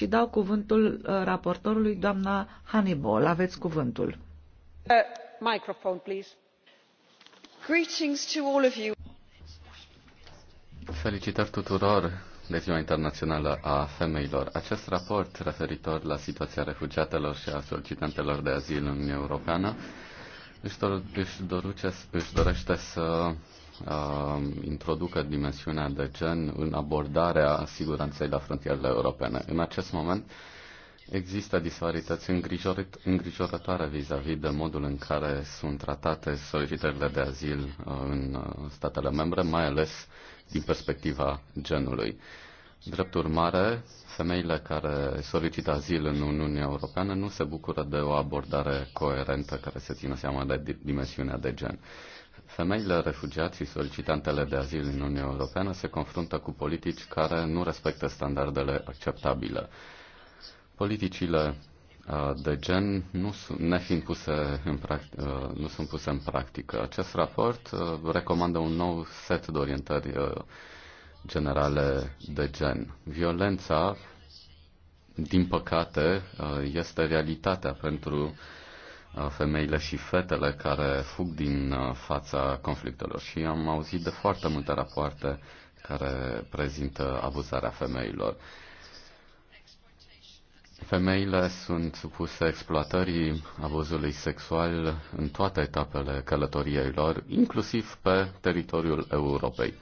și dau cuvântul uh, raportorului, doamna Hannibal. Aveți cuvântul. Uh, microphone, please. Greetings to all of you. Felicitări tuturor de Ziua Internațională a Femeilor. Acest raport referitor la situația refugiatelor și a solicitantelor de azil în Uniunea Europeană își, dor, își, doruce, își dorește să uh, introducă dimensiunea de gen în abordarea siguranței la frontierele europene. În acest moment există disparități îngrijorătoare vis-a-vis -vis de modul în care sunt tratate solicitările de azil uh, în uh, statele membre, mai ales din perspectiva genului. Drept urmare, femeile care solicită azil în Uniunea Europeană nu se bucură de o abordare coerentă care să se țină seama de dimensiunea de gen. Femeile refugiați și solicitantele de azil în Uniunea Europeană se confruntă cu politici care nu respectă standardele acceptabile. Politicile de gen nu sunt, nefiind puse în nu sunt puse în practică. Acest raport recomandă un nou set de orientări generale de gen. Violența, din păcate, este realitatea pentru Uh, femeile și fetele care fug din uh, fața conflictelor și am auzit de foarte multe rapoarte care prezintă abuzarea femeilor. Femeile sunt supuse exploatării abuzului sexual în toate etapele călătoriei lor, inclusiv pe teritoriul Europei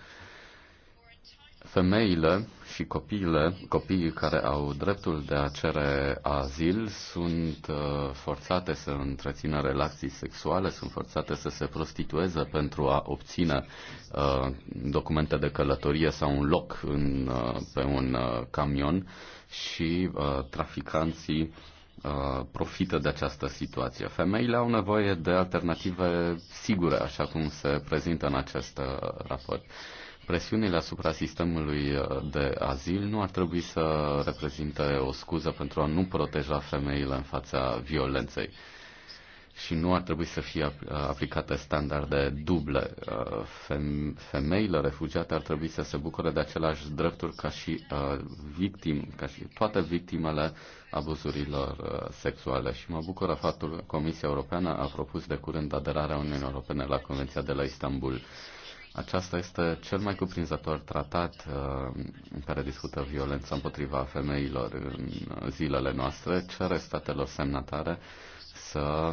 femeile și copiile, copiii care au dreptul de a cere azil sunt uh, forțate să întrețină relații sexuale, sunt forțate să se prostitueze pentru a obține uh, documente de călătorie sau un loc în, uh, pe un camion și traficanții profită de această situație. Femeile au nevoie de alternative sigure, așa cum se prezintă în acest raport presiunile asupra sistemului uh, de azil nu ar trebui să reprezinte o scuză pentru a nu proteja femeile în fața violenței și nu ar trebui să fie aplicate standarde duble. Uh, femeile refugiate ar trebui să se bucure de aceleași drepturi ca și uh, victim, ca și toate victimele abuzurilor sexuale. Și mă bucură faptul că Comisia Europeană a propus de curând aderarea Uniunii Europene la Convenția de la Istanbul aceasta este cel mai cuprinzător tratat uh, în care discută violența împotriva femeilor în zilele noastre, cere statelor semnatare să,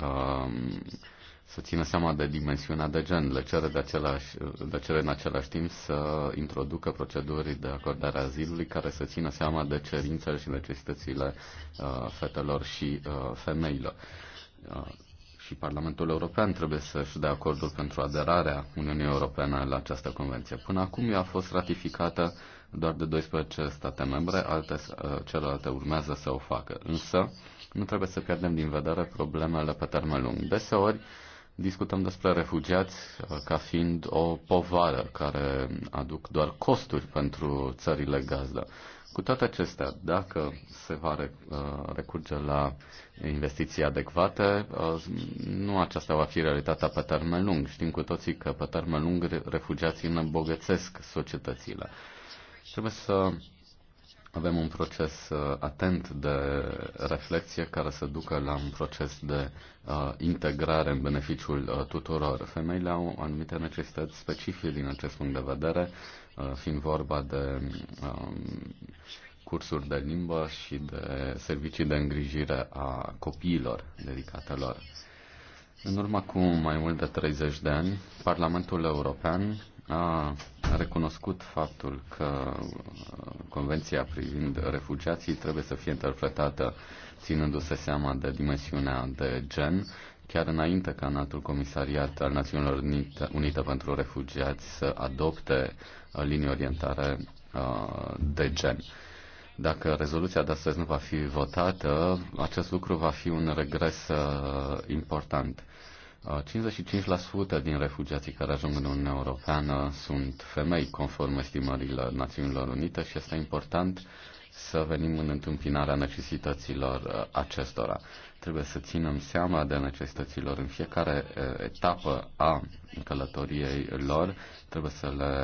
uh, să țină seama de dimensiunea de gen, le cere, de același, le cere în același timp să introducă proceduri de acordare a zilului care să țină seama de cerințele și necesitățile uh, fetelor și uh, femeilor. Uh, și Parlamentul European trebuie să-și dea acordul pentru aderarea Uniunii Europene la această convenție. Până acum ea a fost ratificată doar de 12 state membre, alte, uh, celelalte urmează să o facă. Însă, nu trebuie să pierdem din vedere problemele pe termen lung. Deseori, discutăm despre refugiați uh, ca fiind o povară care aduc doar costuri pentru țările gazdă. Cu toate acestea, dacă se va uh, recurge la investiții adecvate, uh, nu aceasta va fi realitatea pe termen lung. Știm cu toții că pe termen lung refugiații ne îmbogățesc societățile. Trebuie să avem un proces uh, atent de reflexie care să ducă la un proces de uh, integrare în beneficiul uh, tuturor. Femeile au anumite necesități specifice din acest punct de vedere, uh, fiind vorba de um, cursuri de limbă și de servicii de îngrijire a copiilor dedicate lor. În urmă cu mai mult de 30 de ani, Parlamentul European a recunoscut faptul că uh, Convenția privind refugiații trebuie să fie interpretată ținându-se seama de dimensiunea de gen, chiar înainte ca înaltul comisariat al Națiunilor Unite pentru Refugiați să adopte uh, linii orientare uh, de gen. Dacă rezoluția de astăzi nu va fi votată, acest lucru va fi un regres uh, important. 55% uh, din refugiații care ajung în Uniunea Europeană sunt femei, conform estimărilor Națiunilor Unite, și este important să venim în întâmpinarea necesităților uh, acestora. Trebuie să ținem seama de necesităților în fiecare uh, etapă a călătoriei lor, trebuie să le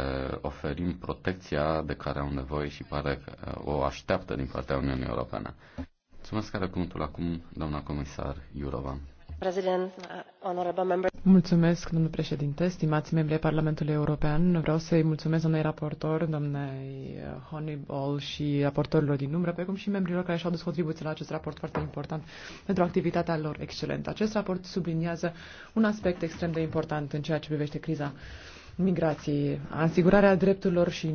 oferim protecția de care au nevoie și pare că uh, o așteaptă din partea Uniunii Europene. Mulțumesc care cuvântul acum, doamna comisar Iurova. Mulțumesc, domnule președinte, stimați membri ai Parlamentului European. Vreau să-i mulțumesc doamnei raportor, doamnei Honeyball și raportorilor din umbră, precum și membrilor care și-au adus contribuții la acest raport foarte important pentru activitatea lor excelentă. Acest raport subliniază un aspect extrem de important în ceea ce privește criza migrației, asigurarea drepturilor și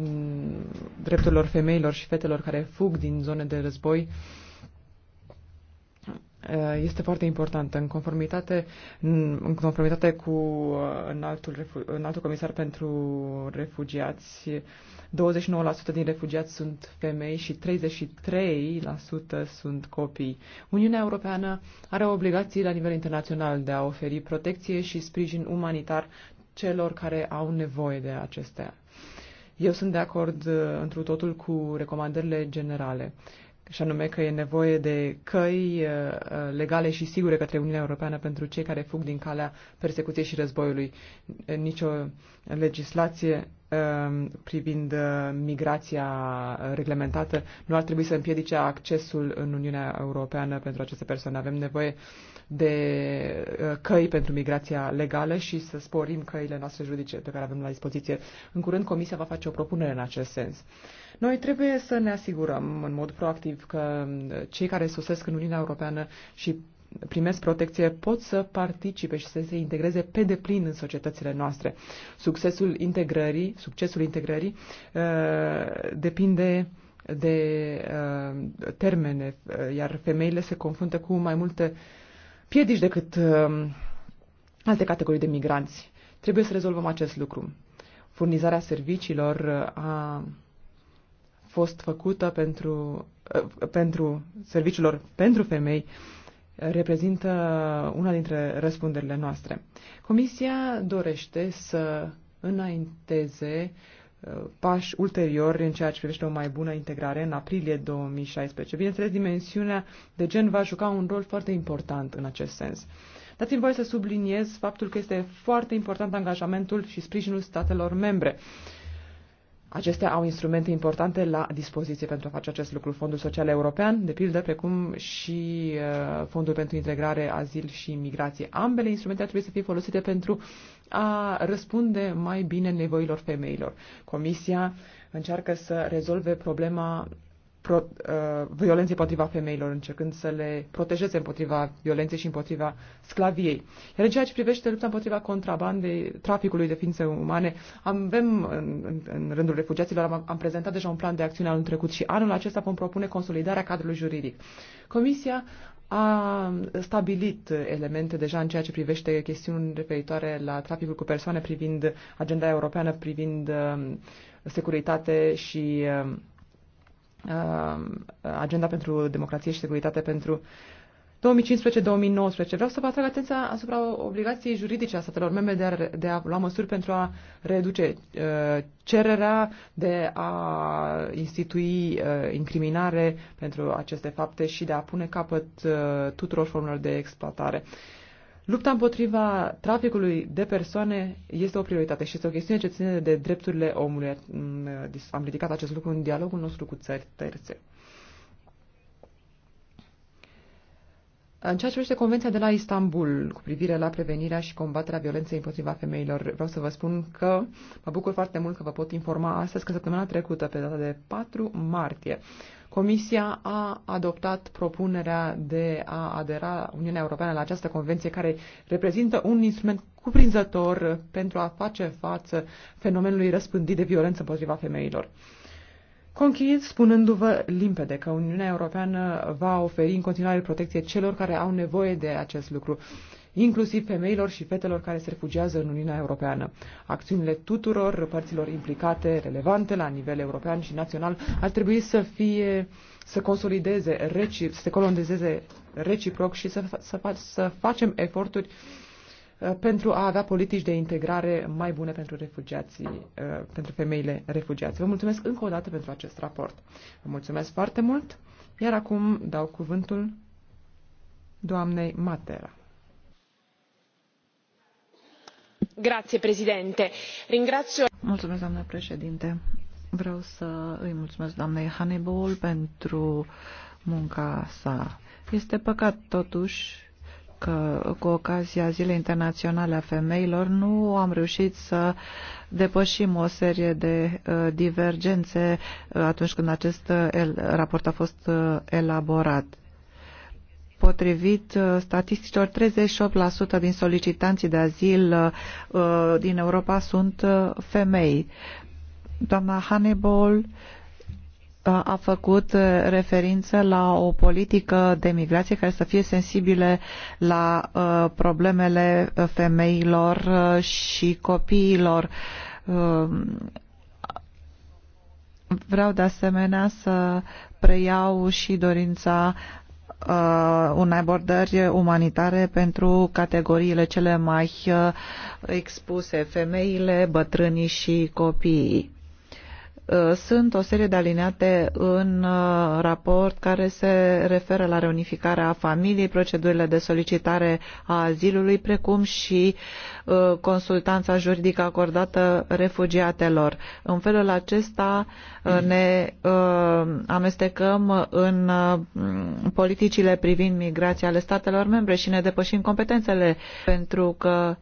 drepturilor femeilor și fetelor care fug din zone de război, Eh, este foarte importantă. În conformitate, în conformitate cu eh, înaltul, înaltul comisar pentru refugiați, 29% din refugiați sunt femei și 33% sunt copii. Uniunea Europeană are obligații la nivel internațional de a oferi protecție și sprijin umanitar celor care au nevoie de acestea. Eu sunt de acord eh, întru totul cu recomandările generale și anume că e nevoie de căi uh, uh, legale și sigure către Uniunea Europeană pentru cei care fug din calea persecuției și războiului. Nicio legislație Um, privind uh, migrația reglementată nu ar trebui să împiedice accesul în Uniunea Europeană pentru aceste persoane. Avem nevoie de uh, căi pentru migrația legală și să sporim căile noastre judice pe care avem la dispoziție. În curând, Comisia va face o propunere în acest sens. Noi trebuie să ne asigurăm în mod proactiv că uh, cei care sosesc în Uniunea Europeană și primesc protecție pot să participe și să se integreze pe deplin în societățile noastre. Succesul integrării, succesul integrării uh, depinde de uh, termene, uh, iar femeile se confruntă cu mai multe piedici decât uh, alte categorii de migranți. Trebuie să rezolvăm acest lucru. Furnizarea serviciilor uh, a fost făcută pentru, pentru serviciilor pentru femei uh, reprezintă una dintre răspunderile noastre. Comisia dorește să înainteze uh, pași ulteriori în ceea ce privește o mai bună integrare în aprilie 2016. Bineînțeles, dimensiunea de gen va juca un rol foarte important în acest sens. Dați-mi voie să subliniez faptul că este foarte important angajamentul și sprijinul statelor membre Acestea au instrumente importante la dispoziție pentru a face acest lucru. Fondul Social European, de pildă, precum și uh, Fondul pentru Integrare, Azil și Migrație. Ambele instrumente ar trebui să fie folosite pentru a răspunde mai bine nevoilor femeilor. Comisia încearcă să rezolve problema pro, uh, violenței împotriva femeilor, încercând să le protejeze împotriva violenței și împotriva sclaviei. Iar în ceea ce privește lupta împotriva contrabandei, traficului de ființe umane, avem în, în, în rândul refugiaților, am, am prezentat deja un plan de acțiune anul trecut și anul acesta vom propune consolidarea cadrului juridic. Comisia a stabilit elemente deja în ceea ce privește chestiuni referitoare la traficul cu persoane privind agenda europeană, privind uh, securitate și uh, Um, agenda pentru democrație și securitate pentru 2015-2019. Vreau să vă atrag atenția asupra obligației juridice a statelor membre de a, de a lua măsuri pentru a reduce uh, cererea de a institui uh, incriminare pentru aceste fapte și de a pune capăt uh, tuturor formelor de exploatare. Uh, Lupta împotriva traficului de persoane este o prioritate și este o chestiune ce ține de drepturile omului. Uh, am ridicat acest lucru în dialogul nostru cu țări terțe. În ceea ce privește Convenția de la Istanbul cu privire la prevenirea și combaterea violenței împotriva femeilor, vreau să vă spun că mă bucur foarte mult că vă pot informa astăzi că săptămâna trecută, pe data de 4 martie, Comisia a adoptat propunerea de a adera Uniunea Europeană la această convenție care reprezintă un instrument cuprinzător pentru a face față fenomenului răspândit de violență împotriva femeilor. Conchid spunându-vă limpede că Uniunea Europeană va oferi în continuare protecție celor care au nevoie de acest lucru. Uh, inclusiv femeilor și fetelor care se refugiază în Uniunea Europeană. Acțiunile tuturor părților implicate, relevante la nivel european și național, ar trebui să fie să consolideze, reci, să se colondezeze reciproc și să, să, să facem eforturi uh, pentru a avea politici de integrare mai bune pentru refugiații, uh, pentru femeile refugiați. Vă mulțumesc încă o dată pentru acest raport. Vă mulțumesc foarte mult, iar acum dau cuvântul doamnei Matera. Mulțumesc, doamnă președinte. Vreau să îi mulțumesc doamnei Hannibal pentru munca sa. Este păcat, totuși, că cu ocazia Zilei Internaționale a Femeilor nu am reușit să depășim o serie de uh, divergențe uh, atunci când acest uh, raport a fost elaborat Potrivit uh, statisticilor, 38% din solicitanții de azil uh, uh, din Europa sunt femei. Doamna Hannibal a făcut referință la o politică de migrație care să fie sensibile la problemele femeilor și copiilor. Vreau de asemenea să preiau și dorința uh, unei abordări umanitare pentru categoriile cele mai uh, expuse, femeile, bătrânii și copiii. Uh, sunt o serie de alineate în uh, raport care se referă la reunificarea familiei, procedurile de solicitare a azilului, precum și uh, consultanța juridică acordată refugiatelor. În felul acesta ne amestecăm în politicile privind migrația ale statelor membre și ne depășim competențele pentru că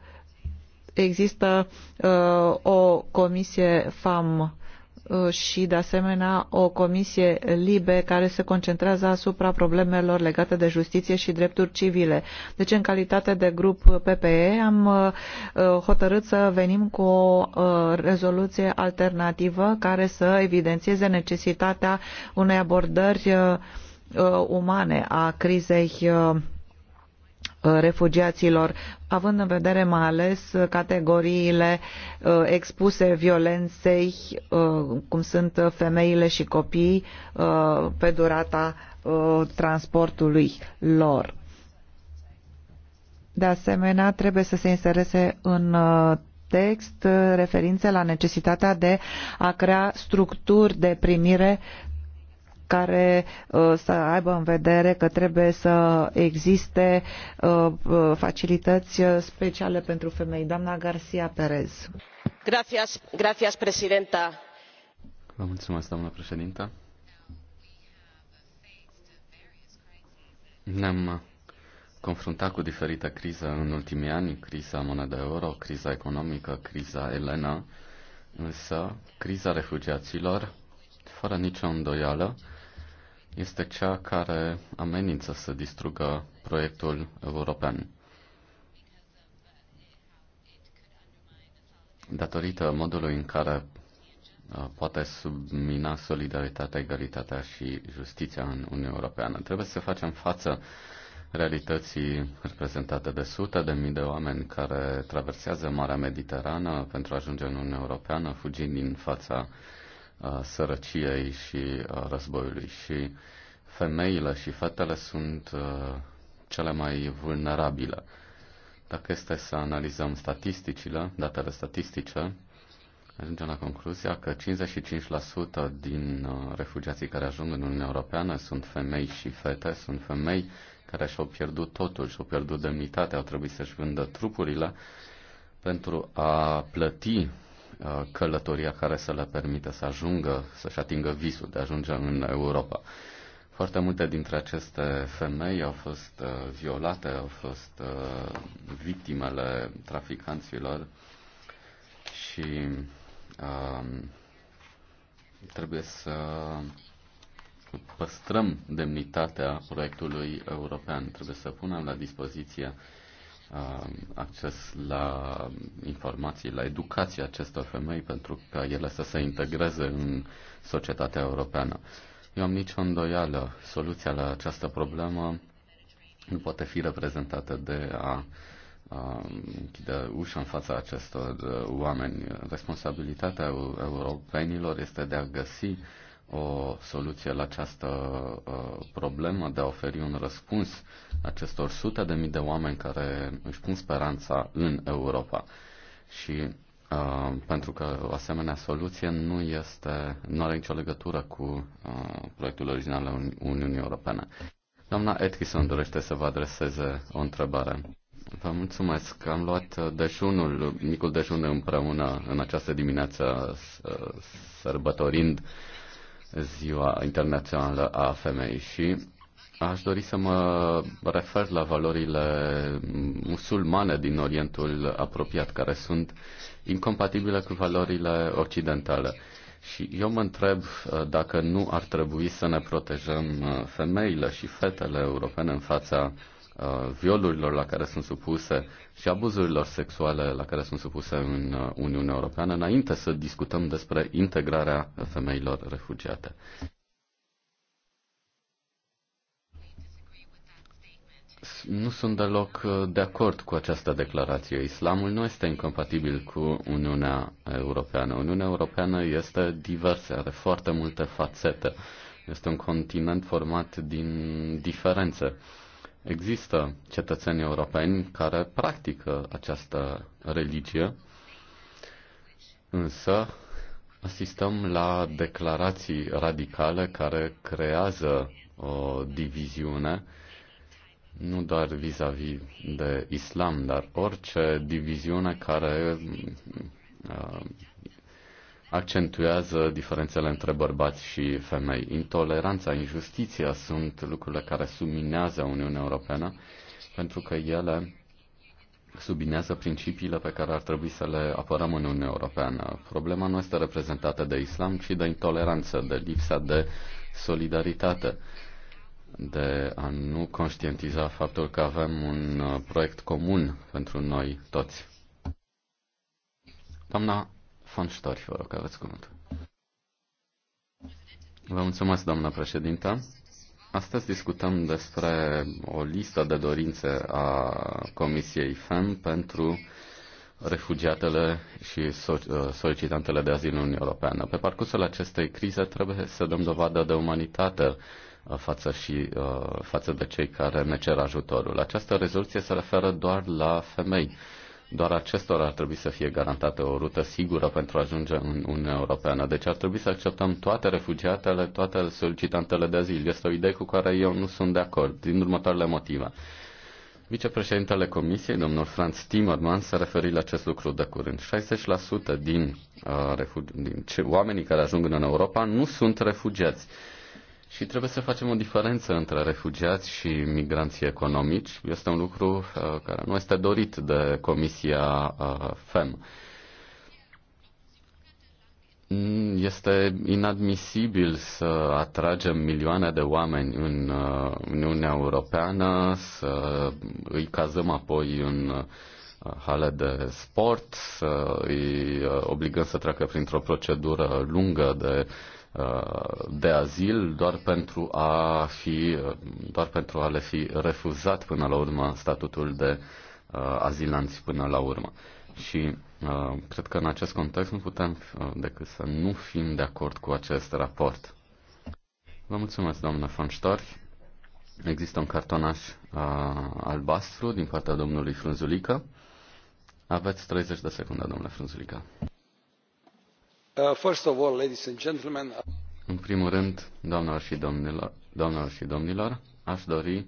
există uh, o comisie FAM Uh, și, de asemenea, o comisie libe care se concentrează asupra problemelor legate de justiție și drepturi civile. Deci, în calitate de grup PPE, am uh, uh, hotărât să venim cu o rezoluție alternativă care să evidențieze necesitatea unei abordări umane a crizei Uh, refugiaților, având în vedere mai ales uh, categoriile uh, expuse violenței, cum sunt femeile și copiii, pe durata transportului lor. De asemenea, trebuie să se insereze în text referințe la necesitatea de a crea structuri de primire care uh, să aibă în vedere că trebuie să existe uh, uh, facilități speciale pentru femei. Doamna Garcia Perez. Gracias, gracias, presidenta. Vă mulțumesc, doamnă președintă. Ne-am confruntat cu diferite crize în ultimii ani, criza monedei euro, criza economică, criza Elena, însă criza refugiaților, fără nicio îndoială, este cea care amenință să distrugă proiectul european. Datorită modului în care uh, poate submina solidaritatea, egalitatea și justiția în Uniunea Europeană. Trebuie să facem față realității reprezentate de sute de mii de oameni care traversează Marea Mediterană pentru a ajunge în Uniunea Europeană, fugind din fața sărăciei și războiului. Și femeile și fetele sunt cele mai vulnerabile. Dacă este să analizăm statisticile, datele statistice, ajungem la concluzia că 55% din refugiații care ajung în Uniunea Europeană sunt femei și fete, sunt femei care și-au pierdut totul, și-au pierdut demnitatea, au trebuit să-și vândă trupurile pentru a plăti Uh, călătoria care să le permită să ajungă, să-și atingă visul de a ajunge în Europa. Foarte multe dintre aceste femei au fost uh, violate, au fost uh, victimele traficanților și um, trebuie să păstrăm demnitatea proiectului european. Trebuie să punem la dispoziție uh, Um, acces la informații, la educația acestor femei pentru ca ele să se integreze în societatea europeană. Eu am nicio îndoială. Soluția la această problemă nu poate fi reprezentată de a, um, închide ușa în fața acestor uh, oameni. Responsabilitatea europenilor este de a găsi o soluție la această uh, problemă, de a oferi un răspuns acestor sute de mii de oameni care își pun speranța în Europa. Și uh, pentru că o asemenea soluție nu, este, nu are nicio legătură cu uh, proiectul original al Uni Uniunii Europene. Doamna Atkinson dorește să vă adreseze o întrebare. Vă mulțumesc. Am luat dejunul, micul dejun împreună în această dimineață uh, sărbătorind Ziua Internațională a Femeii și aș dori să mă refer la valorile musulmane din Orientul apropiat, care sunt incompatibile cu valorile occidentale. Și eu mă întreb uh, dacă nu ar trebui să ne protejăm uh, femeile și fetele europene în fața Uh, violurilor la care sunt supuse și abuzurilor sexuale la care sunt supuse în uh, Uniunea Europeană, înainte să discutăm despre integrarea femeilor refugiate. Nu sunt deloc uh, de acord cu această declarație. Islamul nu este incompatibil cu Uniunea Europeană. Uniunea Europeană este diversă, are foarte multe fațete. Este un continent format din diferențe. Există cetățeni europeni care practică această religie, însă asistăm la declarații radicale care creează o diviziune nu doar vis-a-vis -vis de islam, dar orice diviziune care uh, accentuează diferențele între bărbați și femei. Intoleranța, injustiția sunt lucrurile care subminează Uniunea Europeană pentru că ele subminează principiile pe care ar trebui să le apărăm în Uniunea Europeană. Problema nu este reprezentată de islam, ci de intoleranță, de lipsa de solidaritate, de a nu conștientiza faptul că avem un uh, proiect comun pentru noi toți. Doamna Von Storch, vă rog, aveți cuvântul. Vă mulțumesc, doamna președintă. Astăzi discutăm despre o listă de dorințe a Comisiei FEM pentru refugiatele și ă, solicitantele de azil în Uniunea Europeană. Pe parcursul acestei crize trebuie să dăm dovadă de umanitate față, și, ă, față de cei care ne cer ajutorul. Această rezoluție se referă doar la femei doar acestora ar trebui să fie garantată o rută sigură pentru a ajunge în Uniunea Europeană. Deci ar trebui să acceptăm toate refugiatele, toate solicitantele de azil. Este o idee cu care eu nu sunt de acord, din următoarele motive. Vicepreședintele Comisiei, domnul Franz Timmermans, s-a referit la acest lucru de curând. 60% din, uh, refugi- din ce, oamenii care ajung în Europa nu sunt refugiați. Și trebuie să facem o diferență între refugiați și migranții economici. Este un lucru uh, care nu este dorit de Comisia uh, FEM. Mm, este inadmisibil să atragem milioane de oameni în uh, Uniunea Europeană, să îi cazăm apoi în hale de sport, să îi obligăm să treacă printr-o procedură lungă de uh, Uh, de azil doar pentru a fi uh, doar pentru a le fi refuzat până la urmă statutul de uh, azilanți până la urmă. Și cred că în acest context nu putem decât să nu fim de acord cu acest raport. Vă mulțumesc, doamnă von Storch. Există un cartonaș albastru din partea domnului Frunzulică. Aveți 30 de secunde, domnule Frunzulică. Uh, uh, în primul rând, doamnelor și domnilor, doamnelor și domnilor, aș dori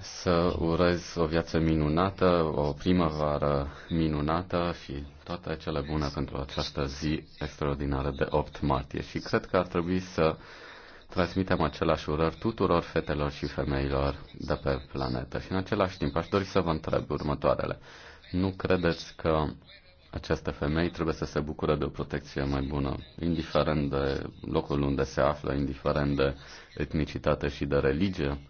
să urez o viață minunată, o primăvară minunată și toate cele bune pentru această zi extraordinară de 8 martie. Și cred că ar trebui să transmitem același urări tuturor fetelor și femeilor de pe planetă. Și în același timp aș dori să vă întreb următoarele. Nu credeți că aceste femei trebuie să se bucure de o protecție mai bună, indiferent de locul unde se află, indiferent de etnicitate și de religie.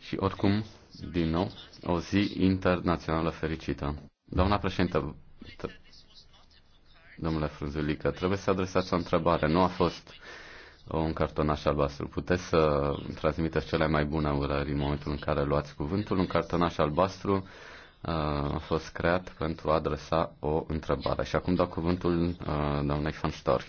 Și oricum, din nou, o zi internațională fericită. Doamna președinte, domnule Frunzulică, trebuie să adresați o întrebare. Nu a fost un cartonaș albastru. Puteți să transmiteți cele mai bune urări în momentul în care luați cuvântul. Un cartonaș albastru Uh, a fost creat pentru a adresa o întrebare. Și acum dau cuvântul uh, doamnei Van Storch.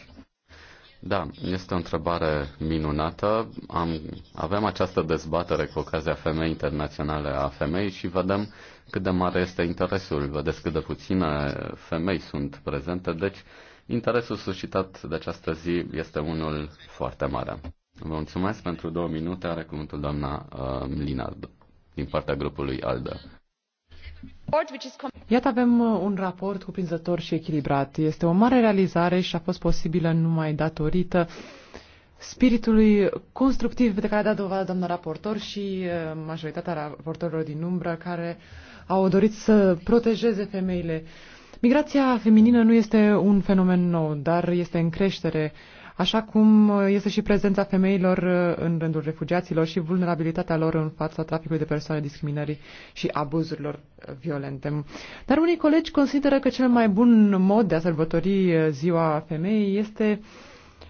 Da, este o întrebare minunată. Am, avem această dezbatere cu ocazia Femei Internaționale a Femei și vedem cât de mare este interesul. Vedeți cât de puține femei sunt prezente, deci interesul suscitat de această zi este unul foarte mare. Vă mulțumesc pentru două minute. Are cuvântul doamna uh, Linard din partea grupului ALDE. Iată avem uh, un raport cuprinzător și echilibrat. Este o mare realizare și a fost posibilă numai datorită spiritului constructiv de care a dat dovadă doamna raportor și uh, majoritatea raportorilor din umbră care au dorit să protejeze femeile. Migrația feminină nu este un fenomen nou, dar este în creștere așa cum este și prezența femeilor uh, în rândul refugiaților și vulnerabilitatea lor în fața traficului de persoane, discriminării și abuzurilor uh, violente. Dar unii colegi consideră că cel mai bun mod de a sărbători uh, ziua femeii este uh,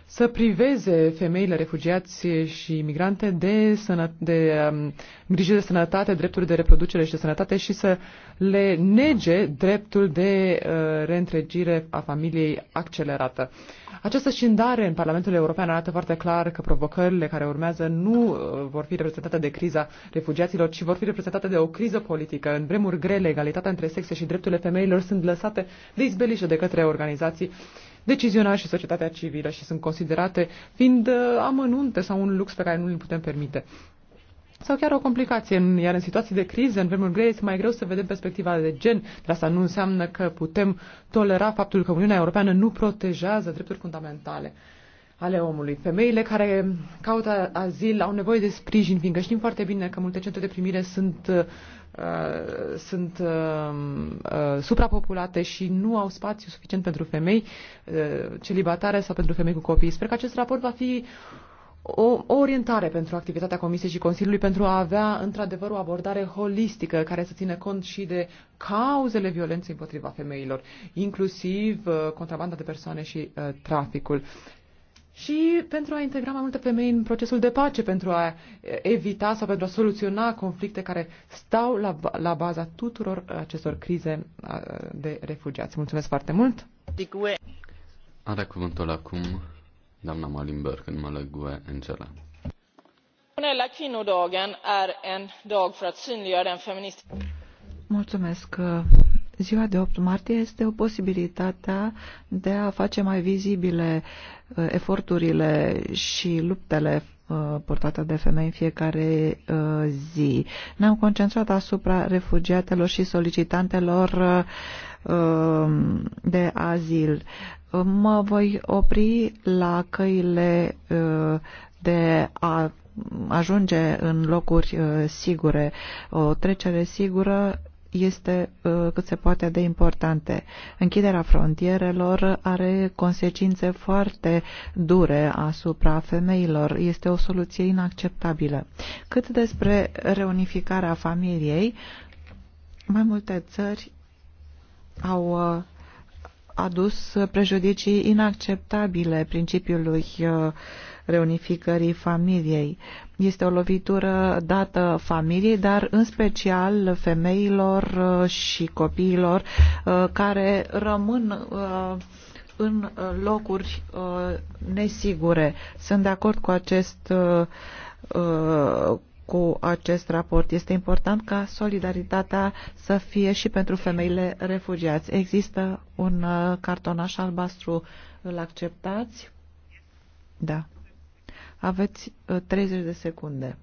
să priveze femeile refugiați și migrante de, sănă, de um, grijă de sănătate, drepturi de reproducere și de sănătate și să le nege dreptul de uh, reîntregire a familiei accelerată. Această scindare în Parlamentul European arată foarte clar că provocările care urmează nu uh, vor fi reprezentate de criza refugiaților, ci vor fi reprezentate de o criză politică. În vremuri grele, egalitatea între sexe și drepturile femeilor sunt lăsate de izbeliște de către organizații uh, decizional și societatea civilă și sunt considerate fiind uh, amănunte sau un lux pe care nu îl putem permite sau chiar o complicație. Iar în situații de criză, în vremuri grele, este mai greu să vedem perspectiva de gen, dar asta nu înseamnă că putem tolera faptul că Uniunea Europeană nu protejează drepturi fundamentale ale omului. Femeile care caută azil au nevoie de sprijin, fiindcă știm foarte bine că multe centre de primire sunt uh, Uh, sunt uh, uh, suprapopulate și nu au spațiu suficient pentru femei celibatare sau pentru femei cu copii. Sper că acest raport va fi o orientare pentru activitatea Comisiei și Consiliului pentru a avea într-adevăr o abordare holistică care să țină cont și de cauzele violenței împotriva femeilor, inclusiv contrabanda de persoane și uh, traficul și pentru a integra mai multe femei în procesul de pace, pentru a evita sau pentru a soluționa conflicte care stau la, la baza tuturor acestor crize de refugiați. Mulțumesc foarte mult! Are cuvântul acum doamna Malimberg în numele GUE Angela. Mulțumesc! Ziua de 8 martie este o posibilitate de a face mai vizibile uh, Uh, eforturile și luptele uh, portată de femei în fiecare uh, zi. Ne-am concentrat asupra refugiatelor și solicitantelor de azil. Mă voi opri la căile de a ajunge în locuri sigure. O trecere sigură este uh, cât se poate de importante. Închiderea frontierelor are consecințe foarte dure asupra femeilor. Este o soluție inacceptabilă. Cât despre reunificarea familiei, mai multe țări au uh, adus prejudicii inacceptabile principiului uh, reunificării familiei. Este o lovitură dată familiei, dar în special femeilor uh, și copiilor uh, care rămân uh, în locuri nesigure. Sunt de acord cu acest cu acest raport. Este important ca solidaritatea să fie și pentru femeile refugiați. Există un cartonaș albastru, îl acceptați? Da. Aveți 30 uh, de secunde.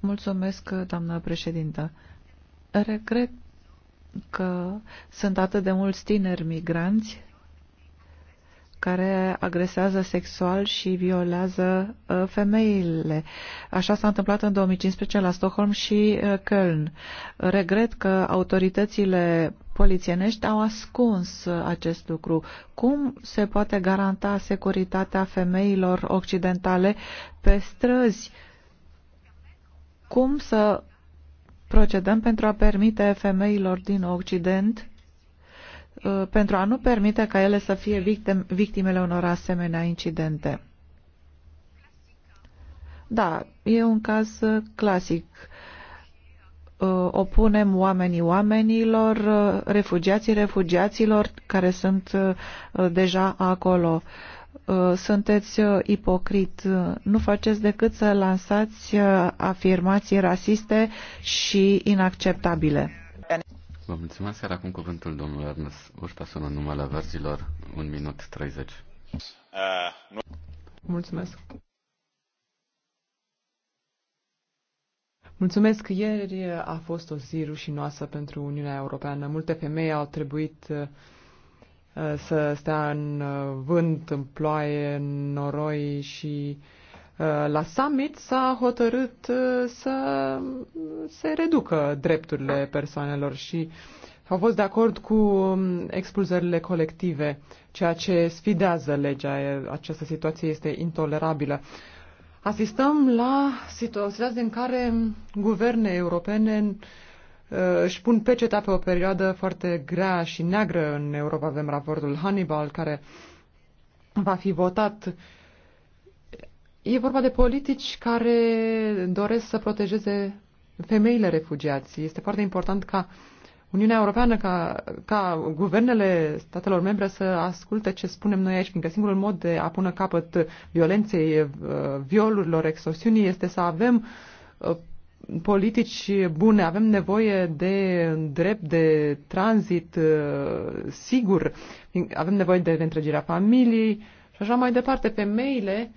Mulțumesc, uh, doamnă președintă. Regret că sunt atât de mulți tineri migranți care agresează sexual și violează uh, femeile. Așa s-a întâmplat în 2015 la Stockholm și Köln. Regret că autoritățile polițienești au ascuns uh, acest lucru. Cum se poate garanta securitatea femeilor occidentale pe străzi? Cum să procedăm pentru a permite femeilor din Occident uh, pentru a nu permite ca ele să fie victimele unor asemenea incidente. Da, e un caz uh, clasic Uh, opunem oamenii oamenilor, uh, refugiații refugiaților care sunt uh, deja acolo. Sunteți ipocrit, nu faceți decât să lansați afirmații rasiste și inacceptabile. Vă mulțumesc, iar acum cuvântul domnului Ernest Urta sună numele verzilor, 1 minut 30. Mulțumesc. Mulțumesc. Ieri a fost o zi rușinoasă pentru Uniunea Europeană. Multe femei au trebuit uh, să stea în uh, vânt, în ploaie, în noroi și uh, la summit s-a hotărât să se reducă drepturile persoanelor și au fost de acord cu um, expulzările colective, ceea ce sfidează legea. Această situație este intolerabilă asistăm la situații în care guverne europene uh, își pun peceta pe o perioadă foarte grea și neagră în Europa. Avem raportul Hannibal, care va fi votat. E vorba de politici care doresc să protejeze femeile refugiații. Este foarte important ca uh, Uniunea Europeană ca, ca guvernele statelor membre să asculte ce spunem noi aici, fiindcă singurul mod de a pune capăt violenței, uh, violurilor, extorsiunii este să avem uh, politici bune, avem nevoie de drept de tranzit uh, sigur, avem nevoie de întregirea familiei și așa mai departe. Femeile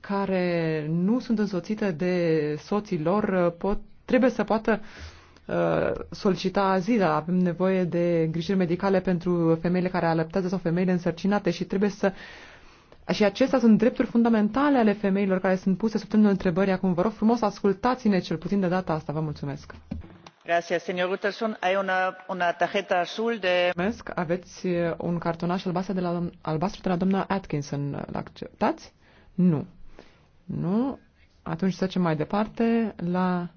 care nu sunt însoțite de soții lor pot, trebuie să poată uh, Uh, solicita azil, avem nevoie de îngrijiri medicale pentru femeile care alăptează sau femeile însărcinate și trebuie să și acestea sunt drepturi fundamentale ale femeilor care sunt puse sub semnul întrebării acum. Vă rog frumos, ascultați-ne cel puțin de data asta. Vă mulțumesc. Gracias, señor Utterson. Hay una, una tarjeta azul de... Mulțumesc. Aveți uh, un cartonaș albastru de la, albastru de la doamna Atkinson. L-acceptați? Nu. Nu. Atunci trecem mai departe la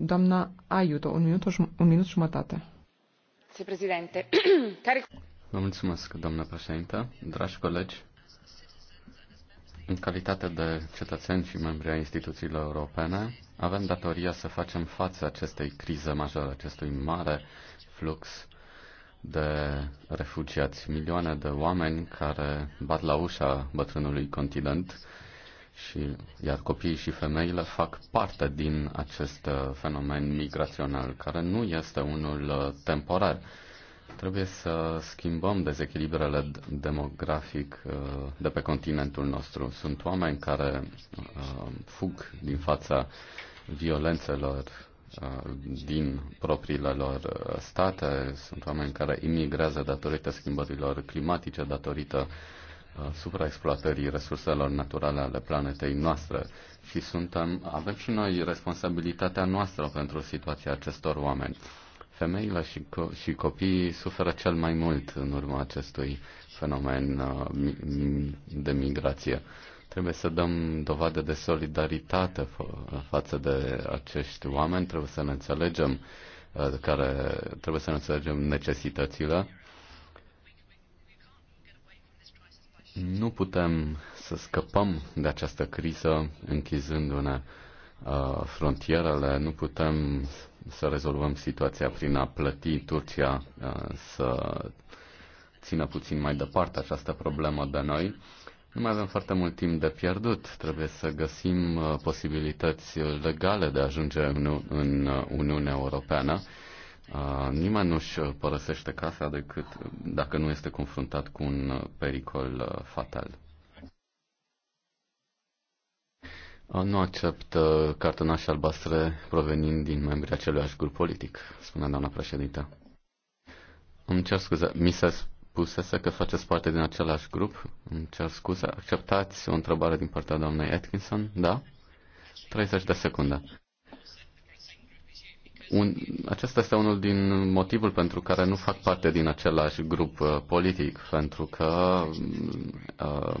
Doamna Aiuto, un minut, un minut jumătate. Președinte, care... Vă mulțumesc, doamna președintă, dragi colegi. În calitate de cetățeni și membri ai instituțiilor europene, avem datoria să facem față acestei crize majore, acestui mare flux de refugiați, milioane de oameni care bat la ușa bătrânului continent, și iar copiii și femeile fac parte din acest uh, fenomen migrațional, care nu este unul uh, temporar. Trebuie să schimbăm dezechilibrele demografic uh, de pe continentul nostru. Sunt oameni care fug din fața violențelor din propriile lor state, sunt oameni care imigrează datorită schimbărilor climatice, datorită uh, supraexploatării resurselor naturale ale planetei noastre și suntem, avem și noi responsabilitatea noastră pentru situația acestor oameni. Femeile și, co- și copiii suferă cel mai mult în urma acestui fenomen uh, de migrație. Trebuie să dăm dovadă de solidaritate față de acești oameni, trebuie să ne înțelegem uh, care trebuie să ne înțelegem necesitățile Nu putem să scăpăm de această criză închizându-ne uh, frontierele, nu putem să rezolvăm situația prin a plăti Turcia uh, să țină puțin mai departe această problemă de noi. Nu mai avem foarte mult timp de pierdut. Trebuie să găsim uh, posibilități legale de a ajunge în Uniunea Europeană Nimeni nu-și uh, părăsește casa decât uh, dacă nu este confruntat cu un uh, pericol fatal. Nu accept cartonașe albastre provenind din membrii aceluiași grup politic, spune doamna președinte. Îmi cer scuze, mi se spusese că faceți parte din același grup? Îmi cer scuze, acceptați o întrebare din partea doamnei Atkinson? Da? 30 de secunde un, acesta este unul din motivul pentru care nu fac parte din același grup uh, politic, pentru că um, uh,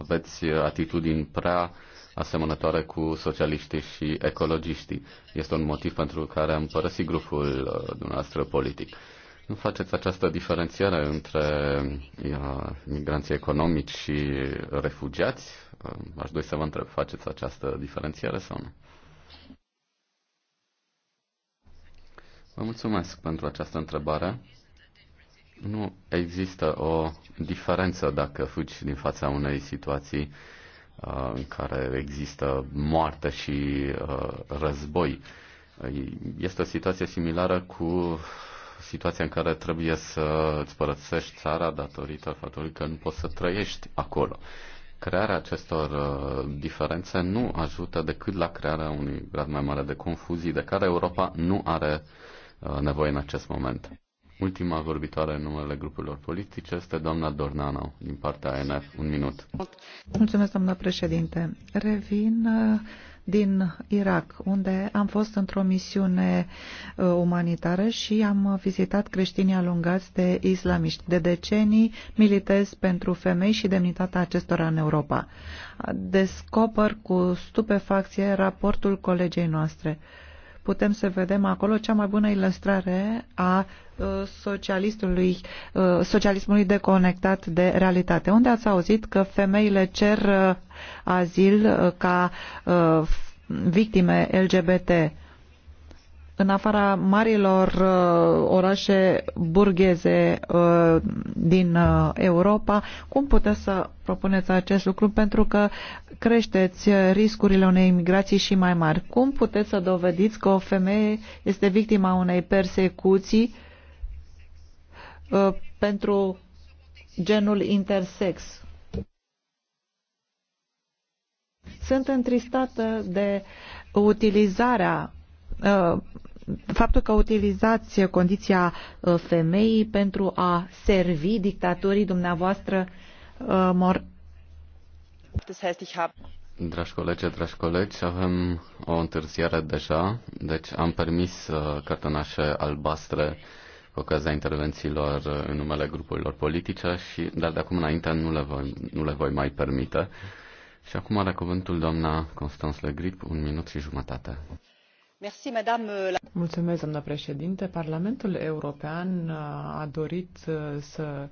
aveți atitudini prea asemănătoare cu socialiștii și ecologiștii. Este un motiv pentru care am părăsit grupul uh, dumneavoastră politic. Nu faceți această diferențiere între uh, migranții economici și refugiați? Uh, aș dori să vă întreb, faceți această diferențiere sau nu? Vă mulțumesc pentru această întrebare. Nu există o diferență dacă fugi din fața unei situații uh, în care există moarte și uh, război. Este o situație similară cu situația în care trebuie să îți părăsești țara datorită faptului că nu poți să trăiești acolo. Crearea acestor uh, diferențe nu ajută decât la crearea unui grad mai mare de confuzii de care Europa nu are uh, Uh, nevoie în acest moment. Ultima vorbitoare în numele grupurilor politice este doamna Dornano, din partea ANF. Un minut. Mulțumesc, doamna președinte. Revin uh, din Irak, unde am fost într-o misiune uh, umanitară și am vizitat creștinii alungați de islamiști. De decenii militez pentru femei și demnitatea acestora în Europa. Descoper cu stupefacție raportul colegei noastre. Uh, putem să vedem acolo cea mai bună ilustrare a uh, socialistului, uh, socialismului deconectat de realitate. Unde ați auzit că femeile cer uh, azil ca victime LGBT? în afara marilor uh, orașe burgheze uh, din uh, Europa, cum puteți să propuneți acest lucru pentru că creșteți riscurile unei imigrații și mai mari? Cum puteți să dovediți că o femeie este victima unei persecuții uh, pentru genul intersex? Sunt întristată de utilizarea uh, faptul că utilizați condiția uh, femeii pentru a servi dictatorii dumneavoastră uh, mor. Dragi colegi, dragi colegi, avem o întârziere deja, deci am permis uh, cartonașe albastre cu ocazia intervențiilor în numele grupurilor politice, și, dar de acum înainte nu le voi, nu le voi mai permite. Și acum are cuvântul doamna Constans Legrip, un minut și jumătate. Euh, Mulțumesc, doamnă președinte. Parlamentul European uh, a dorit uh, să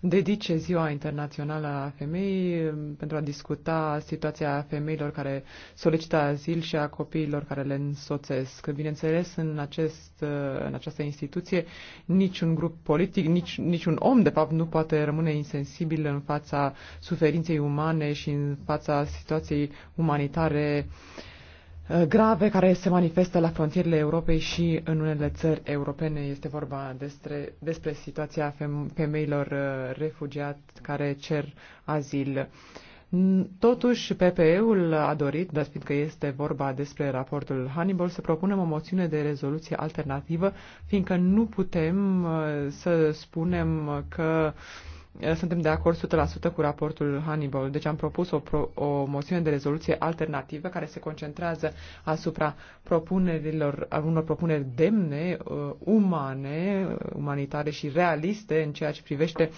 dedice Ziua Internațională a Femeii um, pentru a discuta situația femeilor care solicită azil și a copiilor care le însoțesc. Bineînțeles, în, acest, uh, în această instituție, niciun grup politic, nici, niciun om, de fapt, nu poate rămâne insensibil în fața suferinței umane și în fața situației umanitare uh, Uh, grave care se manifestă la frontierele Europei și în unele țări europene. Este vorba despre, despre situația femeilor uh, refugiat care cer azil. Totuși, PPE-ul a dorit, dar fiindcă este vorba despre raportul Hannibal, să propunem o moțiune de rezoluție alternativă, fiindcă nu putem uh, să spunem că uh, Eh, suntem de acord 100% cu raportul Hannibal. Deci am propus o, pro, o moțiune de rezoluție alternativă care se concentrează asupra propunerilor, unor propuneri demne, uh, umane, umanitare și realiste în ceea ce privește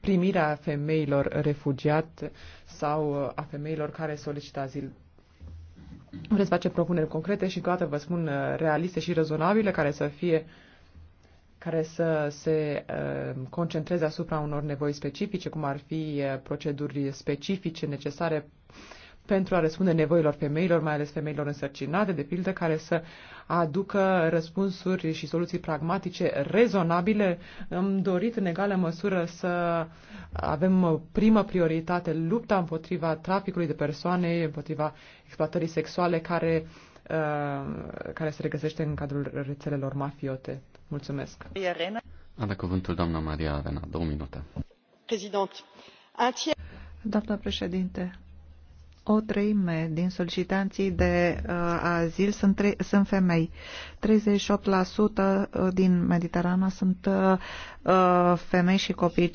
primirea femeilor refugiate sau uh, a femeilor care solicită azil vreți face propuneri concrete și, toate vă spun, uh, realiste și rezonabile, care să fie uh, care să se uh, concentreze asupra unor nevoi specifice, cum ar fi uh, proceduri specifice necesare pentru a răspunde nevoilor femeilor, mai ales femeilor însărcinate, de pildă, care să aducă răspunsuri și soluții pragmatice rezonabile. Am dorit în egală măsură să avem primă prioritate lupta împotriva traficului de persoane, împotriva exploatării sexuale care, uh, care se regăsește în cadrul rețelelor mafiote. Mulțumesc. Are cuvântul doamna Maria Arena. Două minute. Prezident. Doamnă președinte, o treime din solicitanții de uh, azil sunt, tre- sunt femei. 38% uh, din Mediterana sunt uh, uh femei și copii.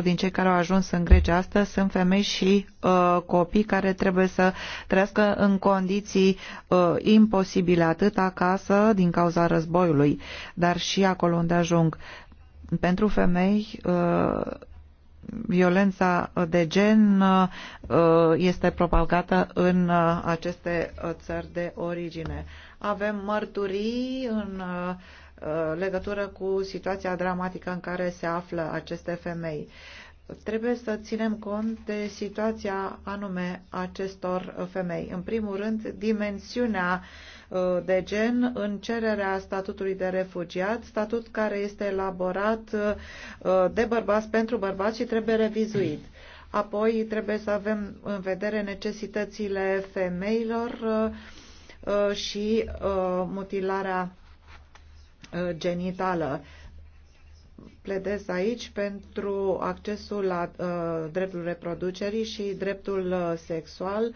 55% din cei care au ajuns în Grecia astăzi sunt femei și uh, copii care trebuie să trăiască în condiții uh, imposibile atât acasă din cauza războiului, dar și acolo unde ajung. Pentru femei uh, violența de gen uh, este propagată în uh, aceste uh, țări de origine. Avem mărturii în legătură cu situația dramatică în care se află aceste femei. Trebuie să ținem cont de situația anume acestor femei. În primul rând, dimensiunea uh, Uh, de gen în cererea statutului de refugiat, statut care este elaborat uh, de bărbați pentru bărbați și trebuie revizuit. Apoi trebuie să avem în vedere necesitățile femeilor uh, și mutilarea genitală. Pledez aici pentru accesul la dreptul reproducerii și dreptul sexual,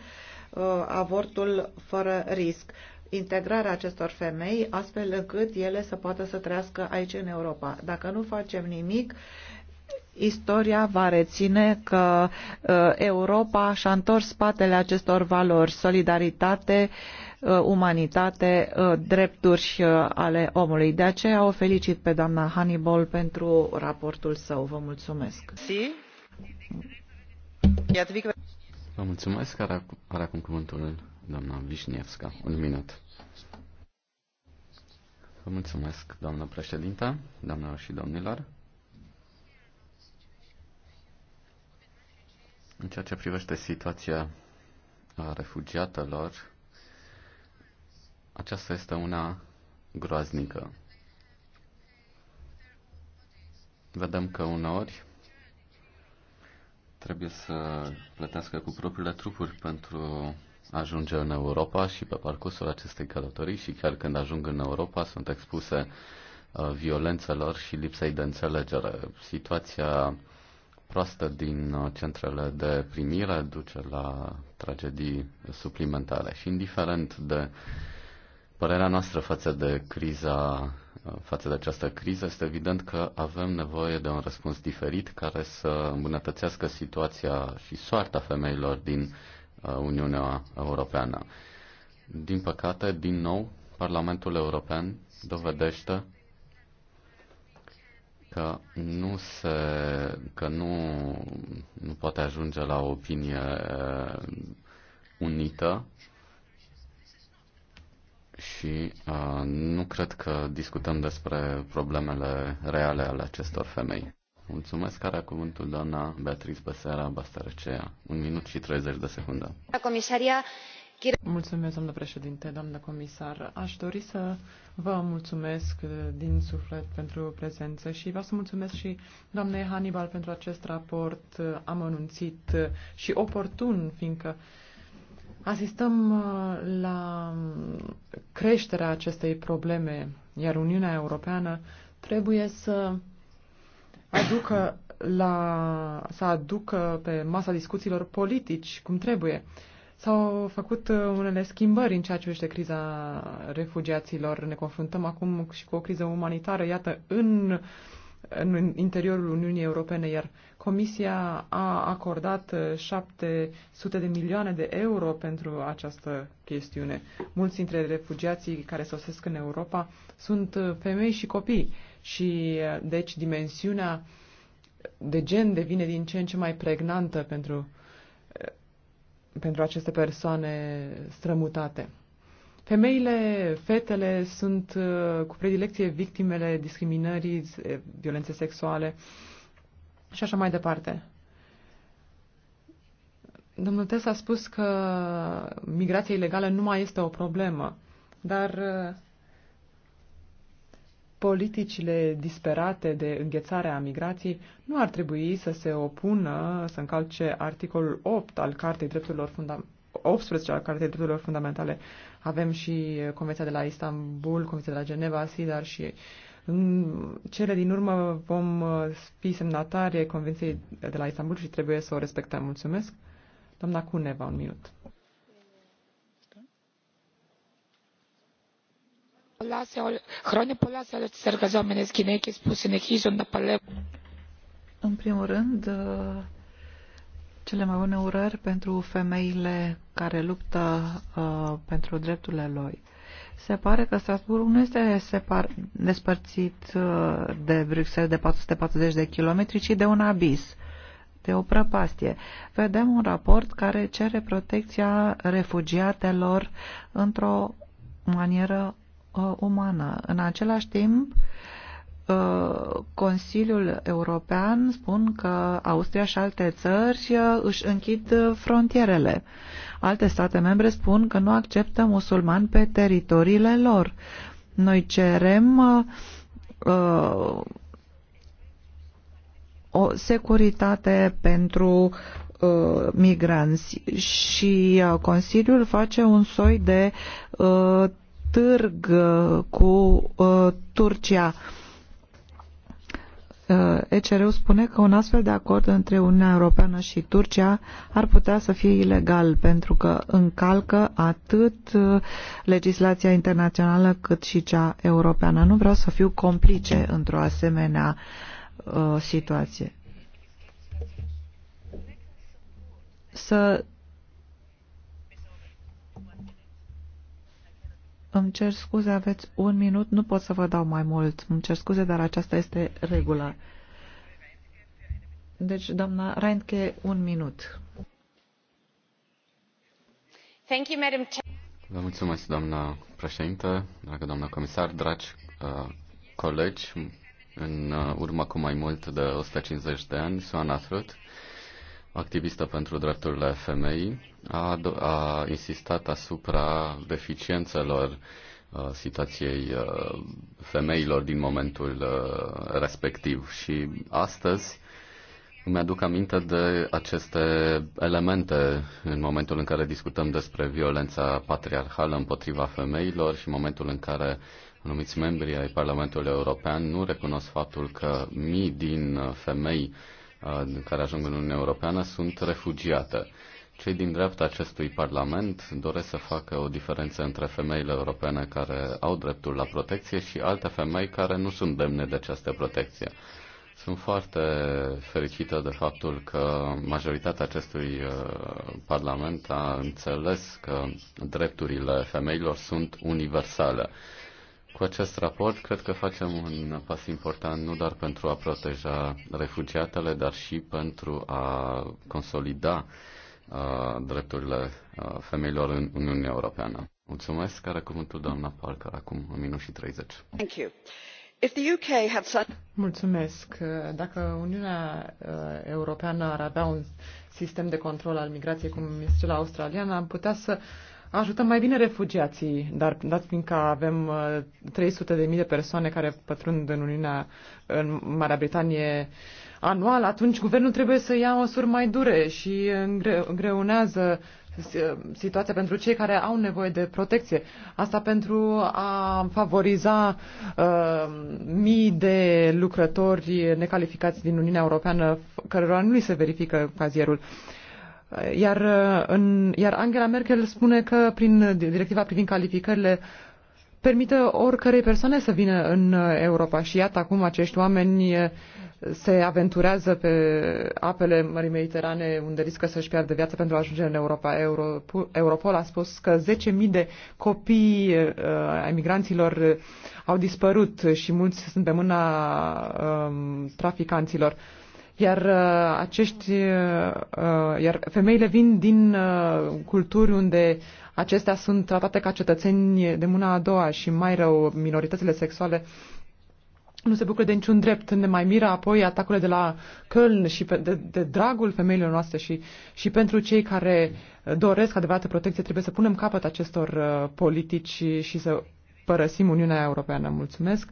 avortul fără risc integrarea acestor femei astfel încât ele să poată să trăiască aici în Europa. Dacă nu facem nimic, istoria va reține că uh, Europa și-a întors spatele acestor valori, solidaritate, uh, umanitate, uh, drepturi ale omului. De aceea o felicit pe doamna Hannibal pentru raportul său. Vă mulțumesc. Vă mulțumesc. Are acum cuvântul doamna Vișniewska. Un minut. Vă mulțumesc, doamnă președintă, doamnelor și domnilor. În ceea ce privește situația a refugiatelor, aceasta este una groaznică. Vedem că uneori trebuie să plătească cu propriile trupuri pentru ajunge în Europa și pe parcursul acestei călătorii și chiar când ajung în Europa sunt expuse uh, violențelor și lipsei de înțelegere. Situația proastă din uh, centrele de primire duce la tragedii suplimentare și indiferent de părerea noastră față de criza uh, față de această criză, este evident că avem nevoie de un răspuns diferit care să îmbunătățească situația și soarta femeilor din Uh, Uniunea Europeană. Din păcate, din nou, Parlamentul European dovedește că nu, se, că nu, nu poate ajunge la o opinie uh, unită și uh, nu cred că discutăm despre problemele reale ale acestor femei. Mulțumesc, care cuvântul doamna Beatriz Băseara Bastarăcea. Un minut și 30 de secunde. Comisaria Mulțumesc, doamnă președinte, doamnă comisar. Aș dori să vă mulțumesc din suflet pentru prezență și vă să mulțumesc și doamnei Hannibal pentru acest raport amănunțit și oportun, fiindcă asistăm uh, la creșterea acestei probleme, iar Uniunea Europeană trebuie să aducă la, să aducă pe masa discuțiilor politici cum trebuie. S-au făcut uh, unele schimbări în ceea ce privește criza refugiaților. Ne confruntăm acum și cu o criză umanitară, iată, în, în interiorul Uniunii Europene, iar Comisia a acordat 700 uh, de milioane de euro pentru această chestiune. Mulți dintre refugiații care sosesc în Europa sunt uh, femei și copii și deci dimensiunea de gen devine din ce în ce mai pregnantă pentru, pentru aceste persoane strămutate. Femeile, fetele sunt uh, cu predilecție victimele discriminării, violențe sexuale și așa mai departe. Domnul Tess a spus că migrația ilegală nu mai este o problemă, dar uh, politicile disperate de înghețare a migrației nu ar trebui să se opună, să încalce articolul 8 al Cartei Drepturilor Fundamentale 18 al Cartei Drepturilor Fundamentale. Avem și Convenția de la Istanbul, Convenția de la Geneva, SIDAR și în cele din urmă vom uh, fi semnatari Convenției de la Istanbul și trebuie să o respectăm. Mulțumesc. Doamna Cuneva, un minut. În primul rând, uh, cele mai bune urări pentru femeile care luptă uh, pentru drepturile lor. Se pare că Strasburg nu este separ, despărțit uh, de Bruxelles de 440 de kilometri, ci de un abis, de o prăpastie. Vedem un raport care cere protecția refugiatelor într-o manieră Uh, umană. În același timp, uh, Consiliul European spun că Austria și alte țări uh, își închid frontierele. Alte state membre spun că nu acceptă musulmani pe teritoriile lor. Noi cerem uh, o securitate pentru migranți și Consiliul face un soi de uh, târg uh, cu uh, Turcia. Uh, ECR-ul spune că un astfel de acord între Uniunea Europeană și Turcia ar putea să fie ilegal pentru că încalcă atât legislația internațională cât și cea europeană. Nu vreau să fiu complice într-o asemenea situație. Să Îmi cer scuze, aveți un minut, nu pot să vă dau mai mult. Îmi cer scuze, dar aceasta este regula. Deci, doamna Reintke, un minut. Thank you, Madam Vă mulțumesc, doamna președintă, dragă doamna comisar, dragi uh, colegi. În uh, urmă cu mai mult de 150 de ani, Suana uh, activistă pentru drepturile femeii, a, a insistat asupra deficiențelor uh, situației uh, femeilor din momentul uh, respectiv. Și astăzi îmi aduc aminte de aceste elemente în momentul în care discutăm despre violența patriarhală împotriva femeilor și momentul în care anumiți membri ai Parlamentului European nu recunosc faptul că mii din femei care ajung în Uniunea Europeană sunt refugiate. Cei din dreapta acestui Parlament doresc să facă o diferență între femeile europene care au dreptul la protecție și alte femei care nu sunt demne de această protecție. Sunt foarte fericită de faptul că majoritatea acestui Parlament a înțeles că drepturile femeilor sunt universale cu acest raport cred că facem un pas important nu doar pentru a proteja refugiatele, dar și pentru a consolida uh, drepturile uh, femeilor în Uniunea Europeană. Mulțumesc. Care cuvântul doamna Parker acum, în minut și 30. Thank you. If the UK had such... Mulțumesc. Dacă Uniunea Europeană ar avea un sistem de control al migrației cum este cel australian, am putea să uh, ajutăm mai bine refugiații, dar dat fiindcă avem 300 uh, de mii de persoane care pătrund în Uniunea, în Marea Britanie anual, atunci guvernul trebuie să ia măsuri mai dure și îngreunează uh, situația pentru cei care au nevoie de protecție. Asta pentru a favoriza uh, mii de lucrători necalificați din Uniunea Europeană, cărora nu li se verifică cazierul. Uh, iar, uh, în, iar Angela Merkel spune că prin directiva privind calificările permite oricărei persoane să vină în uh, Europa. Și iată acum acești oameni uh, se aventurează pe apele Mării Mediterane unde riscă să-și piardă viața pentru a ajunge în Europa. Europol a spus că 10.000 de copii uh, emigranților au dispărut și mulți sunt pe mâna uh, traficanților. Uh, iar uh, acești, uh, uh, iar femeile vin din culturi unde acestea sunt tratate ca cetățeni de mâna a doua și mai rău minoritățile sexuale nu se bucură de niciun drept. Ne mai miră apoi atacurile de la Köln și de, de dragul femeilor noastre și, și pentru cei care doresc adevărată protecție trebuie să punem capăt acestor uh, politici și, și să părăsim Uniunea Europeană. Mulțumesc.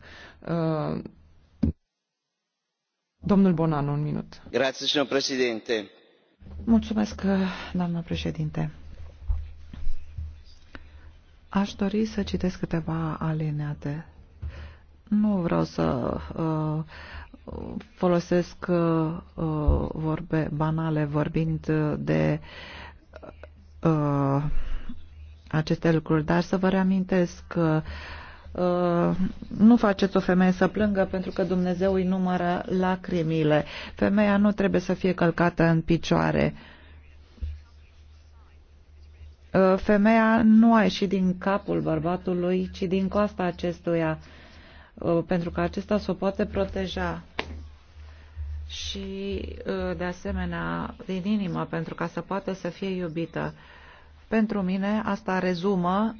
Uh, Domnul un minut. Mulțumesc, doamnă președinte. Aș dori să citesc câteva alineate. Nu vreau să uh, folosesc uh, vorbe banale vorbind de uh, aceste lucruri, dar să vă reamintesc că uh, Uh, nu faceți o femeie să plângă pentru că Dumnezeu îi numără lacrimile. Femeia nu trebuie să fie călcată în picioare. Uh, femeia nu a ieșit din capul bărbatului, ci din coasta acestuia, uh, pentru că acesta s-o poate proteja și, de asemenea, din inimă, pentru ca să poată să fie iubită. Pentru mine asta rezumă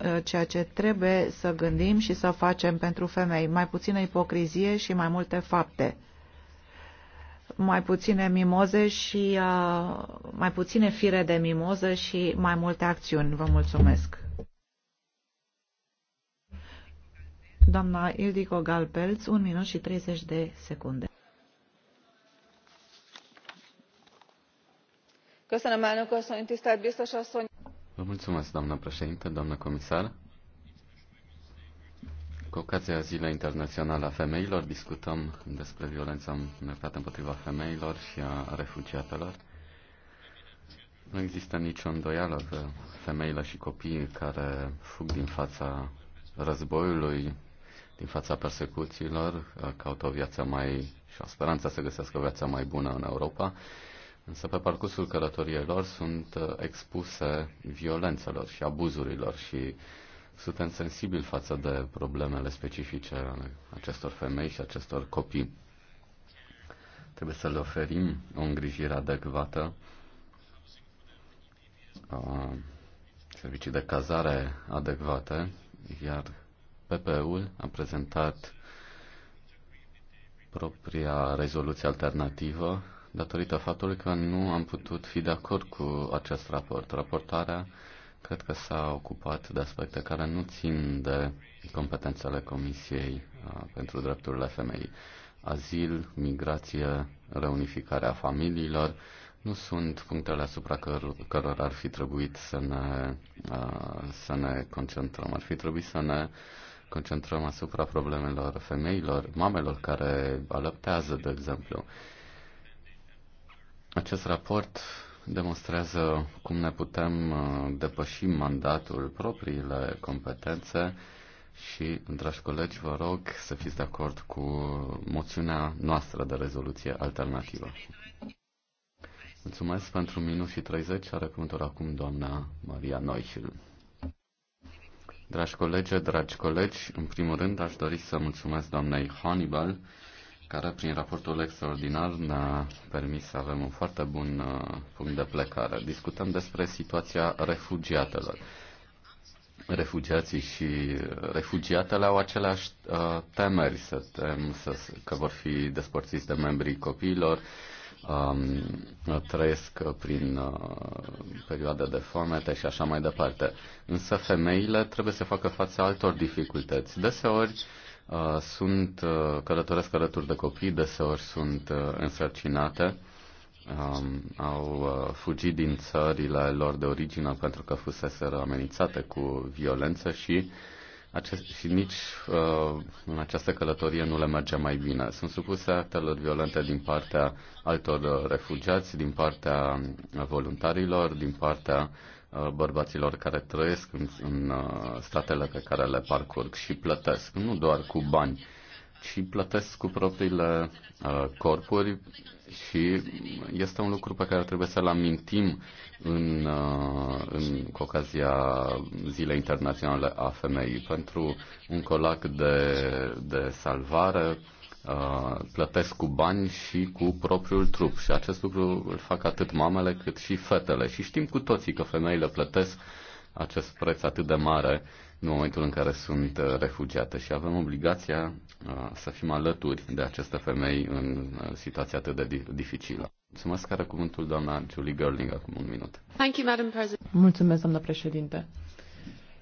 Uh, ceea ce trebuie să gândim și să facem pentru femei. Mai puțină ipocrizie și mai multe fapte. Mai puține mimoze și uh, mai puține fire de mimoză și mai multe acțiuni. Vă mulțumesc. Doamna Ildico Galpelț, 1 minut și 30 de secunde. Köszönöm, elnök asszony, tisztelt biztos asszony! Vă mulțumesc, doamnă președinte, doamnă comisar. Cu ocazia Zilei Internaționale a Femeilor discutăm despre violența îndreptată împotriva femeilor și a refugiatelor. Nu există nicio îndoială că femeile și copiii care fug din fața războiului, din fața persecuțiilor, caută o viață mai și o speranță să găsească o viață mai bună în Europa Însă pe parcursul călătoriei lor sunt uh, expuse violențelor și abuzurilor și suntem sensibili față de problemele specifice ale acestor femei și acestor copii. Trebuie să le oferim o îngrijire adecvată, uh, servicii de cazare adecvate, iar ppu ul a prezentat propria rezoluție alternativă datorită faptului că nu am putut fi de acord cu acest raport. Raportarea cred că s-a ocupat de aspecte care nu țin de competențele Comisiei pentru Drepturile Femeii. Azil, migrație, reunificarea familiilor nu sunt punctele asupra căr- cărora ar fi trebuit să ne, să ne concentrăm. Ar fi trebuit să ne concentrăm asupra problemelor femeilor, mamelor care alăptează, de exemplu. Acest raport demonstrează cum ne putem uh, depăși mandatul propriile competențe și, dragi colegi, vă rog să fiți de acord cu moțiunea noastră de rezoluție alternativă. Mulțumesc pentru minut și 30. Are cuvântul acum doamna Maria Noichil. Dragi colegi, dragi colegi, în primul rând aș dori să mulțumesc doamnei Hannibal care prin raportul extraordinar ne-a permis să avem un foarte bun uh, punct de plecare. Discutăm despre situația refugiatelor. Refugiații și uh, refugiatele au aceleași uh, temeri, să tem să, că vor fi despărțiți de membrii copiilor, um, trăiesc prin uh, perioade de foamete și așa mai departe. Însă femeile trebuie să facă față altor dificultăți. Deseori, uh, Uh, sunt, uh, călătoresc alături de copii, deseori sunt uh, însărcinate, um, au fugit din țările lor de origine pentru că fuseseră amenințate cu violență și, acest, și nici în această călătorie nu le merge mai bine. Sunt supuse actelor violente din partea altor refugiați, din partea voluntarilor, din partea Uh, bărbaților care trăiesc în, în uh, statele pe care le parcurg și plătesc, nu doar cu bani, ci plătesc cu propriile uh, corpuri și este un lucru pe care trebuie să-l amintim în, în cu ocazia Zilei Internaționale a Femeii. Pentru un colac de, de salvare Uh, plătesc cu bani și cu propriul trup. Și acest lucru îl fac atât mamele cât și fetele. Și știm cu toții că femeile plătesc acest preț atât de mare în momentul în care sunt uh, refugiate și avem obligația uh, să fim alături de aceste femei în situația atât de dificilă. Mulțumesc, care cuvântul doamna Julie Gerling, acum un minut. Thank you, Madam President. Mulțumesc, doamna președinte.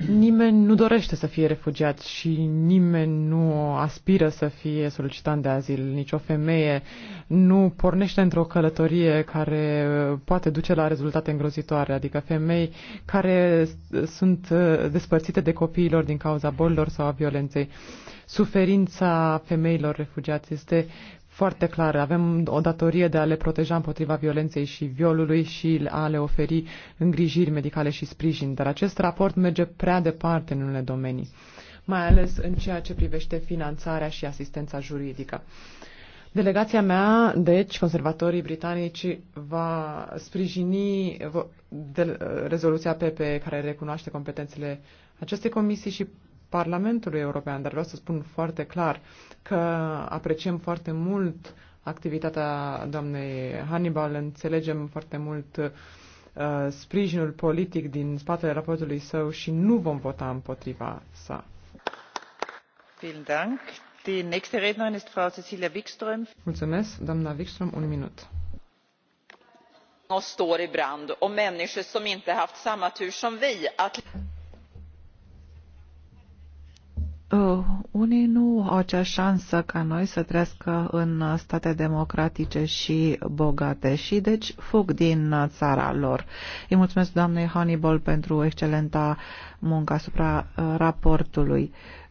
Nimeni nu dorește să fie refugiat și nimeni nu aspiră să fie solicitant de azil. Nici o femeie nu pornește într-o călătorie care poate duce la rezultate îngrozitoare, adică femei care sunt uh, despărțite de copiilor din cauza bolilor sau a violenței. Suferința femeilor refugiați este foarte clar. Avem o datorie de a le proteja împotriva violenței și violului și a le oferi îngrijiri medicale și sprijin. Dar acest raport merge prea departe în unele domenii, mai ales în ceea ce privește finanțarea și asistența juridică. Delegația mea, deci, conservatorii britanici, va sprijini rezoluția PP care recunoaște competențele acestei comisii și Parlamentului European, dar vreau să spun foarte clar că apreciem foarte mult activitatea doamnei Hannibal, înțelegem foarte mult uh, sprijinul politic din spatele raportului său și nu vom vota împotriva sa. Mulțumesc, doamna Wikström, un minut. står i brand och människor som inte haft samma tur som vi att Uh, unii nu au acea șansă ca noi să trăiască în state democratice și bogate și deci fug din țara lor. Îi mulțumesc doamnei Hannibal pentru excelenta muncă asupra uh, raportului. Uh,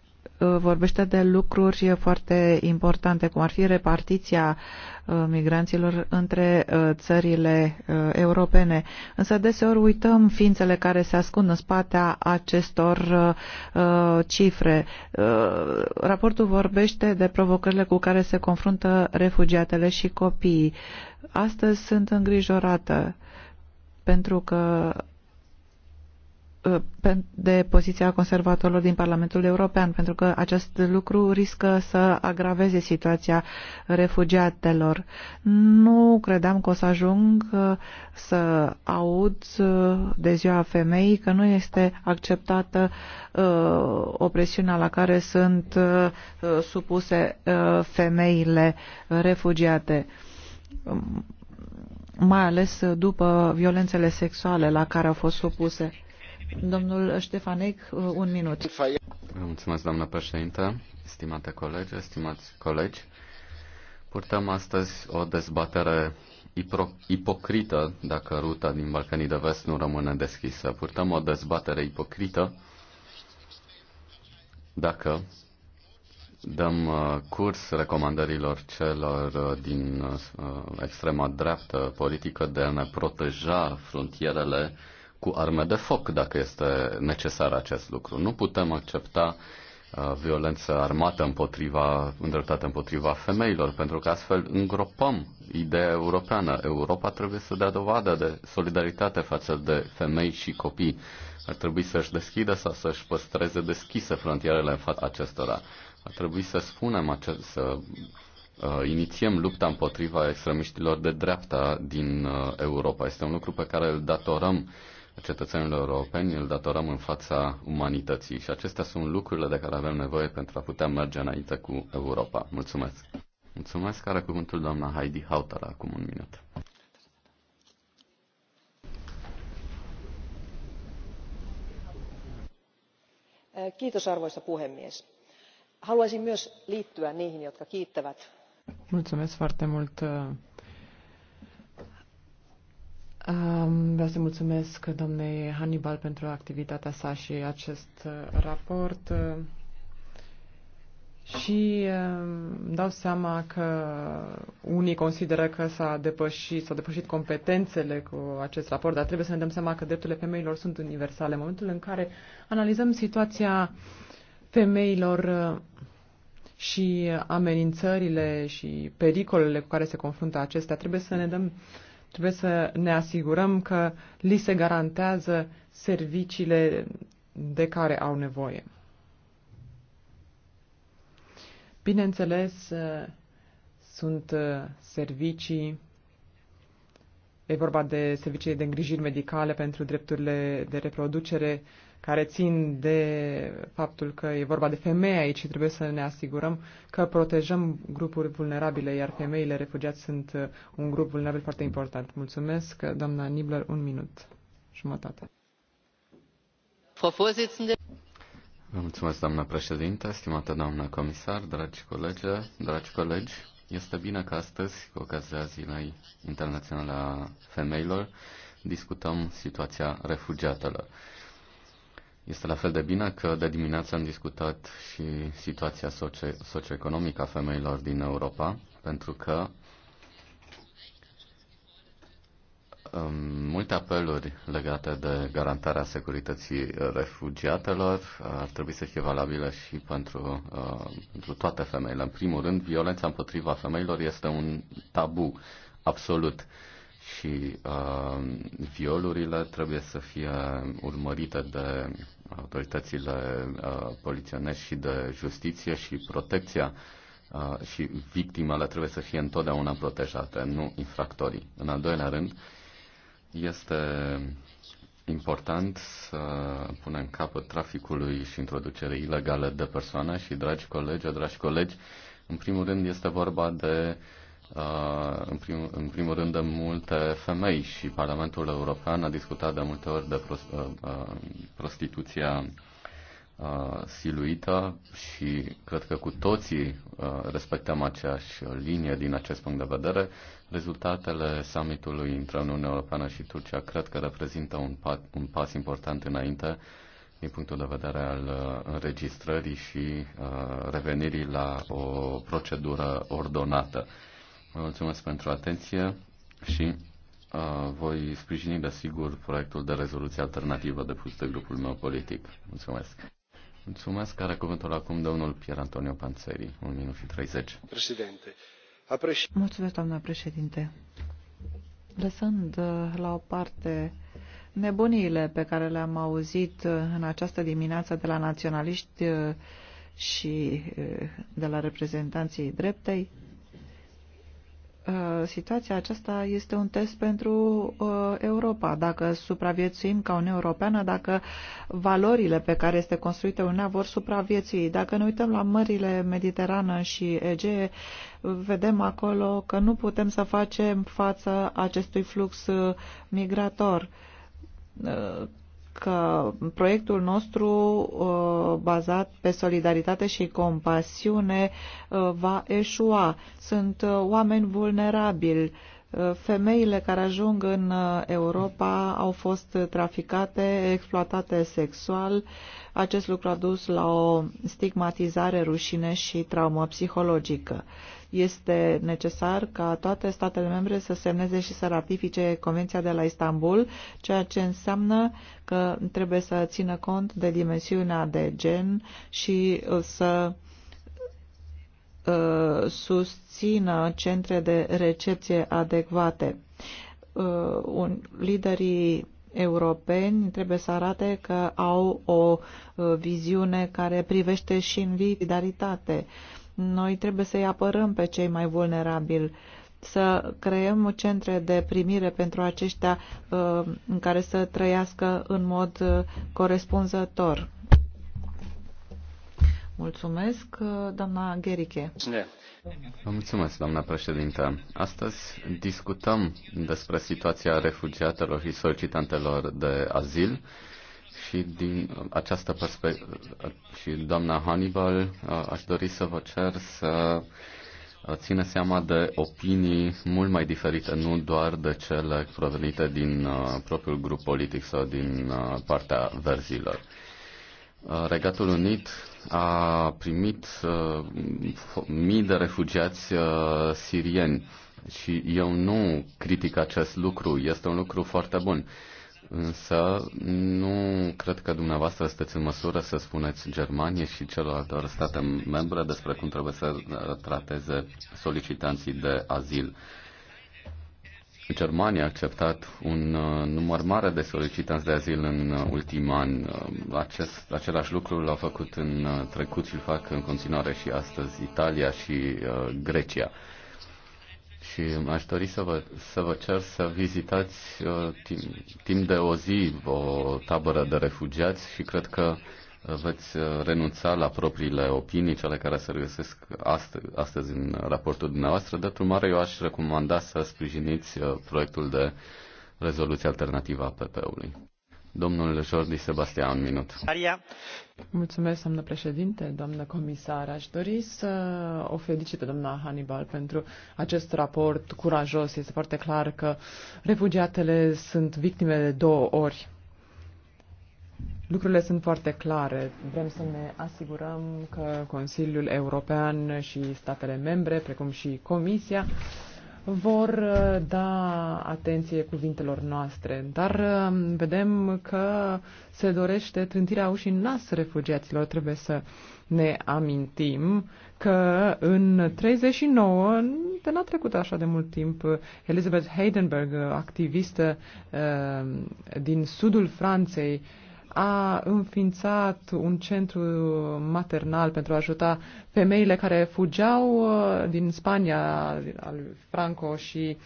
Uh, vorbește de lucruri foarte importante, cum ar fi repartiția uh, migranților între uh, țările europene. Însă deseori uităm ființele care se ascund în spatea acestor cifre. Raportul vorbește de provocările cu care se confruntă refugiatele și copiii. Astăzi sunt îngrijorată pentru că Uh, de poziția conservatorilor din Parlamentul European, pentru că acest lucru riscă să agraveze situația refugiatelor. Nu credeam că o să ajung uh, să aud uh, de ziua femeii că nu este acceptată opresiunea la care sunt supuse femeile refugiate um, mai ales după violențele sexuale la care au fost supuse. Domnul uh, un minut. mulțumesc, doamnă președintă, stimate colegi, stimați colegi. Purtăm astăzi o dezbatere ipocrită dacă ruta din Balcanii de Vest nu rămâne deschisă. Purtăm o dezbatere ipocrită dacă dăm uh, curs recomandărilor celor uh, din extrema dreaptă politică de a ne proteja frontierele cu arme de foc dacă este necesar acest lucru. Nu putem accepta uh, violență armată împotriva, îndreptată împotriva femeilor, pentru că astfel îngropăm ideea europeană. Europa trebuie să dea dovadă de solidaritate față de femei și copii. Ar trebui să-și deschidă sau să-și păstreze deschise frontierele în fața acestora. Ar trebui să spunem, acest, să uh, inițiem lupta împotriva extremiștilor de dreapta din uh, Europa. Este un lucru pe care îl datorăm uh, cetățenilor europeni îl datorăm în fața umanității. Și acestea sunt lucrurile de care avem nevoie pentru a putea merge înainte cu Europa. Mulțumesc! Mulțumesc, are cuvântul doamna Heidi Hautala acum un minut. Eh, arvoisa puhemies haluaisin myös liittyä niihin jotka kiittävät. mulțumesc foarte mult Um, vreau să mulțumesc doamnei Hannibal pentru activitatea sa și acest uh, raport. Și um, îmi dau seama că unii consideră că s-a depășit, s-au depășit competențele cu acest raport, dar trebuie să ne dăm seama că drepturile femeilor sunt universale. În momentul în care analizăm situația femeilor uh, și amenințările și pericolele cu care se confruntă acestea, trebuie să ne dăm Trebuie să ne asigurăm că li se garantează serviciile de care au nevoie. Bineînțeles, sunt uh, servicii, e vorba de servicii de îngrijiri medicale pentru drepturile de reproducere, care țin de faptul că e vorba de femei aici și trebuie să ne asigurăm că protejăm grupuri vulnerabile, iar femeile refugiați sunt uh, un grup vulnerabil foarte important. Mulțumesc, doamna Nibler, un minut jumătate. Vă mulțumesc, doamna președinte, stimată doamna comisar, dragi colegi, dragi colegi. Este bine că astăzi, cu ocazia Zilei Internaționale a Femeilor, discutăm situația refugiatelor. Este la fel de bine că de dimineață am discutat și situația socio- socioeconomică a femeilor din Europa, pentru că um, multe apeluri legate de garantarea securității refugiatelor uh, ar trebui să fie valabile și pentru, uh, pentru toate femeile. În primul rând, violența împotriva femeilor este un tabu absolut și uh, violurile trebuie să fie urmărite de autoritățile uh, poliționești și de justiție și protecția uh, și victimele trebuie să fie întotdeauna protejate, nu infractorii. În al doilea rând, este important să punem capăt traficului și introducerii ilegale de persoane și, dragi colegi, dragi colegi, în primul rând este vorba de uh, Uh, în, prim, în primul rând de multe femei și Parlamentul European a discutat de multe ori de prost, uh, uh, prostituția siluită și cred că cu toții respectăm aceeași linie din acest punct de vedere. Rezultatele summitului între Uniunea Europeană și Turcia cred că reprezintă un, pas, un pas important înainte din punctul de vedere al înregistrării și revenirii la o procedură ordonată. Vă mulțumesc pentru atenție și uh, voi sprijini, desigur, proiectul de rezoluție alternativă depus de grupul meu politic. Mulțumesc. Mulțumesc. Are cuvântul acum domnul Pier Antonio Panțeri. 1 minut și 30. Președinte. Apreș... Mulțumesc, doamna președinte. Lăsând uh, la o parte nebuniile pe care le-am auzit uh, în această dimineață de la naționaliști uh, și de la reprezentanții dreptei, Uh, situația aceasta este un test pentru uh, Europa. Dacă supraviețuim ca Uniunea Europeană, dacă valorile pe care este construită Uniunea vor supraviețui. Dacă ne uităm la mările Mediterană și Egee, vedem acolo că nu putem să facem față acestui flux uh, migrator că proiectul nostru uh, bazat pe solidaritate și compasiune uh, va eșua. Sunt uh, oameni vulnerabili. Femeile care ajung în Europa au fost traficate, exploatate sexual. Acest lucru a dus la o stigmatizare, rușine și traumă psihologică. Este necesar ca toate statele membre să semneze și să ratifice Convenția de la Istanbul, ceea ce înseamnă că trebuie să țină cont de dimensiunea de gen și uh, să uh, susțină centre de recepție adecvate. Uh, un Liderii europeni trebuie să arate că au o viziune care privește și în solidaritate. Uh, noi trebuie să-i apărăm pe cei mai vulnerabili, să creăm centre de primire pentru aceștia uh, în care să trăiască în mod uh, corespunzător. Mulțumesc, uh, doamna Gheriche. Vă mulțumesc, doamna președintă. Astăzi discutăm despre situația refugiatelor și solicitantelor de azil și din uh, această perspectivă și doamna Hannibal, uh, aș dori să vă cer să uh, ține seama de opinii mult mai diferite, nu doar de cele provenite din propriul grup politic sau din partea verzilor. Regatul Unit a primit mii de refugiați sirieni și eu nu critic acest lucru, este un lucru foarte bun Însă nu cred că dumneavoastră sunteți în măsură să spuneți Germanie și celorlalte state membre despre cum trebuie să trateze solicitanții de azil. Germania a acceptat un uh, număr mare de solicitanți de azil în uh, ultimii ani. Uh, acest, același lucru l-au făcut în trecut și îl fac în continuare și astăzi Italia și Grecia și aș dori să vă, să vă cer să vizitați uh, timp, timp de o zi o tabără de refugiați și cred că uh, veți uh, renunța la propriile opinii, cele care se regăsesc astăzi, astăzi în raportul dumneavoastră. De urmare, eu aș recomanda să sprijiniți proiectul de rezoluție alternativă a PP-ului. Domnule Jordi Sebastian, un minut. Aria. Mulțumesc, doamnă președinte, doamnă comisar. Aș dori să o felicită, doamna Hannibal pentru acest raport curajos. Este foarte clar că refugiatele sunt victime de două ori. Lucrurile sunt foarte clare. Vrem să ne asigurăm că Consiliul European și statele membre, precum și Comisia, vor uh, da atenție cuvintelor noastre, dar uh, vedem că se dorește trântirea ușii în nas refugiaților. Trebuie să ne amintim că în 39, de n-a trecut așa de mult timp, Elizabeth Heidenberg, activistă uh, din sudul Franței, a înființat un centru maternal pentru a ajuta femeile care fugeau uh, din Spania, al Franco și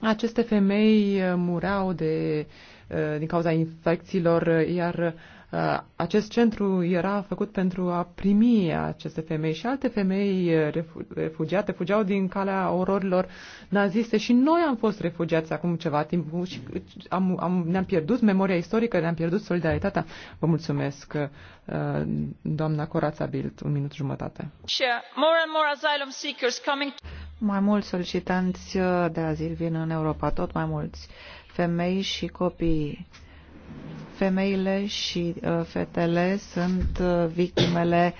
aceste femei uh, mureau de, uh, din cauza infecțiilor, iar Uh, acest centru era făcut pentru a primi aceste femei și alte femei uh, refugiate fugeau din calea ororilor naziste și noi am fost refugiați acum ceva timp și am, am, ne-am pierdut memoria istorică, ne-am pierdut solidaritatea. Vă mulțumesc, uh, doamna Corața Bild, un minut jumătate. Mai mulți solicitanți de azil vin în Europa, tot mai mulți femei și copii Femeile și uh, fetele sunt uh, victimele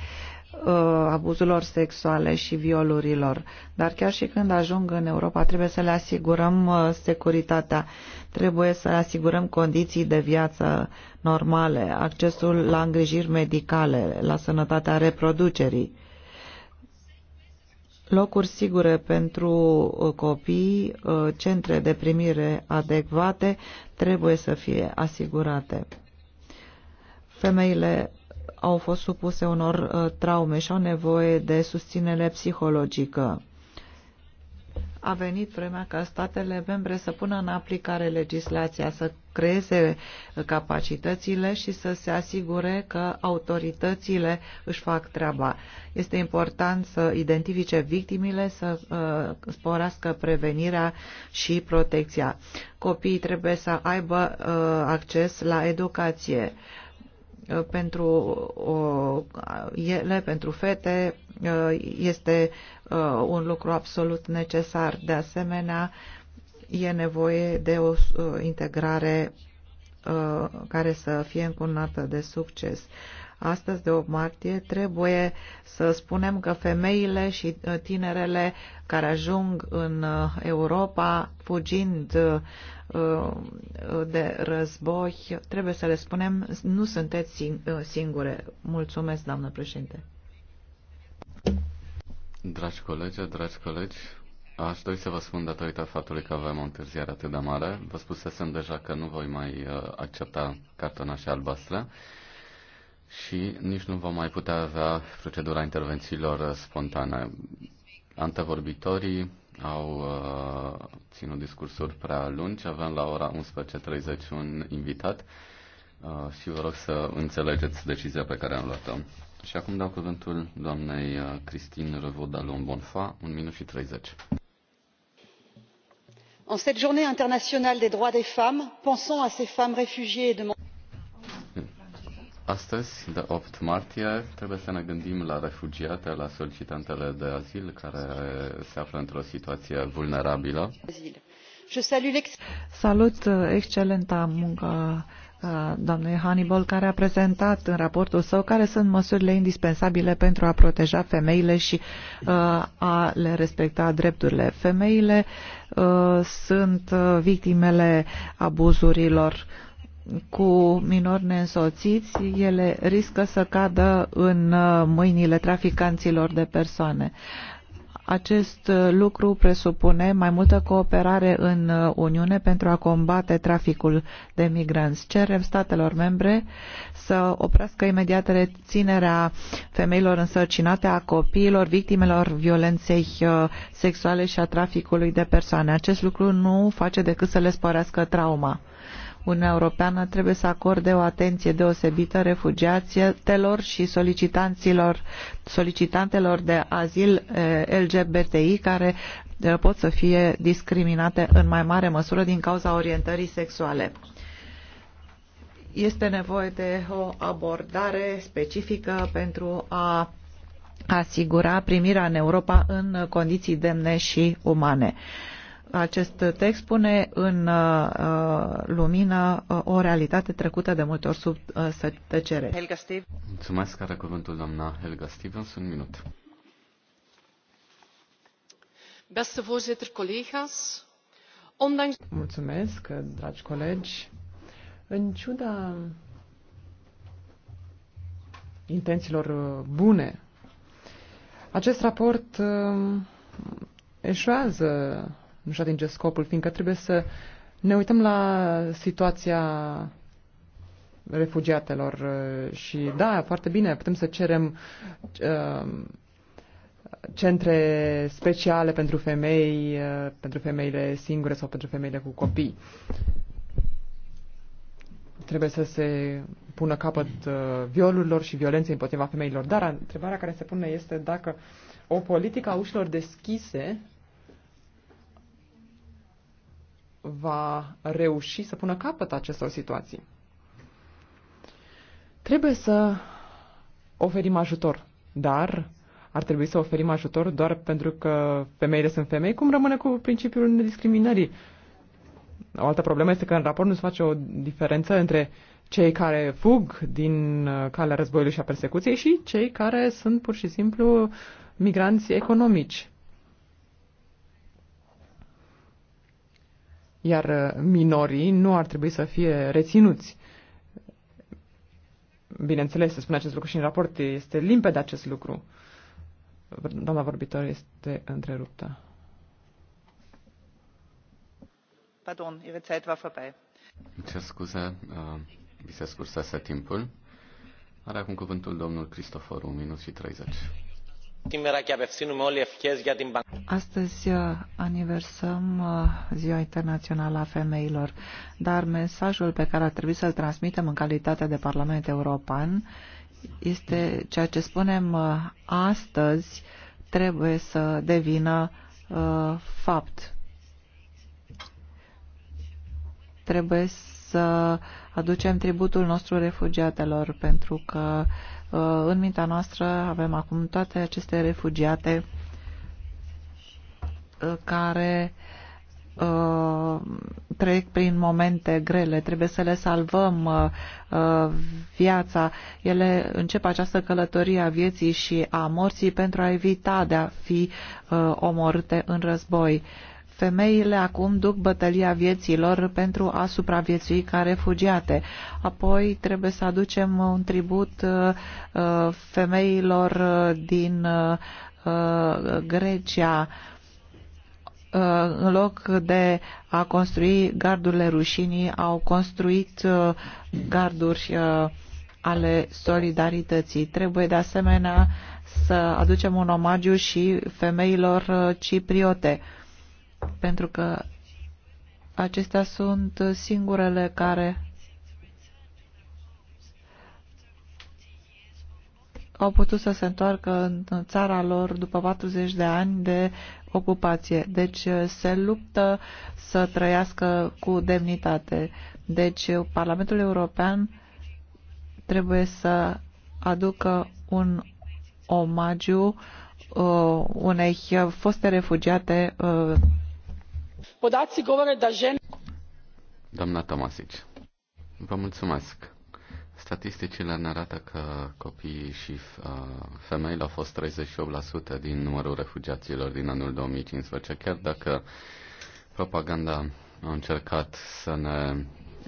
uh, abuzurilor sexuale și violurilor. Dar chiar și când ajung în Europa, trebuie să le asigurăm securitatea, trebuie să le asigurăm condiții de viață normale, accesul la îngrijiri medicale, la sănătatea reproducerii, locuri sigure pentru copii, centre de primire adecvate, trebuie să fie asigurate. Femeile au fost supuse unor uh, traume și au nevoie de susținere psihologică a venit vremea ca statele membre să pună în aplicare legislația, să creeze capacitățile și să se asigure că autoritățile își fac treaba. Este important să identifice victimile, să uh, sporească prevenirea și protecția. Copiii trebuie să aibă uh, acces la educație. Uh, Uh, pentru uh, ele, pentru fete, uh, este un lucru absolut necesar. De asemenea, e nevoie de o integrare care să fie încunată de succes. Astăzi, de 8 martie, trebuie să spunem că femeile și tinerele care ajung în Europa fugind Uh, de război, trebuie să le spunem, nu sunteți uh, singure. Mulțumesc, doamnă președinte. Dragi colegi, dragi colegi, aș dori să vă spun datorită faptului că avem o întârziere atât de mare. Vă spusesem deja că nu voi mai uh, accepta cartonașe albastre și nici nu vom mai putea avea procedura intervențiilor spontane. Antevorbitorii au uh, ținut discursuri prea lungi. Avem la ora 11.30 un invitat uh, și vă rog să înțelegeți decizia pe care am luat-o. Și acum dau cuvântul doamnei uh, Cristin Revoda Bonfa, un minut și 30. En cette journée internationale des droits des femmes, pensons à ces femmes réfugiées et demandeuses Astăzi, de 8 martie, trebuie să ne gândim la refugiate, la solicitantele de azil care se află într-o situație vulnerabilă. Salut uh, excelenta muncă uh, doamnei Hannibal, care a prezentat în raportul său care sunt măsurile indispensabile pentru a proteja femeile și uh, a le respecta drepturile. Femeile uh, sunt uh, victimele abuzurilor cu minori neînsoțiți, ele riscă să cadă în uh, mâinile traficanților de persoane. Acest uh, lucru presupune mai multă cooperare în uh, Uniune pentru a combate traficul de migranți. Cerem statelor membre să oprească imediat reținerea femeilor însărcinate, a copiilor, victimelor violenței sexuale și a traficului de persoane. Acest lucru nu face decât să le sporească trauma Uniunea Europeană trebuie să acorde o atenție deosebită refugiaților și solicitanților, solicitantelor de azil eh, LGBTI care eh, pot să fie discriminate în mai mare măsură din cauza orientării sexuale este nevoie de o abordare specifică pentru a asigura primirea în Europa în condiții demne și umane. Acest text pune în uh, uh, lumină uh, o realitate trecută de multe ori sub uh, tăcere. Helga Steve. Mulțumesc, are cuvântul doamna Helga Stevens, un minut. Beste voorzitter, collega's, ondanks... Mulțumesc, dragi colegi. În ciuda intențiilor uh, bune. Acest raport uh, eșuează nu-și atinge scopul, fiindcă trebuie să ne uităm la situația refugiatelor uh, și da, foarte bine, putem să cerem uh, centre speciale pentru femei, uh, pentru femeile singure sau pentru femeile cu copii. Trebuie să se pună capăt uh, violurilor și violenței împotriva femeilor. Dar întrebarea care se pune este dacă o politică a ușilor deschise va reuși să pună capăt acestor situații. Trebuie să oferim ajutor, dar ar trebui să oferim ajutor doar pentru că femeile sunt femei, cum rămâne cu principiul nediscriminării. O altă problemă este că în raport nu se face o diferență între cei care fug din uh, calea războiului și a persecuției și cei care sunt pur și simplu migranți economici. iar uh, minorii nu ar trebui să fie reținuți. Bineînțeles, se spune acest lucru și în raport, este limpede acest lucru. Doamna vorbitor este întreruptă. Pardon, Ihre Zeit war vorbei. Ce scuze, uh, vi se scursese timpul. Are acum cuvântul domnul Cristofor, minus și 30. Astăzi uh, aniversăm uh, Ziua Internațională a Femeilor, dar mesajul pe care ar trebui să-l transmitem în calitate de Parlament European este ceea ce spunem uh, astăzi trebuie să devină uh, fapt. Trebuie să aducem tributul nostru refugiatelor pentru că uh, Uh, în mintea noastră avem acum toate aceste refugiate uh, care uh, trec prin momente grele, trebuie să le salvăm viața. Ele încep această călătorie a vieții și a morții pentru a evita de a fi omorâte în război. Femeile acum duc bătălia vieților pentru a supraviețui ca refugiate. Apoi trebuie să aducem un tribut uh, uh, femeilor uh, din Grecia în loc de a construi gardurile rușinii, au construit garduri ale solidarității. Trebuie de asemenea să aducem un omagiu și femeilor cipriote pentru că acestea sunt singurele care au putut să se întoarcă în țara lor după 40 de ani de ocupație. Deci uh, se luptă să trăiască cu demnitate. Deci uh, Parlamentul European trebuie să aducă un omagiu uh, unei foste refugiate Podaci govore da žene... Doamna Tomasic, vă mulțumesc. Statisticile ne arată că copiii și uh, femeile au fost 38% din numărul refugiaților din anul 2015, chiar dacă propaganda a încercat să ne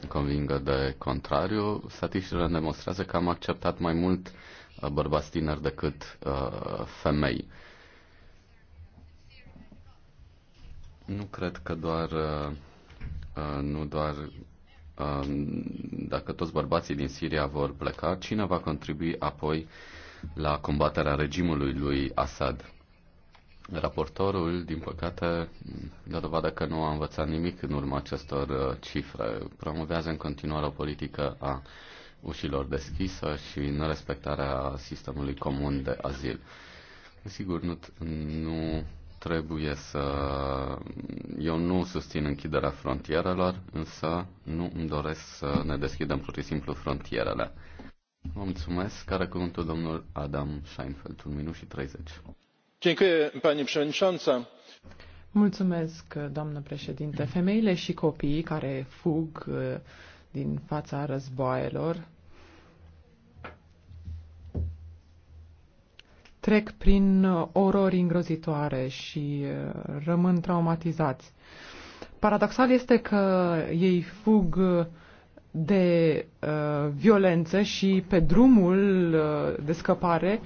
convingă de contrariu, statisticile demonstrează că am acceptat mai mult uh, bărbați tineri decât uh, femei. Nu cred că doar, uh, uh, nu doar um, dacă toți bărbații din Siria vor pleca, cine va contribui apoi la combaterea regimului lui Assad? Raportorul, din păcate, dă dovadă că nu a învățat nimic în urma acestor uh, cifre. Promovează în continuare o politică a ușilor deschisă și nerespectarea sistemului comun de azil. Sigur, nu, nu trebuie să... Eu nu susțin închiderea frontierelor, însă nu îmi doresc să ne deschidem pur și simplu frontierele. Vă mulțumesc. Care cuvântul domnul Adam Scheinfeld, 1 minut și 30. Dziękuję, pani przewodnicząca. Mulțumesc, doamnă președinte. Femeile și copiii care fug eh, din fața războaielor trec prin uh, orori îngrozitoare și uh, rămân traumatizați. Paradoxal este că ei fug uh, de uh, violență și pe drumul uh, de scăpare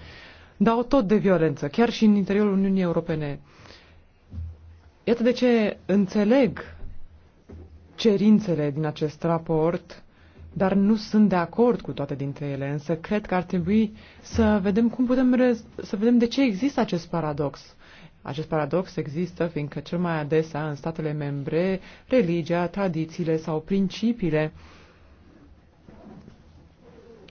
dau tot de violență, chiar și în interiorul Uniunii Europene. Iată de ce înțeleg cerințele din acest raport dar nu sunt de acord cu toate dintre ele, însă cred că ar trebui să vedem cum putem să vedem de ce există acest paradox. Acest paradox există fiindcă cel mai adesea în statele membre religia, tradițiile sau principiile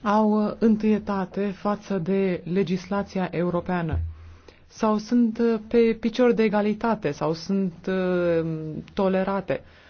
au întâietate față de legislația europeană sau sunt pe picior de egalitate sau sunt uh, tolerate. Uh,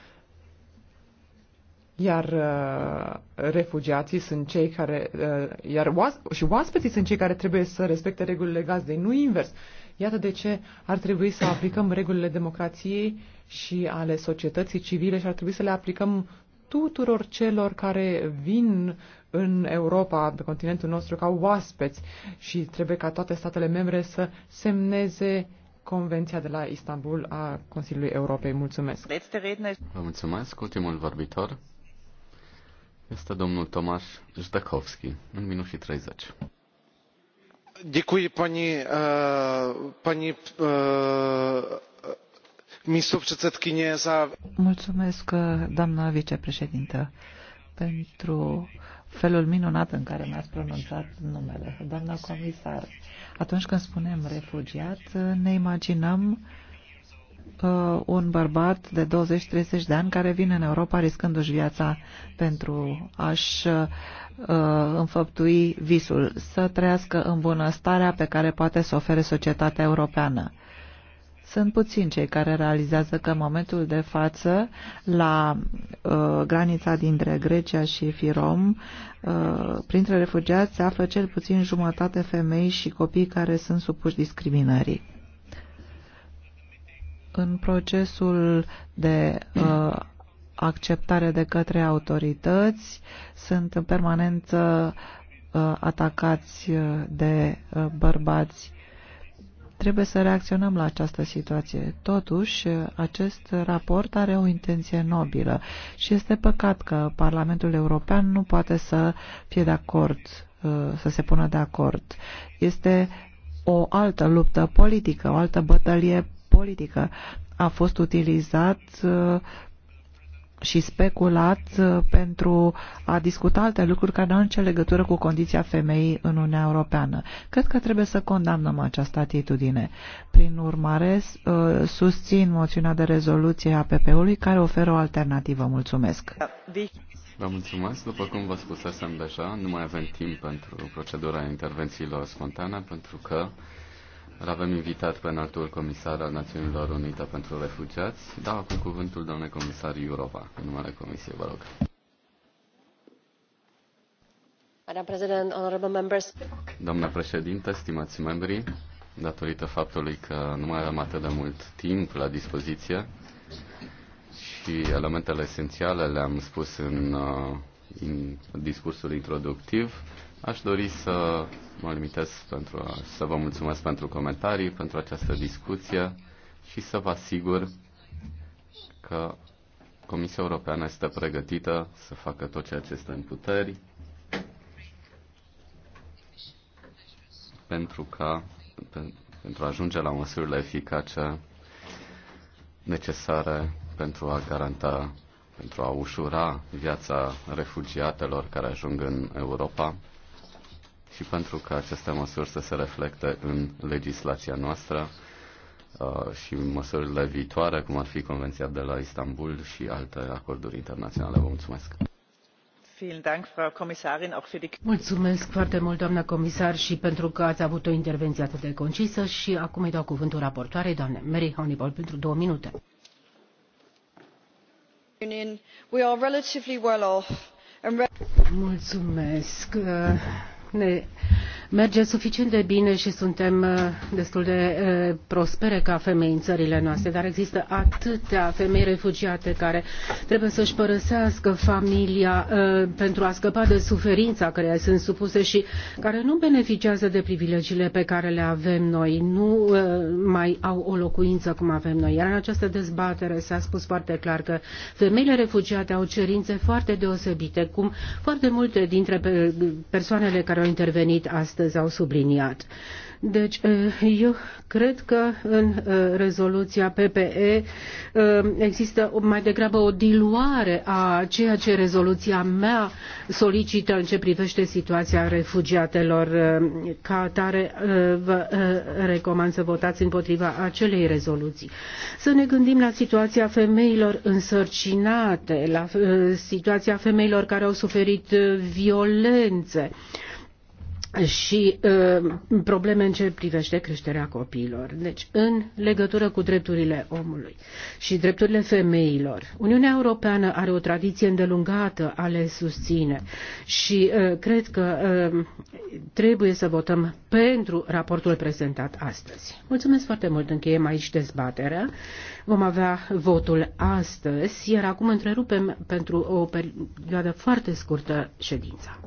iar uh, refugiații sunt cei care, uh, iar oas- și oaspeții sunt cei care trebuie să respecte regulile gazdei, nu invers. Iată de ce ar trebui să aplicăm regulile democrației și ale societății civile și ar trebui să le aplicăm tuturor celor care vin în Europa, pe continentul nostru, ca oaspeți și trebuie ca toate statele membre să semneze Convenția de la Istanbul a Consiliului Europei. Mulțumesc! Vă mulțumesc! Ultimul vorbitor, este domnul Tomasz Jdekovski, în minut și 30. Děkuji paní, uh, paní uh, místopředsedkyně za... Mulțumesc, doamna vicepreședintă, pentru felul minunat în care mi-ați pronunțat numele. Doamna comisar, atunci când spunem refugiat, ne imaginăm uh, uh, un bărbat de 20-30 de ani care vine în Europa riscându-și viața pentru a-și uh, înfăptui visul, să trăiască în bunăstarea pe care poate să ofere societatea europeană. Sunt puțini cei care realizează că în momentul de față, la uh, granița dintre Grecia și Firom, uh, printre refugiați se află cel puțin jumătate femei și copii care sunt supuși discriminării. În procesul de uh, acceptare de către autorități sunt în permanență uh, atacați uh, de uh, bărbați. Trebuie să reacționăm la această situație. Totuși, acest raport are o intenție nobilă și este păcat că Parlamentul European nu poate să fie de acord, uh, să se pună de acord. Este o altă luptă politică, o altă bătălie politică. A fost utilizat uh, și speculat uh, pentru a discuta alte lucruri care nu au nicio legătură cu condiția femeii în Uniunea Europeană. Cred că trebuie să condamnăm această atitudine. Prin urmare, uh, susțin moțiunea de rezoluție a PP-ului care oferă o alternativă. Mulțumesc! Vă mulțumesc. După cum vă spusesem deja, nu mai avem timp pentru procedura intervențiilor spontane, pentru că îl avem invitat pe înaltul comisar al Națiunilor Unite pentru Refugiați. Da, cu cuvântul doamne comisar Iurova, în numele Comisiei, vă rog. Doamna președintă, stimați membri, datorită faptului că nu mai avem atât de mult timp la dispoziție și elementele esențiale le-am spus în, uh, în discursul introductiv, Aș dori să mă limitez pentru a, să vă mulțumesc pentru comentarii, pentru această discuție și să vă asigur că Comisia Europeană este pregătită să facă tot ceea ce este în puteri pentru, ca, pe, pentru a ajunge la măsurile eficace necesare pentru a garanta, pentru a ușura viața refugiatelor care ajung în Europa și pentru că aceste măsuri să se reflecte în legislația noastră uh, și măsurile viitoare, cum ar fi Convenția de la Istanbul și alte acorduri internaționale. Vă mulțumesc! Mulțumesc foarte mult, doamna comisar, și pentru că ați avut o intervenție atât de concisă și acum îi dau cuvântul raportoarei, doamne Mary Honeyball, pentru două minute. Mulțumesc ne merge suficient de bine și suntem uh, destul de uh, prospere ca femei în țările noastre, dar există atâtea femei refugiate care trebuie să-și părăsească familia uh, pentru a scăpa de suferința care sunt supuse și care nu beneficiază de privilegiile pe care le avem noi, nu mai au o locuință cum avem noi. Iar în această dezbatere s-a spus foarte clar că femeile refugiate au cerințe foarte deosebite, cum foarte multe dintre persoanele care au intervenit astăzi astăzi au subliniat. Deci, eh, eu cred că în eh, rezoluția PPE eh, există mai degrabă o diluare a ceea ce rezoluția mea solicită în ce privește situația refugiatelor. Ca atare, vă recomand să votați împotriva acelei rezoluții. Să ne gândim la situația femeilor însărcinate, la situația femeilor care au suferit violențe și uh, probleme în ce privește creșterea copiilor. Deci, în legătură cu drepturile omului și drepturile femeilor, Uniunea Europeană are o tradiție îndelungată a le susține și uh, cred că uh, trebuie să votăm pentru raportul prezentat astăzi. Mulțumesc foarte mult, încheiem aici dezbaterea. Vom avea votul astăzi, iar acum întrerupem pentru o perioadă foarte scurtă ședința.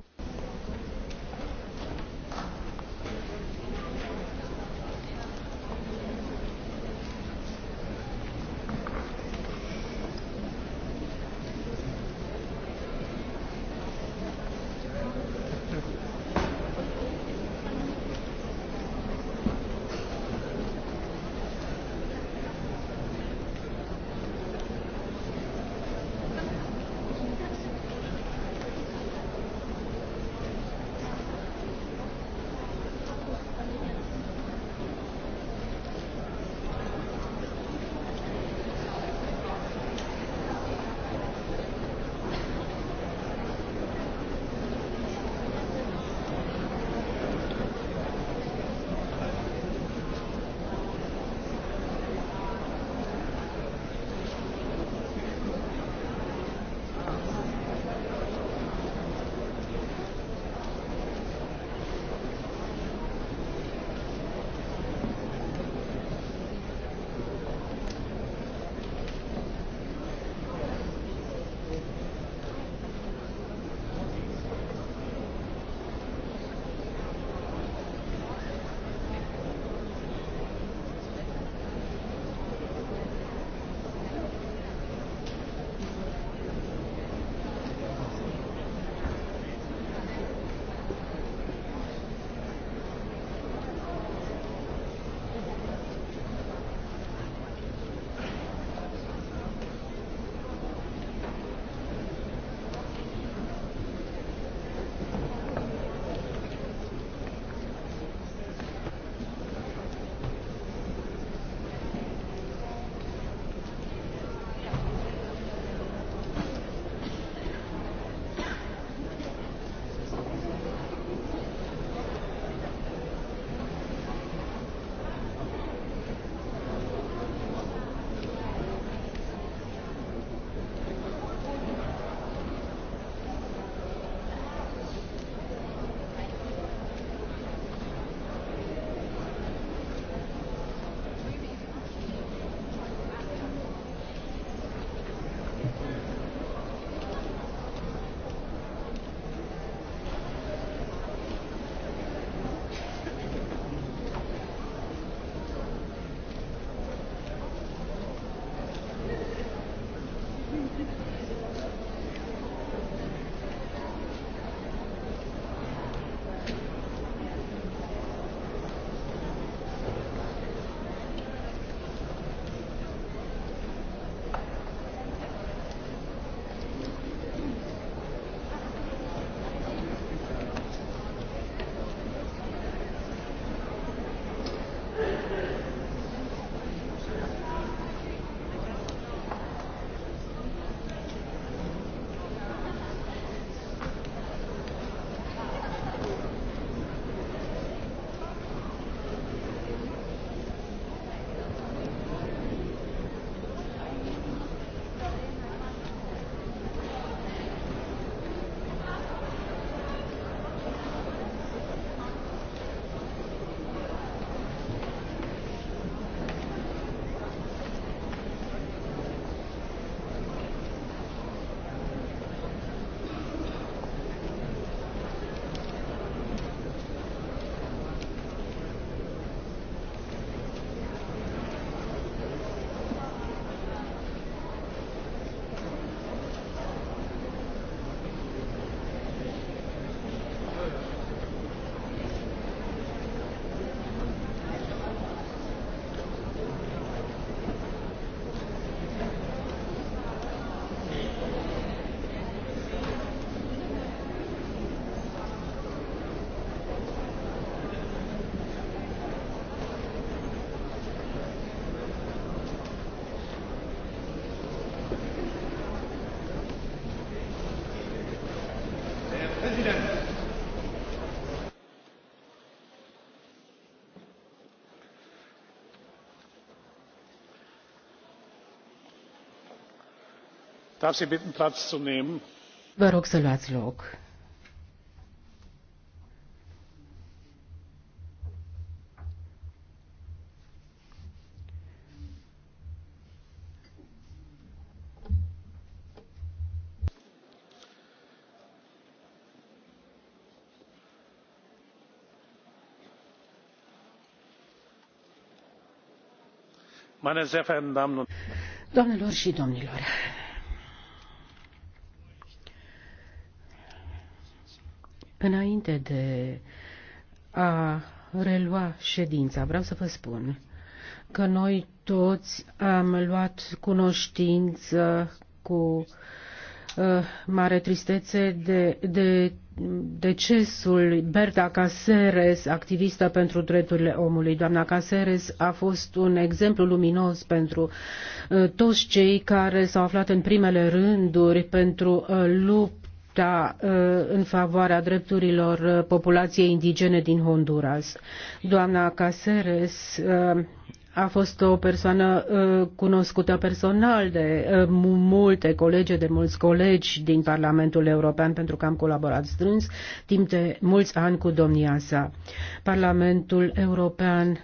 Darf Sie bitten, Platz zu nehmen? Vă rog să luați loc. doamnelor și domnilor Înainte de a relua ședința, vreau să vă spun că noi toți am luat cunoștință cu uh, mare tristețe de, de decesul Berta Caseres, activistă pentru drepturile omului. Doamna Caseres a fost un exemplu luminos pentru uh, toți cei care s-au aflat în primele rânduri pentru uh, lupt lupta uh, în favoarea drepturilor uh, populației indigene din Honduras. Doamna Caceres uh, a fost o persoană cunoscută personal de multe colege, de mulți colegi din Parlamentul European, pentru că am colaborat strâns timp de mulți ani cu domnia sa. Parlamentul European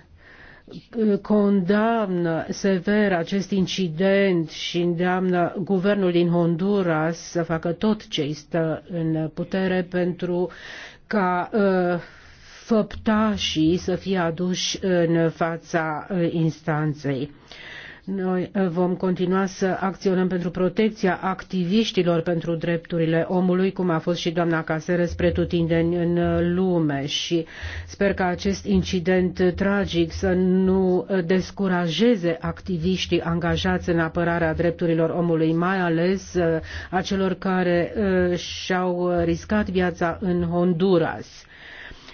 condamnă sever acest incident și îndeamnă guvernul din Honduras să facă tot ce îi stă în putere pentru ca uh, făptașii să fie aduși în fața uh, instanței. Uh, noi uh, vom continua să acționăm pentru protecția activiștilor pentru drepturile omului, cum a fost și doamna spre tutindeni în uh, lume și sper că acest incident tragic să nu uh, descurajeze activiștii angajați în apărarea drepturilor omului, mai ales a celor care și-au riscat viața în Honduras.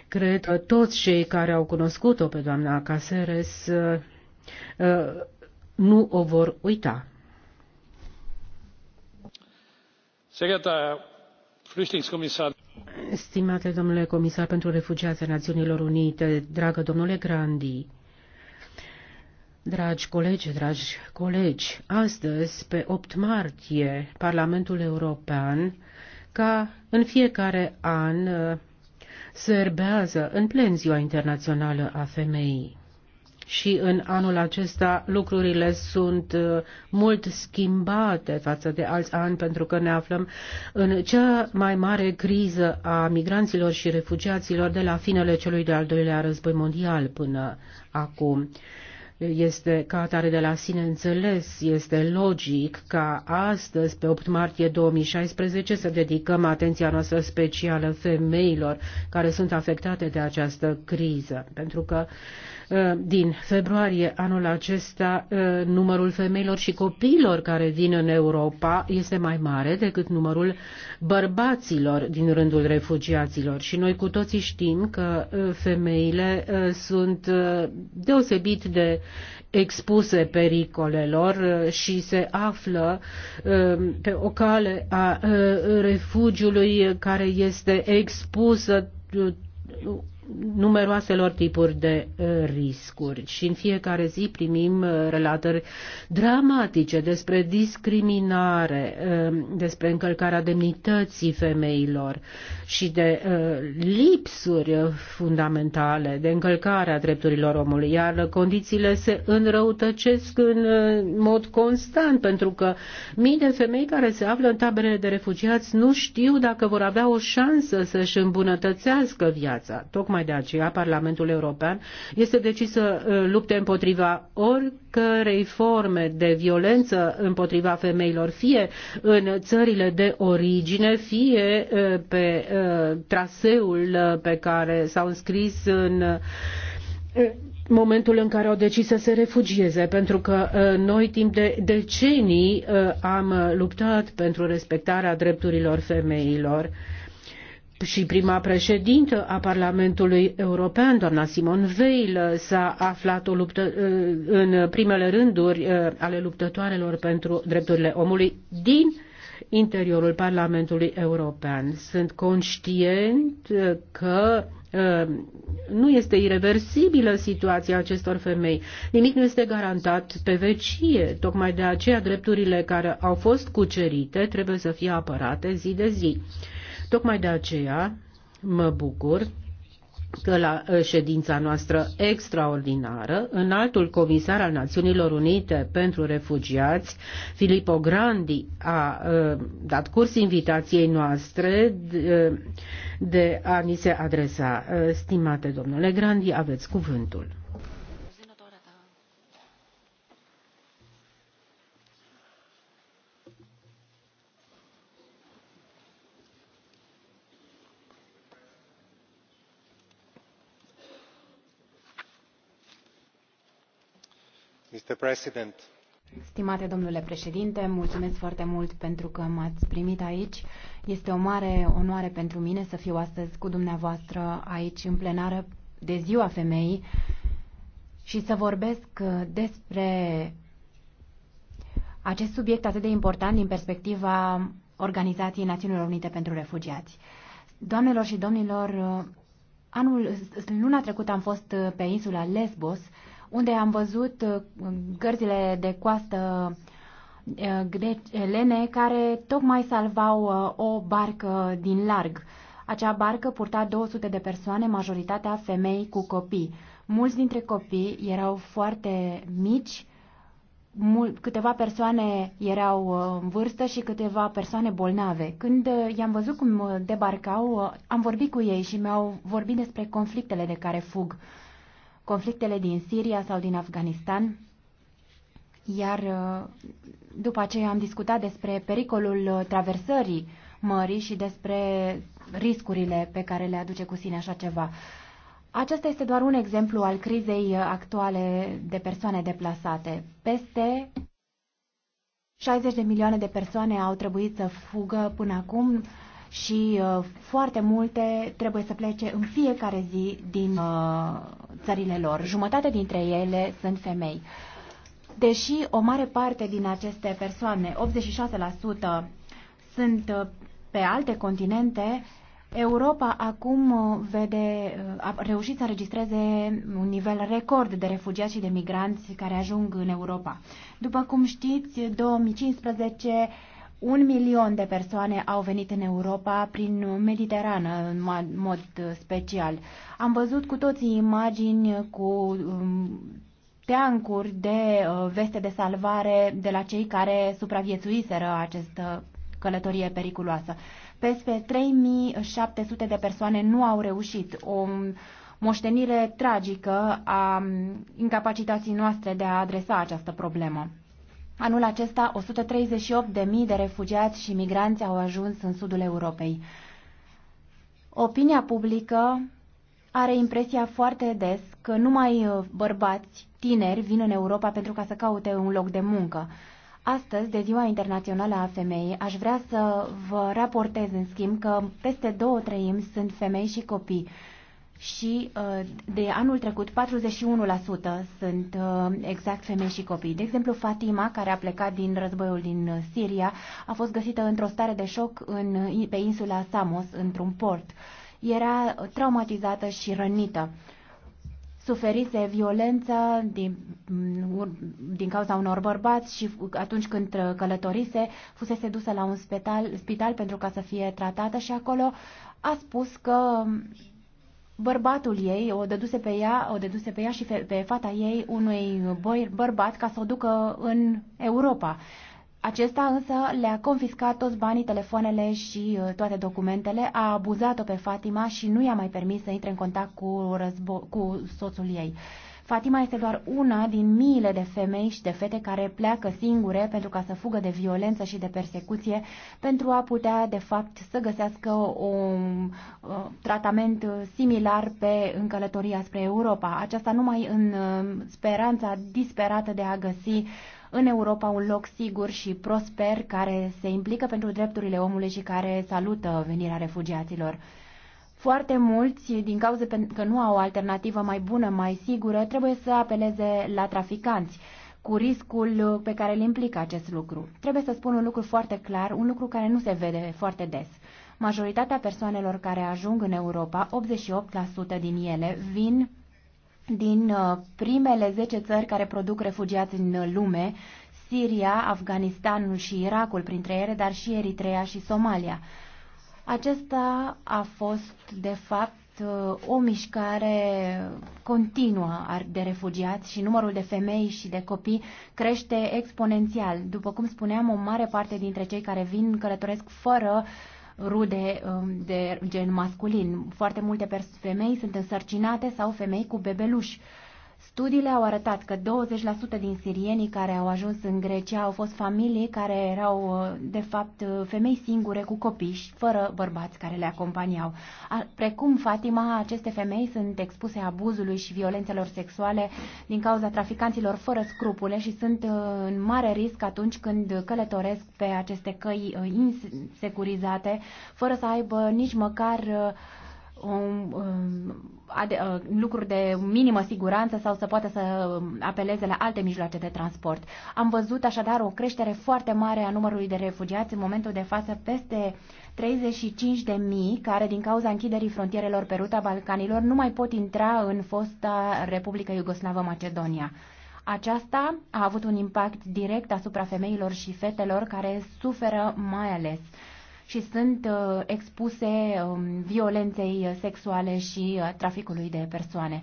Cred că toți cei care au cunoscut-o pe doamna Caseres nu o vor uita. Stimate domnule comisar pentru refugiați ai Națiunilor Unite, dragă domnule Grandi, Dragi colegi, dragi colegi, astăzi, pe 8 martie, Parlamentul European, ca în fiecare an, serbează în plen Ziua Internațională a Femeii și în anul acesta lucrurile sunt uh, mult schimbate față de alți ani pentru că ne aflăm în cea mai mare criză a migranților și refugiaților de la finele celui de-al doilea război mondial până acum. Este ca atare de la sine înțeles, este logic ca astăzi, pe 8 martie 2016, să dedicăm atenția noastră specială femeilor care sunt afectate de această criză, pentru că uh, Uh, din februarie anul acesta uh, numărul femeilor și copiilor care vin în Europa este mai mare decât numărul bărbaților din rândul refugiaților și noi cu toții știm că uh, femeile sunt deosebit de expuse pericolelor și se află pe o cale a refugiului care este expusă numeroaselor tipuri de uh, riscuri și în fiecare zi primim uh, relatări dramatice despre discriminare, uh, despre încălcarea demnității femeilor și de lipsuri fundamentale, de încălcarea drepturilor omului, iar condițiile se înrăutăcesc în mod constant pentru că mii de femei care se află în taberele de refugiați nu știu dacă vor avea o șansă să-și îmbunătățească viața. Tocmai Tocmai de aceea Parlamentul European este decis să uh, lupte împotriva oricărei forme de violență împotriva femeilor, fie în țările de origine, fie uh, pe uh, traseul pe care s-au înscris în momentul în care au decis să se refugieze, pentru că noi timp de decenii am luptat pentru respectarea drepturilor femeilor și prima președintă a Parlamentului European, doamna Simon Veil, s-a aflat o luptă, uh, în primele rânduri uh, ale luptătoarelor pentru drepturile omului din interiorul Parlamentului European. Sunt conștient uh, că nu este irreversibilă situația acestor femei. Nimic nu este garantat pe vecie. Tocmai de aceea drepturile care au fost cucerite trebuie să fie apărate zi de zi. Tocmai de aceea mă bucur că la uh, ședința noastră extraordinară, înaltul comisar al Națiunilor Unite pentru Refugiați, Filippo Grandi, a, uh, dat curs invitației noastre de, uh, de a ni se adresa. Stimate domnule Grandi, aveți cuvântul. Stimate domnule președinte, mulțumesc foarte mult pentru că m-ați primit aici. Este o mare onoare pentru mine să fiu astăzi cu dumneavoastră aici în plenară de Ziua Femeii și să vorbesc uh, despre acest subiect atât de important din perspectiva Organizației Națiunilor Unite pentru Refugiați. Doamnelor și domnilor, uh, anul, luna trecută am fost uh, pe insula Lesbos unde am văzut uh, gărzile de coastă uh, elene care tocmai salvau uh, o barcă din larg. Acea barcă purta 200 de persoane, majoritatea femei cu copii. Mulți dintre copii erau foarte mici, câteva persoane erau în vârstă și câteva persoane bolnave. Când i-am văzut cum debarcau, am vorbit cu ei și mi-au vorbit despre conflictele de care fug conflictele din Siria sau din Afganistan, iar uh, după aceea am discutat despre pericolul uh, traversării mării și despre riscurile pe care le aduce cu sine așa ceva. Acesta este doar un exemplu al crizei uh, actuale de persoane deplasate. Peste 60 de milioane de persoane au trebuit să fugă până acum și uh, foarte multe trebuie să plece în fiecare zi din uh, țările lor. Jumătate dintre ele sunt femei. Deși o mare parte din aceste persoane, 86%, sunt uh, pe alte continente, Europa acum uh, vede, uh, a reușit să înregistreze un nivel record de refugiați și de migranți care ajung în Europa. După cum știți, 2015 un milion de persoane au venit în Europa prin Mediterană, în mod special. Am văzut cu toții imagini cu um, teancuri de uh, veste de salvare de la cei care supraviețuiseră această călătorie periculoasă. Peste 3700 de persoane nu au reușit. O moștenire tragică a um, incapacității noastre de a adresa această problemă. Anul acesta, 138.000 de refugiați și migranți au ajuns în sudul Europei. Opinia publică are impresia foarte des că numai uh, bărbați tineri vin în Europa pentru ca să caute un loc de muncă. Astăzi, de Ziua Internațională a Femeii, aș vrea să vă raportez, în schimb, că peste două treimi sunt femei și copii și uh, de anul trecut 41% sunt uh, exact femei și copii. De exemplu, Fatima, care a plecat din războiul din uh, Siria, a fost găsită într-o stare de șoc în, pe insula Samos, într-un port. Era traumatizată și rănită. Suferise violență din, mm, din cauza unor bărbați și atunci când călătorise fusese dusă la un spital, spital pentru ca să fie tratată și acolo a spus că bărbatul ei, o dăduse pe ea, o dăduse pe ea și pe fata ei unui bărbat ca să o ducă în Europa. Acesta însă le-a confiscat toți banii, telefoanele și uh, toate documentele, a abuzat-o pe Fatima și nu i-a mai permis să intre în contact cu, cu soțul ei. Fatima este doar una din miile de femei și de fete care pleacă singure pentru ca să fugă de violență și de persecuție, pentru a putea, de fapt, să găsească un tratament similar pe încălătoria spre Europa. Aceasta numai în um, speranța disperată de a găsi în Europa un loc sigur și prosper care se implică pentru drepturile omului și care salută venirea refugiaților. Foarte mulți, din cauza că nu au o alternativă mai bună, mai sigură, trebuie să apeleze la traficanți cu riscul pe care îl implică acest lucru. Trebuie să spun un lucru foarte clar, un lucru care nu se vede foarte des. Majoritatea persoanelor care ajung în Europa, 88% din ele, vin din uh, primele 10 țări care produc refugiați în lume, Siria, Afganistanul și Irakul printre ele, dar și Eritrea și Somalia. Acesta a fost, de fapt, o mișcare continuă de refugiați și numărul de femei și de copii crește exponențial. După cum spuneam, o mare parte dintre cei care vin călătoresc fără rude um, de gen masculin. Foarte multe femei sunt însărcinate sau femei cu bebeluși. Studiile au arătat că 20% din sirienii care au ajuns în Grecia au fost familii care erau, uh, de fapt, uh, femei singure cu copii, fără bărbați care le acompaniau. Precum Fatima, aceste femei sunt expuse abuzului și violențelor sexuale din cauza traficanților fără scrupule și sunt uh, în mare risc atunci când călătoresc pe aceste căi insecurizate, fără să aibă nici măcar un, um, Uh, lucruri de minimă siguranță sau să poată să apeleze la alte mijloace de transport. Am văzut așadar o creștere foarte mare a numărului de refugiați în momentul de față peste 35 de mii care din cauza închiderii frontierelor pe ruta Balcanilor nu mai pot intra în fosta Republică Iugoslavă Macedonia. Aceasta a avut un impact direct asupra femeilor și fetelor care suferă mai ales și sunt uh, expuse um, violenței sexuale și uh, traficului de persoane.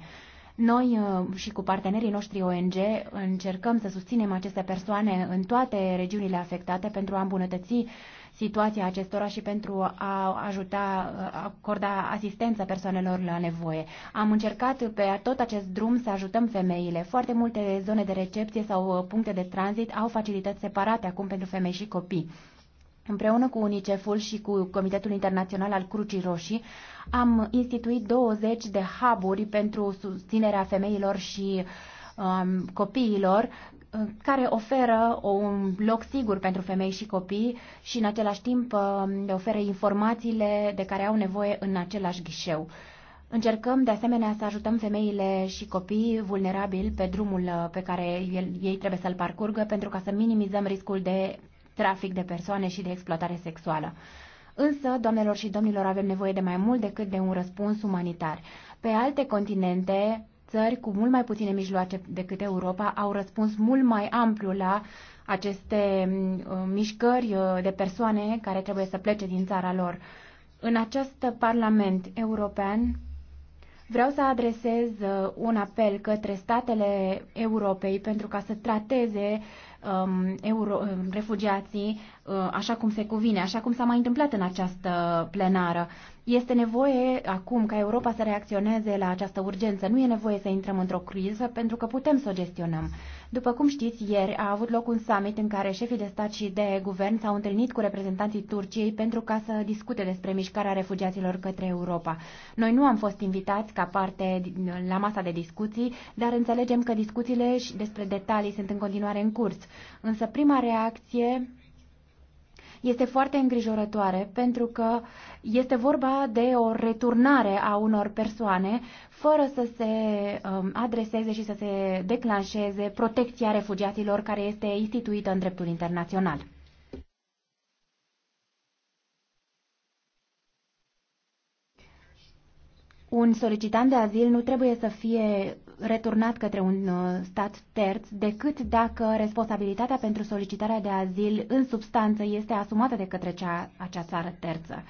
Noi uh, și cu partenerii noștri ONG încercăm să susținem aceste persoane în toate regiunile afectate pentru a îmbunătăți situația acestora și pentru a ajuta, a acorda asistență persoanelor la nevoie. Am încercat pe tot acest drum să ajutăm femeile. Foarte multe zone de recepție sau puncte de tranzit au facilități separate acum pentru femei și copii. Împreună cu UNICEF-ul și cu Comitetul Internațional al Crucii Roșii am instituit 20 de huburi pentru susținerea femeilor și um, copiilor uh, care oferă un loc sigur pentru femei și copii și în același timp um, le oferă informațiile de care au nevoie în același ghișeu. Încercăm de asemenea să ajutăm femeile și copiii vulnerabili pe drumul uh, pe care ei trebuie să-l parcurgă pentru ca să minimizăm riscul de trafic de persoane și de exploatare sexuală. Însă, doamnelor și domnilor, avem nevoie de mai mult decât de un răspuns umanitar. Pe alte continente, țări cu mult mai puține mijloace decât Europa au răspuns mult mai amplu la aceste uh, mișcări uh, de persoane care trebuie să plece din țara lor. În acest Parlament European vreau să adresez uh, un apel către statele Europei pentru ca să trateze um, euro, um, refugiații uh, așa cum se cuvine, așa cum s-a mai întâmplat în această plenară. Este nevoie acum ca Europa să reacționeze la această urgență. Nu e nevoie să intrăm într-o criză pentru că putem să o gestionăm. După cum știți, ieri a avut loc un summit în care șefii de stat și de guvern s-au întâlnit cu reprezentanții Turciei pentru ca să discute despre mișcarea refugiaților către Europa. Noi nu am fost invitați ca parte la masa de discuții, dar înțelegem că discuțiile și despre detalii sunt în continuare în curs. Însă prima reacție este foarte îngrijorătoare pentru că este vorba de o returnare a unor persoane fără să se um, adreseze și să se declanșeze protecția refugiaților care este instituită în dreptul internațional. Un solicitant de azil nu trebuie să fie returnat către un uh, stat terț decât dacă responsabilitatea pentru solicitarea de azil în substanță este asumată de către cea, acea țară terță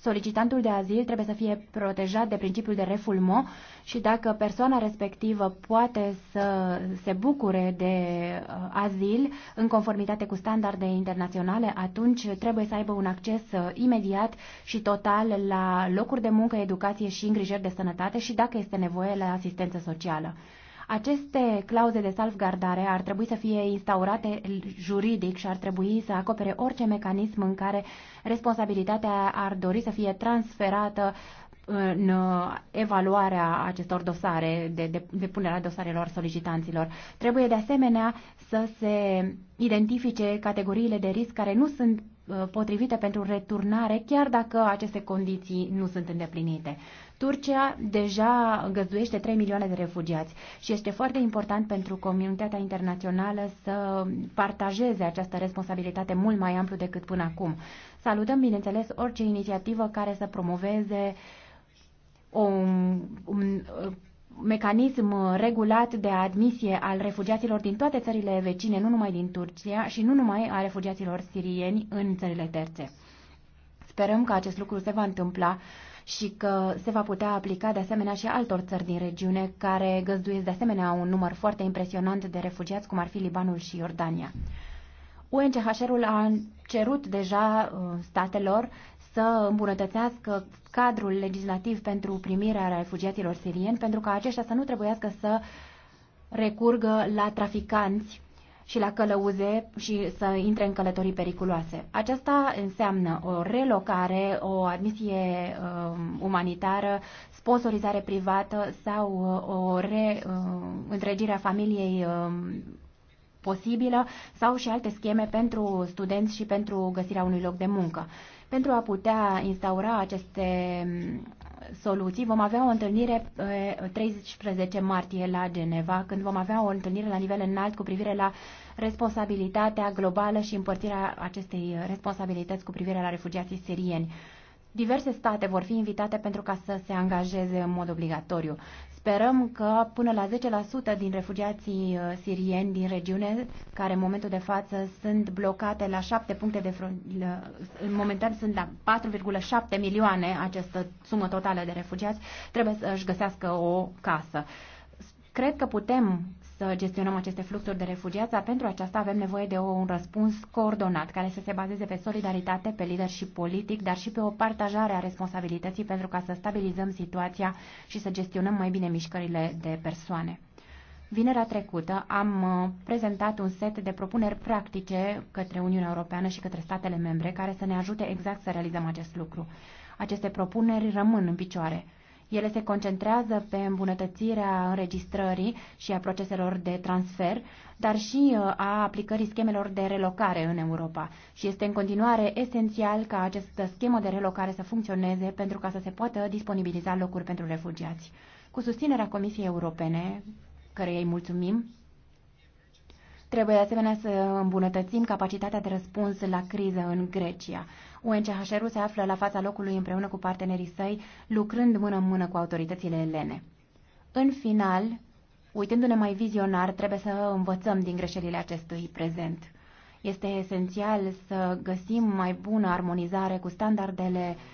solicitantul de azil trebuie să fie protejat de principiul de refulmo și dacă persoana respectivă poate să se bucure de uh, azil în conformitate cu standarde internaționale, atunci trebuie să aibă un acces uh, imediat și total la locuri de muncă, educație și îngrijiri de sănătate și, dacă este nevoie, la asistență socială. Aceste clauze de salvgardare ar trebui să fie instaurate juridic și ar trebui să acopere orice mecanism în care responsabilitatea ar dori să fie transferată în uh, evaluarea acestor dosare, de depunerea de dosarelor solicitanților. Trebuie de asemenea să se identifice categoriile de risc care nu sunt Uh, potrivite pentru returnare, chiar dacă aceste condiții nu sunt îndeplinite. Turcia deja găzduiește 3 milioane de refugiați și este foarte important pentru comunitatea internațională să partajeze această responsabilitate mult mai amplu decât până acum. Salutăm, bineînțeles, orice inițiativă care să promoveze o, un, mecanism uh, regulat de admisie al refugiaților din toate țările vecine, nu numai din Turcia și nu numai a refugiaților sirieni în țările terțe. Sperăm că acest lucru se va întâmpla și că se va putea aplica de asemenea și altor țări din regiune care găzduiesc de asemenea un număr foarte impresionant de refugiați, cum ar fi Libanul și Iordania. UNCHR-ul a cerut deja uh, statelor să îmbunătățească cadrul legislativ pentru primirea refugiaților sirieni, pentru ca aceștia să nu trebuiască să recurgă la traficanți și la călăuze și să intre în călătorii periculoase. Aceasta înseamnă o relocare, o admisie uh, umanitară, sponsorizare privată sau uh, o re, uh, întregire a familiei uh, posibilă sau și alte scheme pentru studenți și pentru găsirea unui loc de muncă. Pentru a putea instaura aceste mm, soluții. Vom avea o întâlnire 13 eh, martie la Geneva, când vom avea o întâlnire la nivel înalt cu privire la responsabilitatea globală și împărțirea acestei responsabilități cu privire la refugiații sirieni. Diverse state vor fi invitate pentru ca să se angajeze în mod obligatoriu. Sperăm că până la 10% din refugiații uh, sirieni din regiune, care în momentul de față sunt blocate la 7 puncte de frontieră, uh, în momentan sunt la 4,7 milioane această sumă totală de refugiați, trebuie să își găsească o casă. Cred că putem să gestionăm aceste fluxuri de refugiați, dar pentru aceasta avem nevoie de un răspuns coordonat, care să se bazeze pe solidaritate, pe leadership politic, dar și pe o partajare a responsabilității pentru ca să stabilizăm situația și să gestionăm mai bine mișcările de persoane. Vinerea trecută am uh, prezentat un set de propuneri practice către Uniunea Europeană și către statele membre care să ne ajute exact să realizăm acest lucru. Aceste propuneri rămân în picioare. Ele se concentrează pe îmbunătățirea înregistrării și a proceselor de transfer, dar și uh, a aplicării schemelor de relocare în Europa. Și este în continuare esențial ca această schemă de relocare să funcționeze pentru ca să se poată disponibiliza locuri pentru refugiați. Cu susținerea Comisiei Europene, care îi mulțumim, Trebuie de asemenea să îmbunătățim capacitatea de răspuns la criză în Grecia. UNCHR-ul se află la fața locului împreună cu partenerii săi, lucrând mână-mână cu autoritățile elene. În final, uitându-ne mai vizionar, trebuie să învățăm din greșelile acestui prezent. Este esențial să găsim mai bună armonizare cu standardele uh,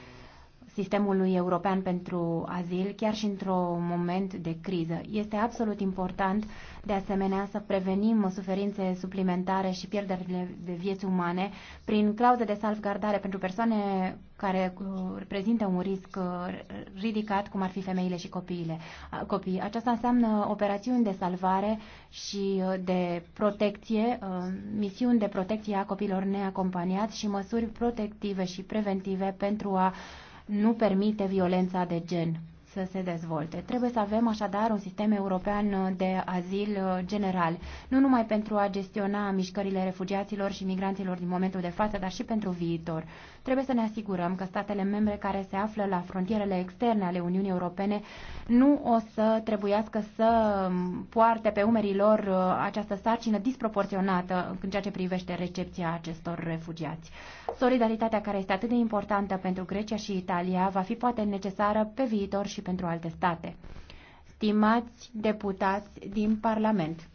sistemului european pentru azil, chiar și într-un moment de criză. Este absolut important, de asemenea, să prevenim suferințe suplimentare și pierderile de vieți umane prin clauze de salvgardare pentru persoane care uh, reprezintă un risc uh, ridicat, cum ar fi femeile și copiile, uh, copiii. Aceasta înseamnă operațiuni de salvare și de protecție, misiuni de protecție a copiilor neacompaniați și măsuri protective și preventive pentru a uh, nu permite violența de gen să se dezvolte. Trebuie să avem așadar un sistem european de azil general, nu numai pentru a gestiona mișcările refugiaților și migranților din momentul de față, dar și pentru viitor. Trebuie să ne asigurăm că statele membre care se află la frontierele externe ale Uniunii Europene nu o să trebuiască să poarte pe umerii lor această sarcină disproporționată în ceea ce privește recepția acestor refugiați. Solidaritatea care este atât de importantă pentru Grecia și Italia va fi poate necesară pe viitor și pentru alte state. Stimați deputați din Parlament,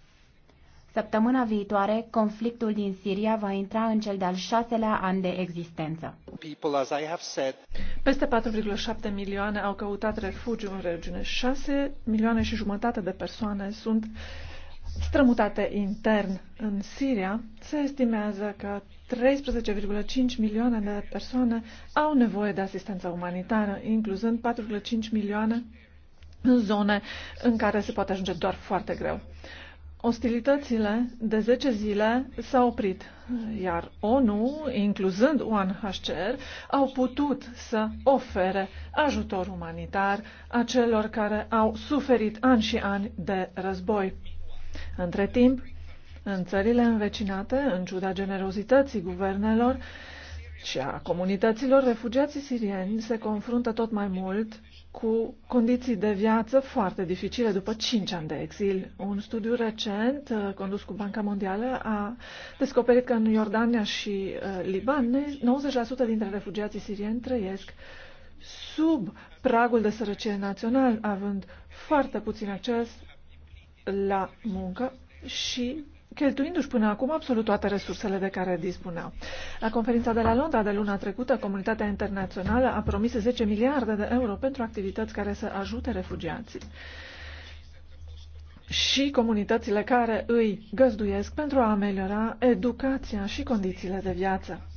săptămâna viitoare conflictul din Siria va intra în cel de-al șaselea an de existență. Peste 4,7 milioane au căutat refugiu în regiune. 6 milioane și jumătate de persoane sunt strămutate intern în Siria, se estimează că 13,5 milioane de persoane au nevoie de asistență umanitară, incluzând 4,5 milioane în zone în care se poate ajunge doar foarte greu. Ostilitățile de 10 zile s-au oprit, iar ONU, incluzând UNHCR, au putut să ofere ajutor umanitar acelor care au suferit ani și ani de război între timp, în țările învecinate, în ciuda generozității guvernelor și a comunităților, refugiații sirieni se confruntă tot mai mult cu condiții de viață foarte dificile după 5 ani de exil. Un studiu recent uh, condus cu Banca Mondială a descoperit că în Iordania și uh, Liban 90% dintre refugiații sirieni trăiesc sub pragul de sărăcie național, având foarte puțin acces la muncă și cheltuindu-și până acum absolut toate resursele de care dispuneau. La conferința de la Londra de luna trecută, comunitatea internațională a promis 10 miliarde de euro pentru activități care să ajute refugiații și comunitățile care îi găzduiesc pentru a ameliora educația și condițiile de viață.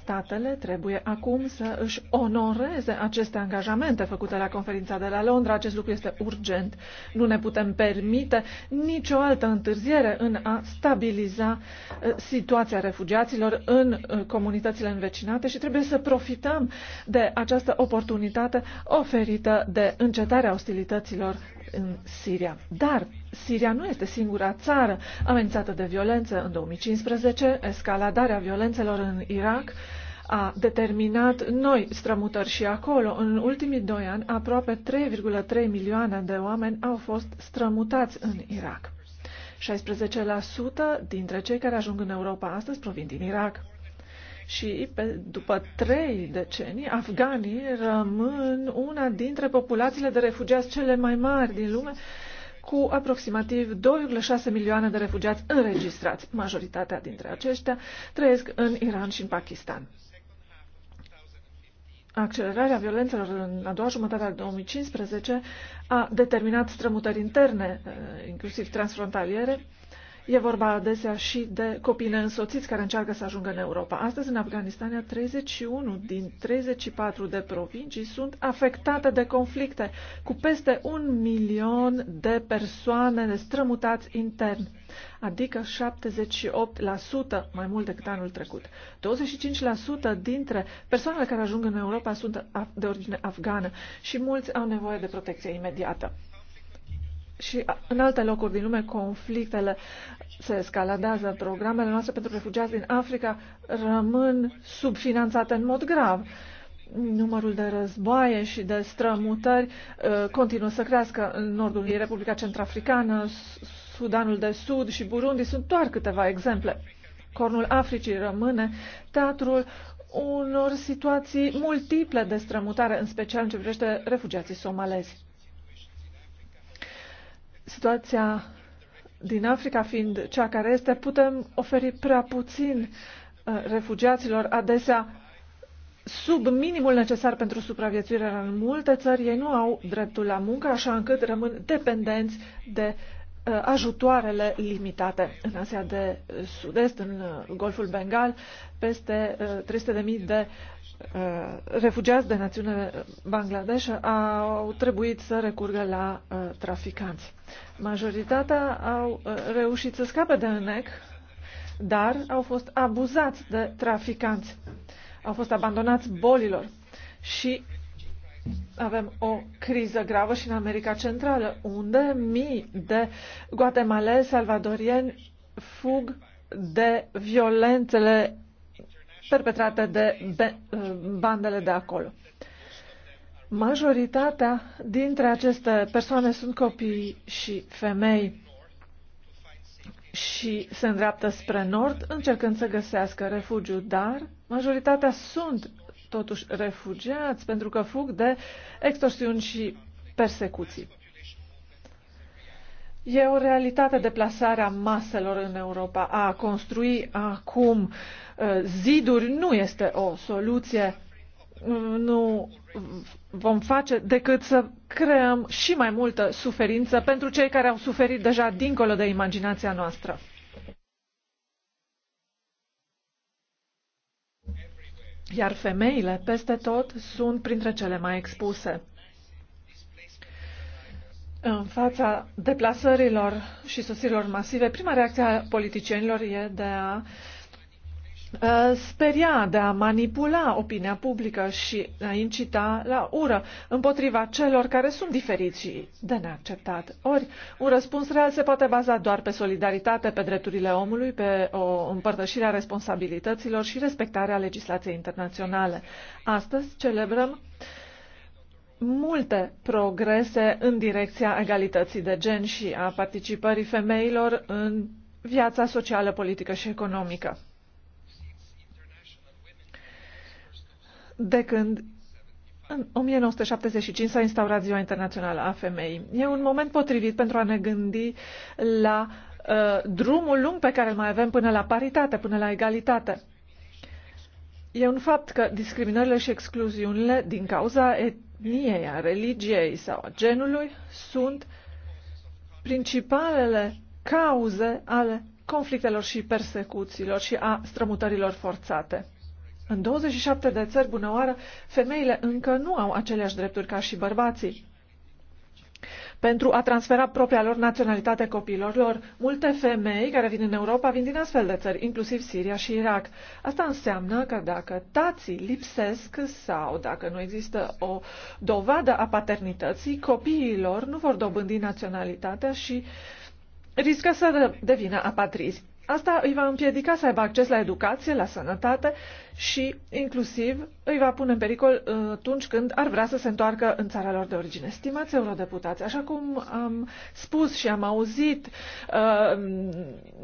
Statele trebuie acum să își onoreze aceste angajamente făcute la conferința de la Londra. Acest lucru este urgent. Nu ne putem permite nicio altă întârziere în a stabiliza uh, situația refugiaților în uh, comunitățile învecinate și trebuie să profităm de această oportunitate oferită de încetarea ostilităților în Siria. Dar Siria nu este singura țară amenințată de violență. În 2015, escaladarea violențelor în Irak a determinat noi strămutări și acolo. În ultimii doi ani, aproape 3,3 milioane de oameni au fost strămutați în Irak. 16% dintre cei care ajung în Europa astăzi provin din Irak. Și pe, după trei decenii, afganii rămân una dintre populațiile de refugiați cele mai mari din lume, cu aproximativ 2,6 milioane de refugiați înregistrați. Majoritatea dintre aceștia trăiesc în Iran și în Pakistan. Accelerarea violențelor în a doua jumătate a 2015 a determinat strămutări interne, eh, inclusiv transfrontaliere, E vorba adesea și de copii neînsoțiți care încearcă să ajungă în Europa. Astăzi, în Afganistan, 31 din 34 de provincii sunt afectate de conflicte, cu peste un milion de persoane strămutați intern, adică 78% mai mult decât anul trecut. 25% dintre persoanele care ajung în Europa sunt de origine afgană și mulți au nevoie de protecție imediată și în alte locuri din lume conflictele se escaladează. Programele noastre pentru refugiați din Africa rămân subfinanțate în mod grav. Numărul de războaie și de strămutări uh, continuă să crească în nordul Republica Centrafricană, Sudanul de Sud și Burundi sunt doar câteva exemple. Cornul Africii rămâne teatrul unor situații multiple de strămutare, în special în ce privește refugiații somalezi situația din Africa fiind cea care este, putem oferi prea puțin uh, refugiaților, adesea sub minimul necesar pentru supraviețuire. În multe țări ei nu au dreptul la muncă, așa încât rămân dependenți de uh, ajutoarele limitate. În Asia de Sud-Est, în uh, Golful Bengal, peste 300.000 de Uh, refugiați de națiune Bangladesh au trebuit să recurgă la uh, traficanți. Majoritatea au uh, reușit să scape de înec, dar au fost abuzați de traficanți. Au fost abandonați bolilor și avem o criză gravă și în America Centrală, unde mii de guatemalezi salvadorieni fug de violențele perpetrate de uh, bandele de acolo. Majoritatea dintre aceste persoane sunt copii și femei și se îndreaptă spre nord încercând să găsească refugiu, dar majoritatea sunt totuși refugiați pentru că fug de extorsiuni și persecuții. E o realitate deplasarea maselor în Europa. A construi acum uh, ziduri nu este o soluție. Mm, nu vom face decât să creăm și mai multă suferință pentru cei care au suferit deja dincolo de imaginația noastră. Iar femeile, peste tot, sunt printre cele mai expuse. În fața deplasărilor și sosirilor masive, prima reacție a politicienilor e de a speria, de a manipula opinia publică și a incita la ură împotriva celor care sunt diferiți și de neacceptat. Ori, un răspuns real se poate baza doar pe solidaritate, pe drepturile omului, pe o împărtășire a responsabilităților și respectarea legislației internaționale. Astăzi celebrăm uh, multe progrese în direcția egalității de gen și a participării femeilor în viața socială, politică și economică. De când în 1975 s-a instaurat Ziua Internațională a Femeii. E un moment potrivit pentru a ne gândi la uh, drumul lung pe care îl mai avem până la paritate, până la egalitate. E un fapt că discriminările și excluziunile din cauza etniei, a religiei sau a genului sunt principalele cauze ale conflictelor și persecuțiilor și a strămutărilor forțate. În 27 de țări oară, femeile încă nu au aceleași drepturi ca și bărbații pentru a transfera propria lor naționalitate copiilor lor. Multe femei care vin în Europa vin din astfel de țări, inclusiv Siria și Irak. Asta înseamnă că dacă tații lipsesc sau dacă nu există o dovadă a paternității, copiilor nu vor dobândi naționalitatea și riscă să devină apatrizi. Asta îi va împiedica să aibă acces la educație, la sănătate și inclusiv îi va pune în pericol uh, atunci când ar vrea să se întoarcă în țara lor de origine. Stimați eurodeputați, așa cum am spus și am auzit uh,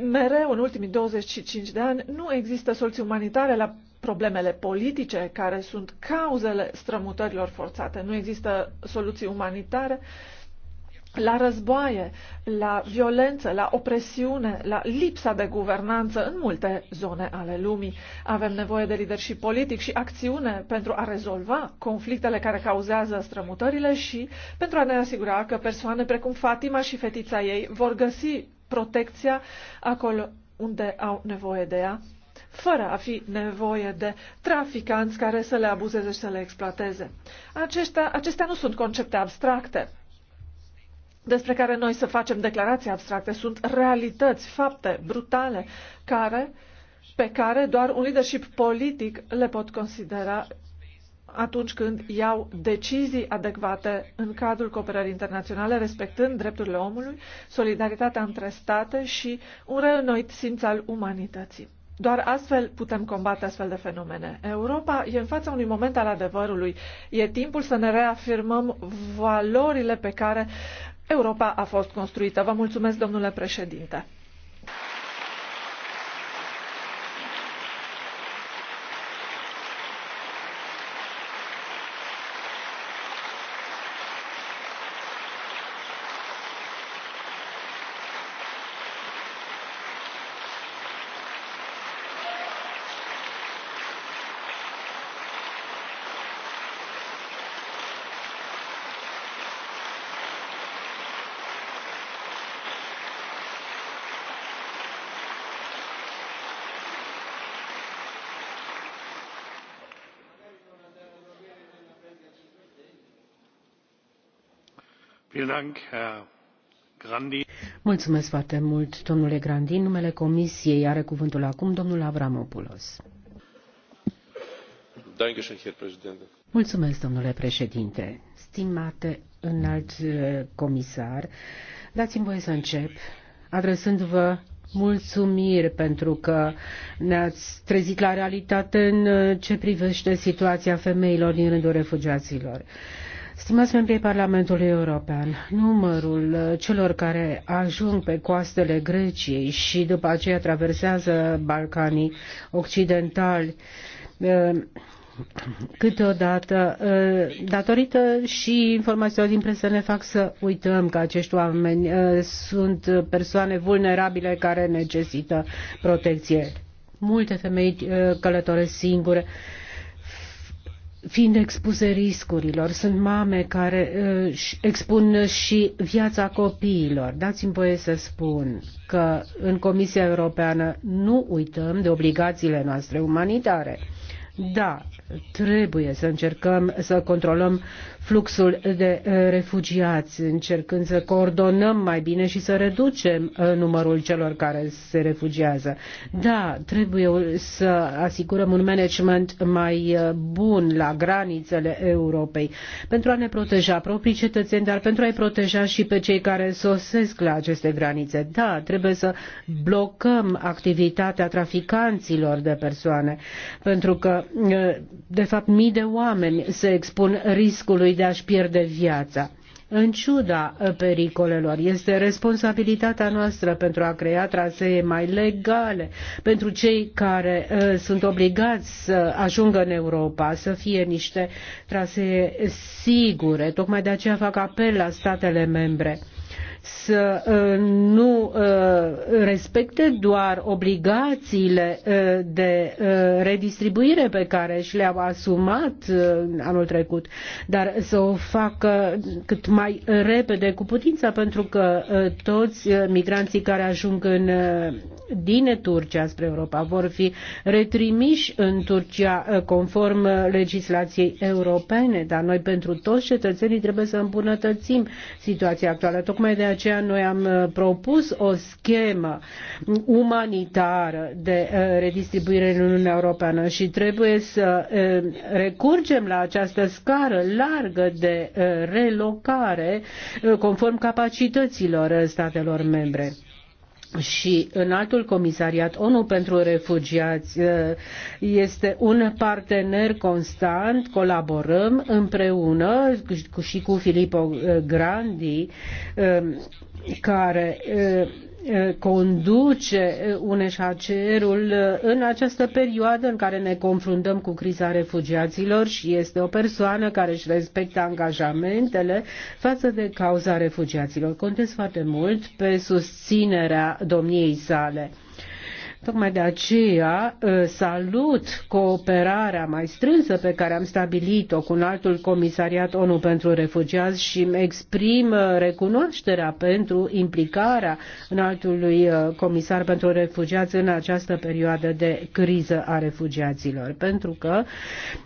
mereu în ultimii 25 de ani, nu există soluții umanitare la problemele politice care sunt cauzele strămutărilor forțate. Nu există soluții umanitare uh, la războaie, la violență, la opresiune, la lipsa de guvernanță în multe zone ale lumii. Avem nevoie de leadership politic și acțiune pentru a rezolva conflictele care cauzează strămutările și pentru a ne asigura că persoane precum Fatima și fetița ei vor găsi protecția acolo unde au nevoie de ea, fără a fi nevoie de traficanți care să le abuzeze și să le exploateze. Acestea, acestea nu sunt concepte abstracte despre care noi să facem declarații abstracte. Sunt realități, fapte brutale, care, pe care doar un leadership politic le pot considera atunci când iau decizii adecvate în cadrul cooperării internaționale, respectând drepturile omului, solidaritatea între state și un reînnoit simț al umanității. Doar astfel putem combate astfel de fenomene. Europa e în fața unui moment al adevărului. E timpul să ne reafirmăm valorile pe care Europa a fost construită. Vă mulțumesc, domnule președinte. Mulțumesc foarte mult, domnule Grandi. Numele Comisiei are cuvântul acum domnul Avramopoulos. Mulțumesc, domnule președinte. Stimate înalt uh, comisar, dați-mi voie să încep adresându-vă mulțumiri pentru că ne-ați trezit la realitate în uh, ce privește situația femeilor din rândul refugiaților. Stimați membrii Parlamentului European, numărul celor care ajung pe coastele Greciei și după aceea traversează Balcanii Occidentali eh, câteodată, eh, datorită și informațiilor din presă, ne fac să uităm că acești oameni eh, sunt persoane vulnerabile care necesită protecție. Multe femei călătoresc singure fiind expuse riscurilor. Sunt mame care uh, își expun și viața copiilor. Dați-mi voie să spun că în Comisia Europeană nu uităm de obligațiile noastre umanitare. Da, trebuie să încercăm să controlăm fluxul de eh, refugiați, încercând să coordonăm mai bine și să reducem eh, numărul celor care se refugiază. Da, trebuie să asigurăm un management mai eh, bun la granițele Europei pentru a ne proteja proprii cetățeni, dar pentru a-i proteja și pe cei care sosesc la aceste granițe. Da, trebuie să blocăm activitatea traficanților de persoane, pentru că Eh, de fapt, mii de oameni se expun riscului de a-și pierde viața în ciuda eh, pericolelor. Este responsabilitatea noastră pentru a crea trasee mai legale pentru cei care uh, sunt obligați să ajungă în Europa, să fie niște trasee sigure. Tocmai de aceea fac apel la statele membre să uh, nu uh, respecte doar obligațiile uh, de redistribuire pe care și le-au asumat anul trecut, dar să o facă cât mai repede cu putința, pentru că toți migranții care ajung în, din Turcia spre Europa vor fi retrimiși în Turcia conform legislației europene, dar noi pentru toți cetățenii trebuie să îmbunătățim situația actuală. Tocmai de aceea aceea noi am uh, propus o schemă umanitară de uh, redistribuire în Uniunea Europeană și trebuie să uh, recurgem la această scară largă de relocare conform capacităților statelor membre și înaltul comisariat ONU pentru refugiați ă, este un partener constant, colaborăm împreună și cu Filippo ă, Grandi ă, care Eh, conduce eh, UNHCR-ul eh, în această perioadă în care ne confruntăm cu criza refugiaților și este o persoană care își respectă angajamentele față de cauza refugiaților. Contez foarte mult pe susținerea domniei sale. Tocmai de aceea ă, salut cooperarea mai strânsă pe care am stabilit-o cu un altul comisariat ONU pentru refugiați și îmi exprim ă, recunoașterea pentru implicarea în altului ă, comisar pentru refugiați în această perioadă de criză a refugiaților, pentru că,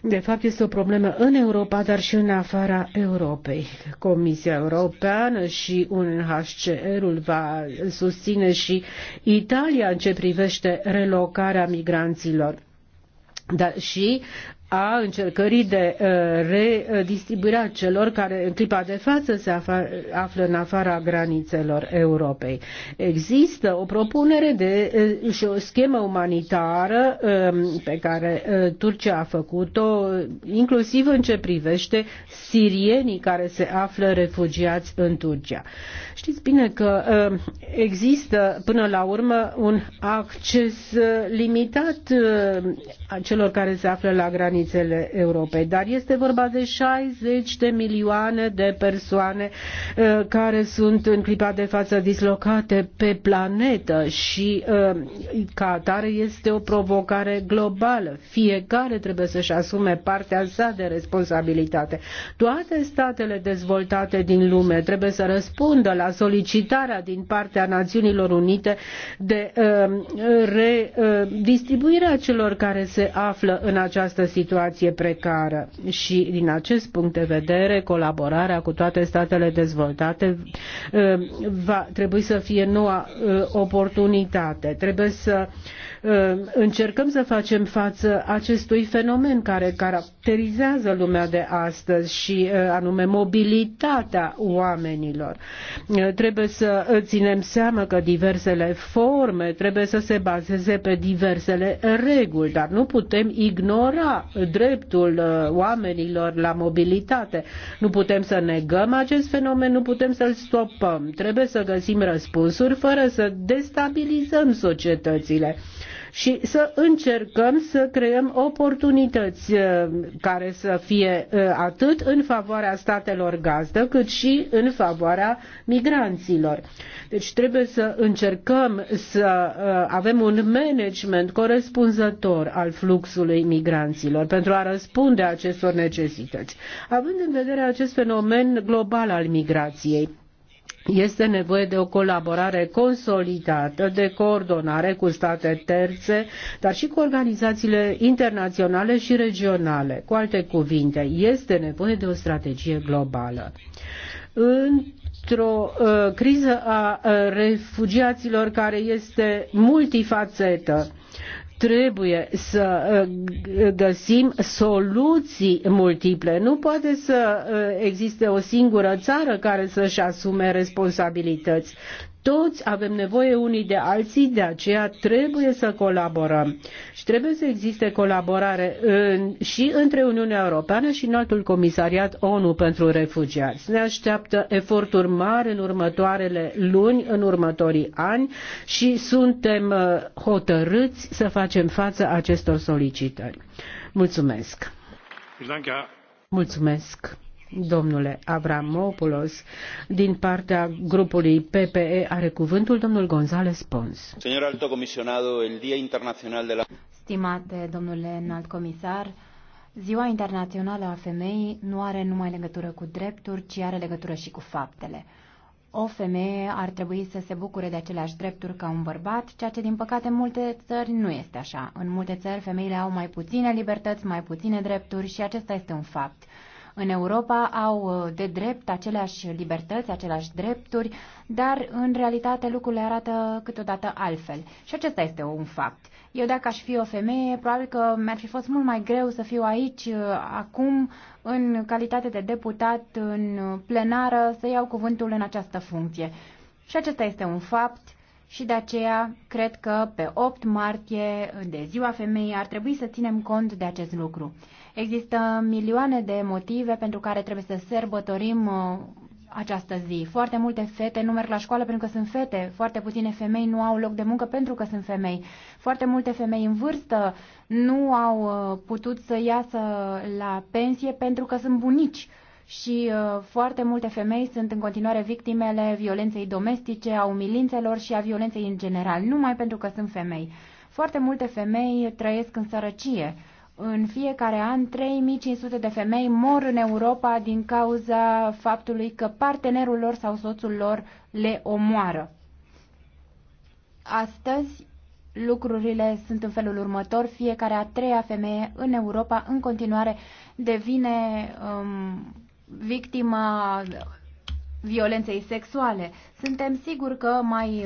de fapt, este o problemă în Europa, dar și în afara Europei. Comisia Europeană și UNHCR-ul va susține și Italia în ce privește relocarea migranților, dar și a încercării de uh, redistribuire a celor care în clipa de față se află în afara granițelor Europei. Există o propunere de, uh, și o schemă umanitară um, pe care uh, Turcia a făcut-o, inclusiv în ce privește sirienii care se află refugiați în Turcia. Știți bine că uh, există până la urmă un acces uh, limitat uh, a celor care se află la granițele Europei, dar este vorba de 60 de milioane de persoane care sunt în clipa de față dislocate pe planetă și ca atare este o provocare globală. Fiecare trebuie să-și asume partea sa de responsabilitate. Toate statele dezvoltate din lume trebuie să răspundă la solicitarea din partea Națiunilor Unite de uh, redistribuirea celor care se află în această situație precară. Și din acest punct de vedere, colaborarea cu toate statele dezvoltate uh, va trebui să fie noua uh, oportunitate. Trebuie să Ehm, încercăm să facem față acestui fenomen care caracterizează lumea de astăzi și eh, anume mobilitatea oamenilor. Eh, trebuie să eh, ținem seama că diversele forme trebuie să se bazeze pe diversele reguli, dar nu putem ignora dreptul oamenilor la mobilitate. Nu putem să negăm acest fenomen, nu putem să-l stopăm. Trebuie să găsim răspunsuri fără să destabilizăm societățile și să încercăm să creăm oportunități uh, care să fie uh, atât în favoarea statelor gazdă, cât și în favoarea migranților. Deci trebuie să încercăm să uh, avem un management corespunzător al fluxului migranților pentru a răspunde acestor necesități. Având în vedere acest fenomen global al migrației, este nevoie de o colaborare consolidată, de coordonare cu state terțe, dar și cu organizațiile internaționale și regionale. Cu alte cuvinte, este nevoie de o strategie globală. într-o uh, criză a uh, refugiaților care este multifacetă trebuie să uh, găsim soluții multiple. Nu poate să uh, existe o singură țară care să-și asume responsabilități toți avem nevoie unii de alții, de aceea trebuie să colaborăm. Și trebuie să existe colaborare în, și între Uniunea Europeană și înaltul comisariat ONU pentru refugiați. Ne așteaptă eforturi mari în următoarele luni, în următorii ani și suntem uh, hotărâți să facem față acestor solicitări. Mulțumesc! Mulțumesc! Domnule Avramopoulos, din partea grupului PPE are cuvântul domnul González Pons. Señor alto comisionado, el Día Internacional de la... Stimate domnule înalt comisar, Ziua Internațională a Femeii nu are numai legătură cu drepturi, ci are legătură și cu faptele. O femeie ar trebui să se bucure de aceleași drepturi ca un bărbat, ceea ce din păcate în multe țări nu este așa. În multe țări femeile au mai puține libertăți, mai puține drepturi și acesta este un fapt în Europa au uh, de drept aceleași libertăți, aceleași drepturi, dar în realitate lucrurile arată câteodată altfel. Și acesta este un fapt. Eu dacă aș fi o femeie, probabil că mi-ar fi fost mult mai greu să fiu aici uh, acum în calitate de deputat în plenară să iau cuvântul în această funcție. Și acesta este un fapt și de aceea cred că pe 8 martie, de ziua femeii, ar trebui să ținem cont de acest lucru. Există milioane de motive pentru care trebuie să sărbătorim uh, această zi. Foarte multe fete nu merg la școală pentru că sunt fete, foarte puține femei nu au loc de muncă pentru că sunt femei, foarte multe femei în vârstă nu au uh, putut să iasă la pensie pentru că sunt bunici și uh, foarte multe femei sunt în continuare victimele violenței domestice, a umilințelor și a violenței în general, numai pentru că sunt femei. Foarte multe femei trăiesc în sărăcie în fiecare an, 3500 de femei mor în Europa din cauza faptului că partenerul lor sau soțul lor le omoară. Astăzi, lucrurile sunt în felul următor. Fiecare a treia femeie în Europa în continuare devine um, victima violenței sexuale. Suntem siguri că mai,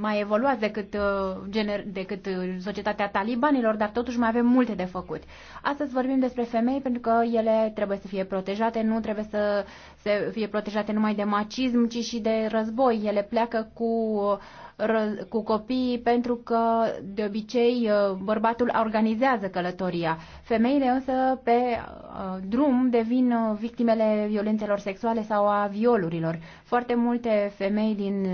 mai evoluați decât, uh, gener, decât uh, societatea talibanilor, dar totuși mai avem multe de făcut. Astăzi vorbim despre femei pentru că ele trebuie să fie protejate, nu trebuie să, să fie protejate numai de macism, ci și de război. Ele pleacă cu uh, cu copiii pentru că de obicei uh, bărbatul organizează călătoria. Femeile însă pe uh, drum devin uh, victimele violențelor sexuale sau a violurilor. Foarte multe femei din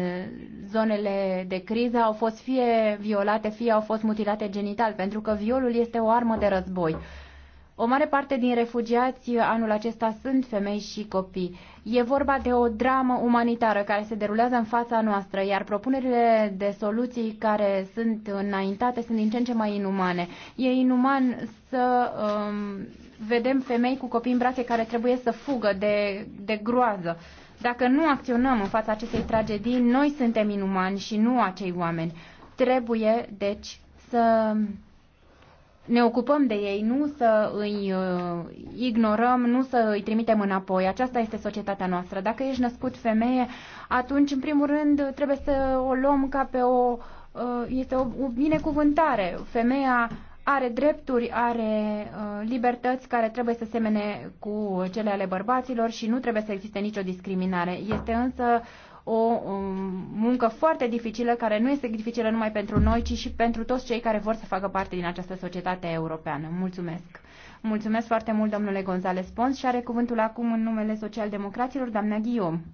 zonele de criză au fost fie violate, fie au fost mutilate genital, pentru că violul este o armă de război. O mare parte din refugiați uh, anul acesta sunt femei și copii. E vorba de o dramă umanitară care se derulează în fața noastră, iar propunerile de soluții care sunt înaintate sunt din ce în ce mai inumane. E inuman să um, vedem femei cu copii în brațe care trebuie să fugă de, de groază. Dacă nu acționăm în fața acestei tragedii, noi suntem inumani și nu acei oameni. Trebuie, deci, să ne ocupăm de ei, nu să îi uh, ignorăm, nu să îi trimitem înapoi. Aceasta este societatea noastră. Dacă ești născut femeie, atunci, în primul rând, trebuie să o luăm ca pe o... Uh, este o, o binecuvântare. Femeia are drepturi, are uh, libertăți care trebuie să semene cu cele ale bărbaților și nu trebuie să existe nicio discriminare. Este însă uh, o um, muncă foarte dificilă, care nu este dificilă numai pentru noi, ci și pentru toți cei care vor să facă parte din această societate europeană. Mulțumesc! Mulțumesc foarte mult, domnule Gonzales Pons, și are cuvântul acum în numele socialdemocraților, doamna Guillaume.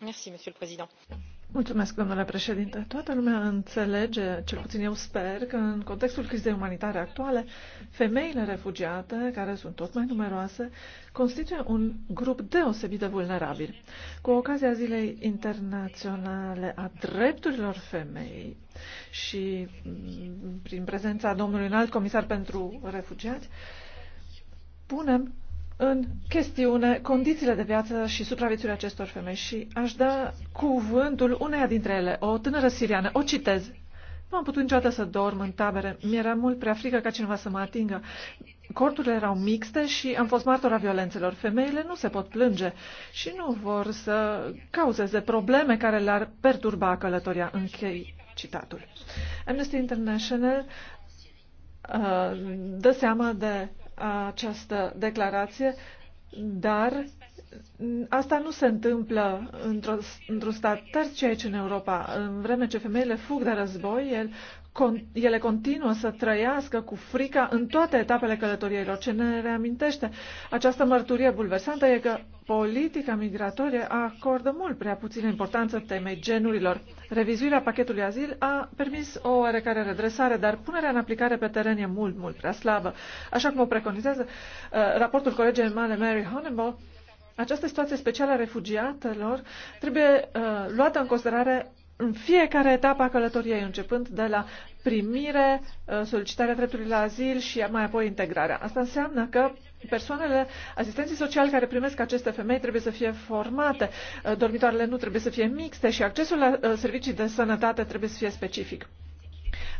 Merci, monsieur le président. Mulțumesc, domnule președinte. Toată lumea înțelege, cel puțin eu sper, că în contextul crizei umanitare actuale, femeile refugiate, care sunt tot mai numeroase, constituie un grup deosebit de vulnerabil. Cu ocazia Zilei Internaționale a Drepturilor Femei și mm, prin prezența domnului înalt comisar pentru refugiați, punem în chestiune condițiile de viață și supraviețuirea acestor femei și aș da cuvântul uneia dintre ele, o tânără siriană, o citez. Nu am putut niciodată să dorm în tabere, mi-era mult prea frică ca cineva să mă atingă. Corturile erau mixte și am fost martora violențelor. Femeile nu se pot plânge și nu vor să cauzeze probleme care le-ar perturba călătoria. Închei citatul. Amnesty International uh, dă seama de această declarație, dar asta nu se întâmplă într-un într stat terț, ci aici în Europa. În vreme ce femeile fug de război, el con- ele continuă să trăiască cu frica în toate etapele călătoriilor. Ce ne reamintește această mărturie bulversantă e că politica migratorie acordă mult prea puțină importanță temei genurilor. Revizuirea pachetului azil a permis o oarecare redresare, dar punerea în aplicare pe teren e mult, mult prea slabă. Așa cum o preconizează uh, raportul colegei mele Mary Honeyball, această situație specială a refugiatelor trebuie uh, luată în considerare în fiecare etapă a călătoriei, începând de la primire, uh, solicitarea dreptului la azil și mai apoi integrarea. Asta înseamnă că persoanele, asistenții sociale care primesc aceste femei trebuie să fie formate, uh, dormitoarele nu trebuie să fie mixte și accesul la uh, servicii de sănătate trebuie să fie specific.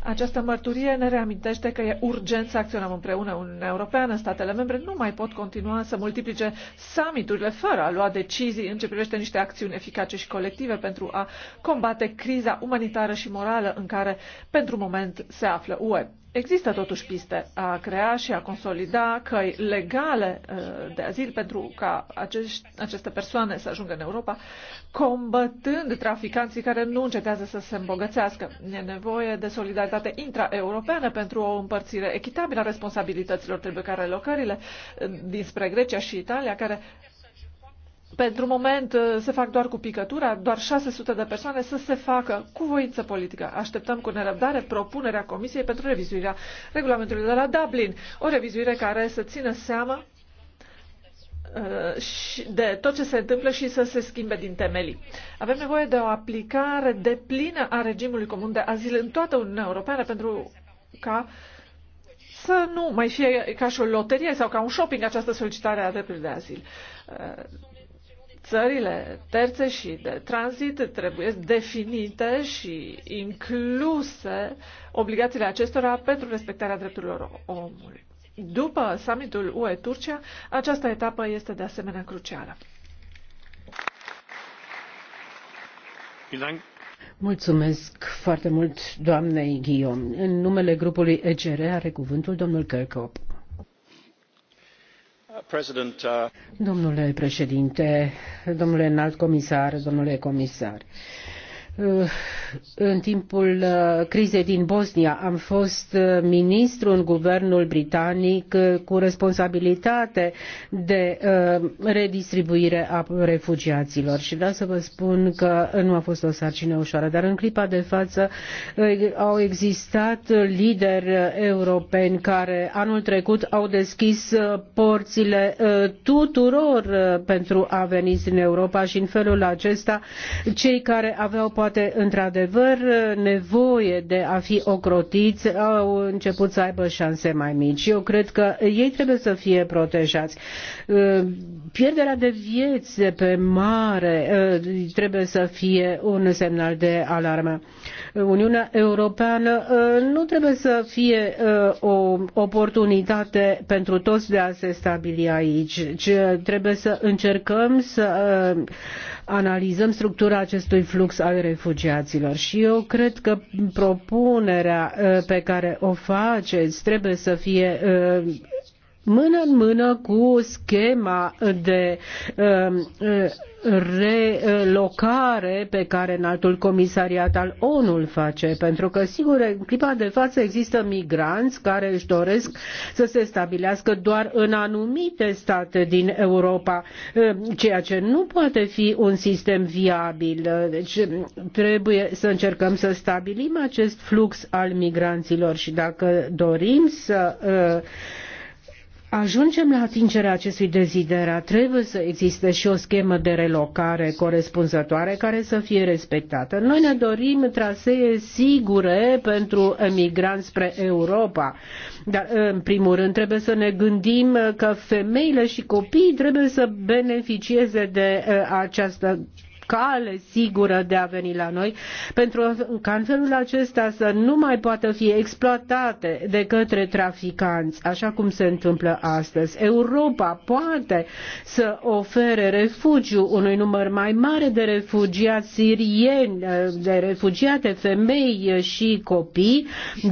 Această mărturie ne reamintește că e urgent să acționăm împreună. Uniunea Europeană, statele membre nu mai pot continua să multiplice summiturile fără a lua decizii în ce privește niște acțiuni eficace și colective pentru a combate criza umanitară și morală în care, pentru moment, se află UE. Există totuși piste a crea și a consolida căi legale uh, de azil pentru ca acești, aceste persoane să ajungă în Europa, combătând traficanții care nu încetează să se îmbogățească. E nevoie de solidaritate intraeuropeană pentru o împărțire echitabilă a responsabilităților. Trebuie ca relocările uh, dinspre Grecia și Italia, care pentru moment uh, se fac doar cu picătura, doar 600 de persoane să se facă cu voință politică. Așteptăm cu nerăbdare propunerea Comisiei pentru revizuirea regulamentului de la Dublin, o revizuire care să țină seama uh, de tot ce se întâmplă și să se schimbe din temelii. Avem nevoie de o aplicare deplină a regimului comun de azil în toată Uniunea Europeană pentru ca să nu mai fie ca și o loterie sau ca un shopping această solicitare a dreptului de azil uh, țările terțe și de tranzit trebuie definite și incluse obligațiile acestora pentru respectarea drepturilor omului. După summitul UE-Turcia, această etapă este de asemenea crucială. Mulțumesc foarte mult, doamnei Ghiom. În numele grupului ECR are cuvântul domnul Kirkhope. Uh, domnule președinte, domnule înalt comisar, domnule comisar, Uh, în timpul uh, crizei din Bosnia am fost uh, ministru în guvernul britanic cu responsabilitate de redistribuire a refugiaților și vreau să vă spun că nu a fost o sarcină ușoară, dar în clipa de față au existat lideri europeni care anul trecut au deschis porțile tuturor pentru a veni în Europa și în felul acesta cei care aveau poate poate într-adevăr nevoie de a fi ocrotiți au început să aibă șanse mai mici. Eu cred că ei trebuie să fie protejați. Uh, pierderea de vieți de pe mare uh, trebuie să fie un semnal de alarmă. Uniunea Europeană ă, nu trebuie să fie ă, o oportunitate pentru toți de a se stabili aici, ci trebuie să încercăm să ă, analizăm structura acestui flux al refugiaților. Și eu cred că propunerea pe care o faceți trebuie să fie mână în mână cu schema de um, relocare pe care în altul comisariat al ONU îl face, pentru că sigur în clipa de față există migranți care își doresc să se stabilească doar în anumite state din Europa, um, ceea ce nu poate fi un sistem viabil. Deci trebuie să încercăm să stabilim acest flux al migranților și dacă dorim să uh, ajungem la atingerea acestui deziderat, trebuie să existe și o schemă de relocare corespunzătoare care să fie respectată. Noi ne dorim trasee sigure pentru emigranți spre Europa, dar în primul rând trebuie să ne gândim că femeile și copiii trebuie să beneficieze de uh, această cale sigură de a veni la noi, pentru ca în felul acesta să nu mai poată fi exploatate de către traficanți, așa cum se întâmplă astăzi. Europa poate să ofere refugiu unui număr mai mare de refugiați sirieni, de refugiate femei și copii,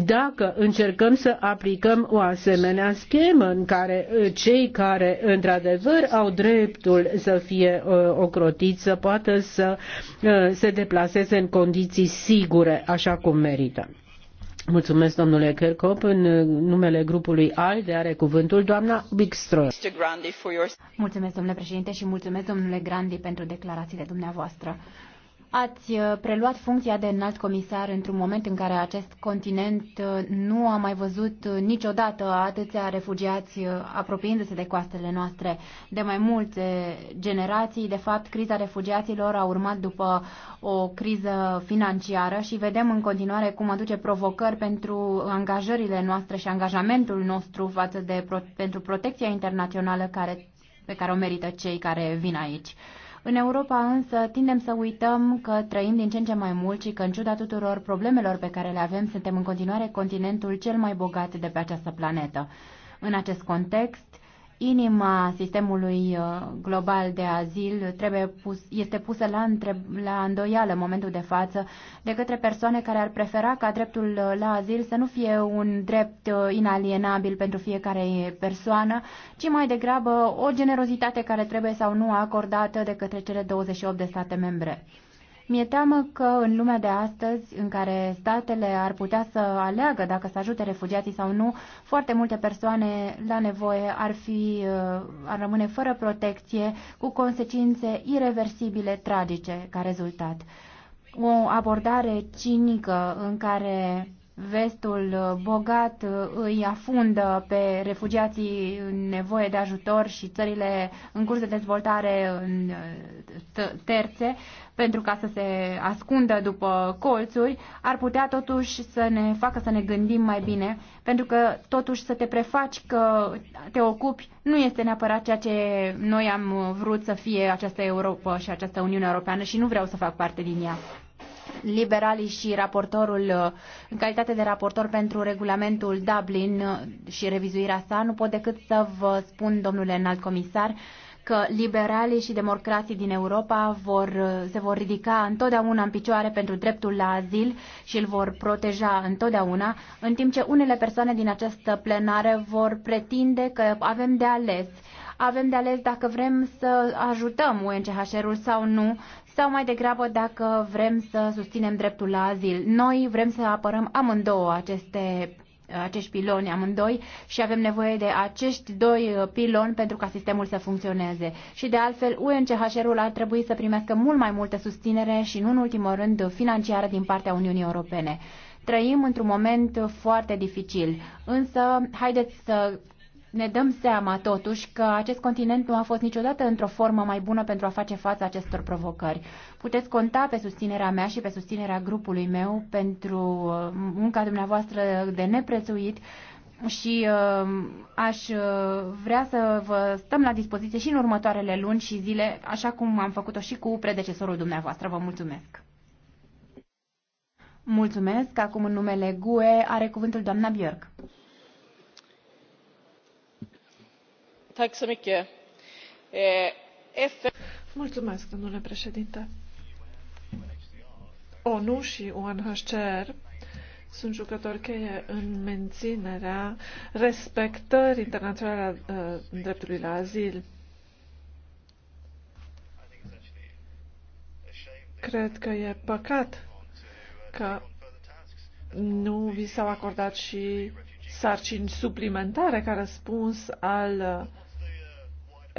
dacă încercăm să aplicăm o asemenea schemă în care cei care într-adevăr au dreptul să fie uh, ocrotiți să poată să uh, se deplaseze în condiții sigure, așa cum merită. Mulțumesc, domnule Kerkop. În uh, numele grupului ALDE are cuvântul doamna Bigstro. Mulțumesc, domnule președinte, și mulțumesc, domnule Grandi, pentru declarațiile dumneavoastră. Ați uh, preluat funcția de înalt comisar într-un moment în care acest continent uh, nu a mai văzut uh, niciodată atâția refugiați apropiindu-se de coastele noastre de mai multe generații. De fapt, criza refugiaților a urmat după o criză financiară și vedem în continuare cum aduce provocări pentru angajările noastre și angajamentul nostru față de, pentru protecția internațională care, pe care o merită cei care vin aici. În Europa însă tindem să uităm că trăim din ce în ce mai mult și că în ciuda tuturor problemelor pe care le avem, suntem în continuare continentul cel mai bogat de pe această planetă. În acest context, inima sistemului uh, global de azil trebuie pus, este pusă la, întreb, la îndoială în momentul de față de către persoane care ar prefera ca dreptul uh, la azil să nu fie un drept uh, inalienabil pentru fiecare persoană, ci mai degrabă o generozitate care trebuie sau nu acordată de către cele 28 de state membre. Mi-e teamă că în lumea de astăzi, în care statele ar putea să aleagă dacă să ajute refugiații sau nu, foarte multe persoane la nevoie ar, fi, uh, ar rămâne fără protecție, cu consecințe irreversibile, tragice, ca rezultat. O abordare cinică în care vestul uh, bogat uh, îi afundă pe refugiații în nevoie de ajutor și țările în curs de dezvoltare în terțe pentru ca să se ascundă după colțuri, ar putea totuși să ne facă să ne gândim mai bine, pentru că totuși să te prefaci că te ocupi nu este neapărat ceea ce noi am vrut să fie această Europa și această Uniune Europeană și nu vreau să fac parte din ea liberalii și raportorul, în calitate de raportor pentru regulamentul Dublin și revizuirea sa, nu pot decât să vă spun, domnule înalt comisar, că liberalii și democrații din Europa vor, se vor ridica întotdeauna în picioare pentru dreptul la azil și îl vor proteja întotdeauna, în timp ce unele persoane din această plenare vor pretinde că avem de ales. Avem de ales dacă vrem să ajutăm UNCHR-ul sau nu, sau mai degrabă dacă vrem să susținem dreptul la azil. Noi vrem să apărăm amândouă aceste acești piloni amândoi și avem nevoie de acești doi uh, piloni pentru ca sistemul să funcționeze. Și de altfel, UNCHR-ul ar trebui să primească mult mai multă susținere și, nu în ultimul rând, financiară din partea Uniunii Europene. Trăim într-un moment foarte dificil, însă haideți să ne dăm seama totuși că acest continent nu a fost niciodată într-o formă mai bună pentru a face față acestor provocări. Puteți conta pe susținerea mea și pe susținerea grupului meu pentru uh, munca dumneavoastră de neprețuit și uh, aș uh, vrea să vă stăm la dispoziție și în următoarele luni și zile, așa cum am făcut-o și cu predecesorul dumneavoastră. Vă mulțumesc! Mulțumesc! Acum în numele GUE are cuvântul doamna Björk. Eh, domnule președinte. ONU și UNHCR sunt jucători cheie în menținerea respectării internaționale a dreptului la azil. Cred că e păcat că nu vi s-au acordat și sarcini suplimentare ca răspuns al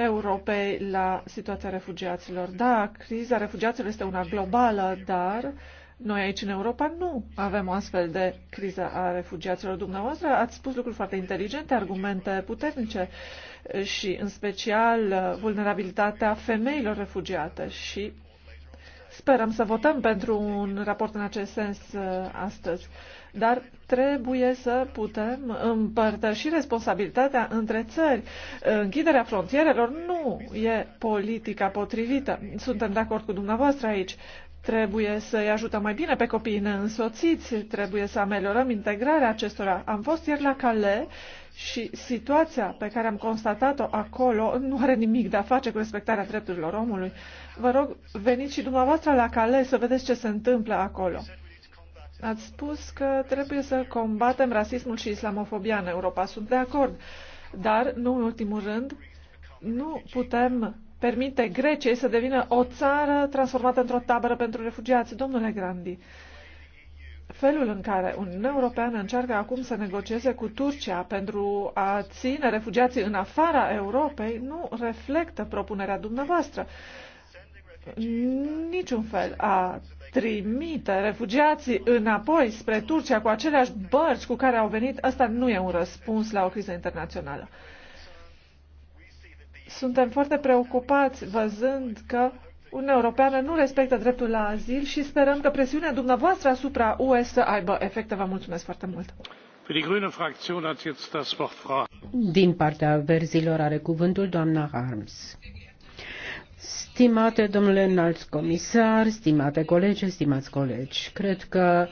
Europei la situația refugiaților. Da, criza refugiaților este una globală, dar noi aici în Europa nu avem o astfel de criză a refugiaților. Dumneavoastră ați spus lucruri foarte inteligente, argumente puternice și în special vulnerabilitatea femeilor refugiate și Sperăm să votăm pentru un raport în acest sens uh, astăzi. Dar trebuie să putem împărtăși responsabilitatea între țări. Închiderea frontierelor nu e politica potrivită. Suntem de acord cu dumneavoastră aici. Trebuie să-i ajutăm mai bine pe copiii neînsoțiți, trebuie să ameliorăm integrarea acestora. Am fost ieri la Calais și situația pe care am constatat-o acolo nu are nimic de a face cu respectarea drepturilor omului. Vă rog, veniți și dumneavoastră la cale să vedeți ce se întâmplă acolo. Ați spus că trebuie să combatem rasismul și islamofobia în Europa. Sunt de acord. Dar, nu în ultimul rând, nu putem permite Greciei să devină o țară transformată într-o tabără pentru refugiați. Domnule Grandi, felul în care Uniunea Europeană încearcă acum să negocieze cu Turcia pentru a ține refugiații în afara Europei nu reflectă propunerea dumneavoastră. Niciun fel a trimite refugiații înapoi spre Turcia cu aceleași bărci cu care au venit, asta nu e un răspuns la o criză internațională. Suntem foarte preocupați văzând că Uniunea Europeană nu respectă dreptul la azil și sperăm că presiunea dumneavoastră asupra UE să aibă efecte. Vă mulțumesc foarte mult! Din partea verzilor are cuvântul doamna Harms. Stimate domnule înalt comisar, stimate colegi, stimați colegi, cred că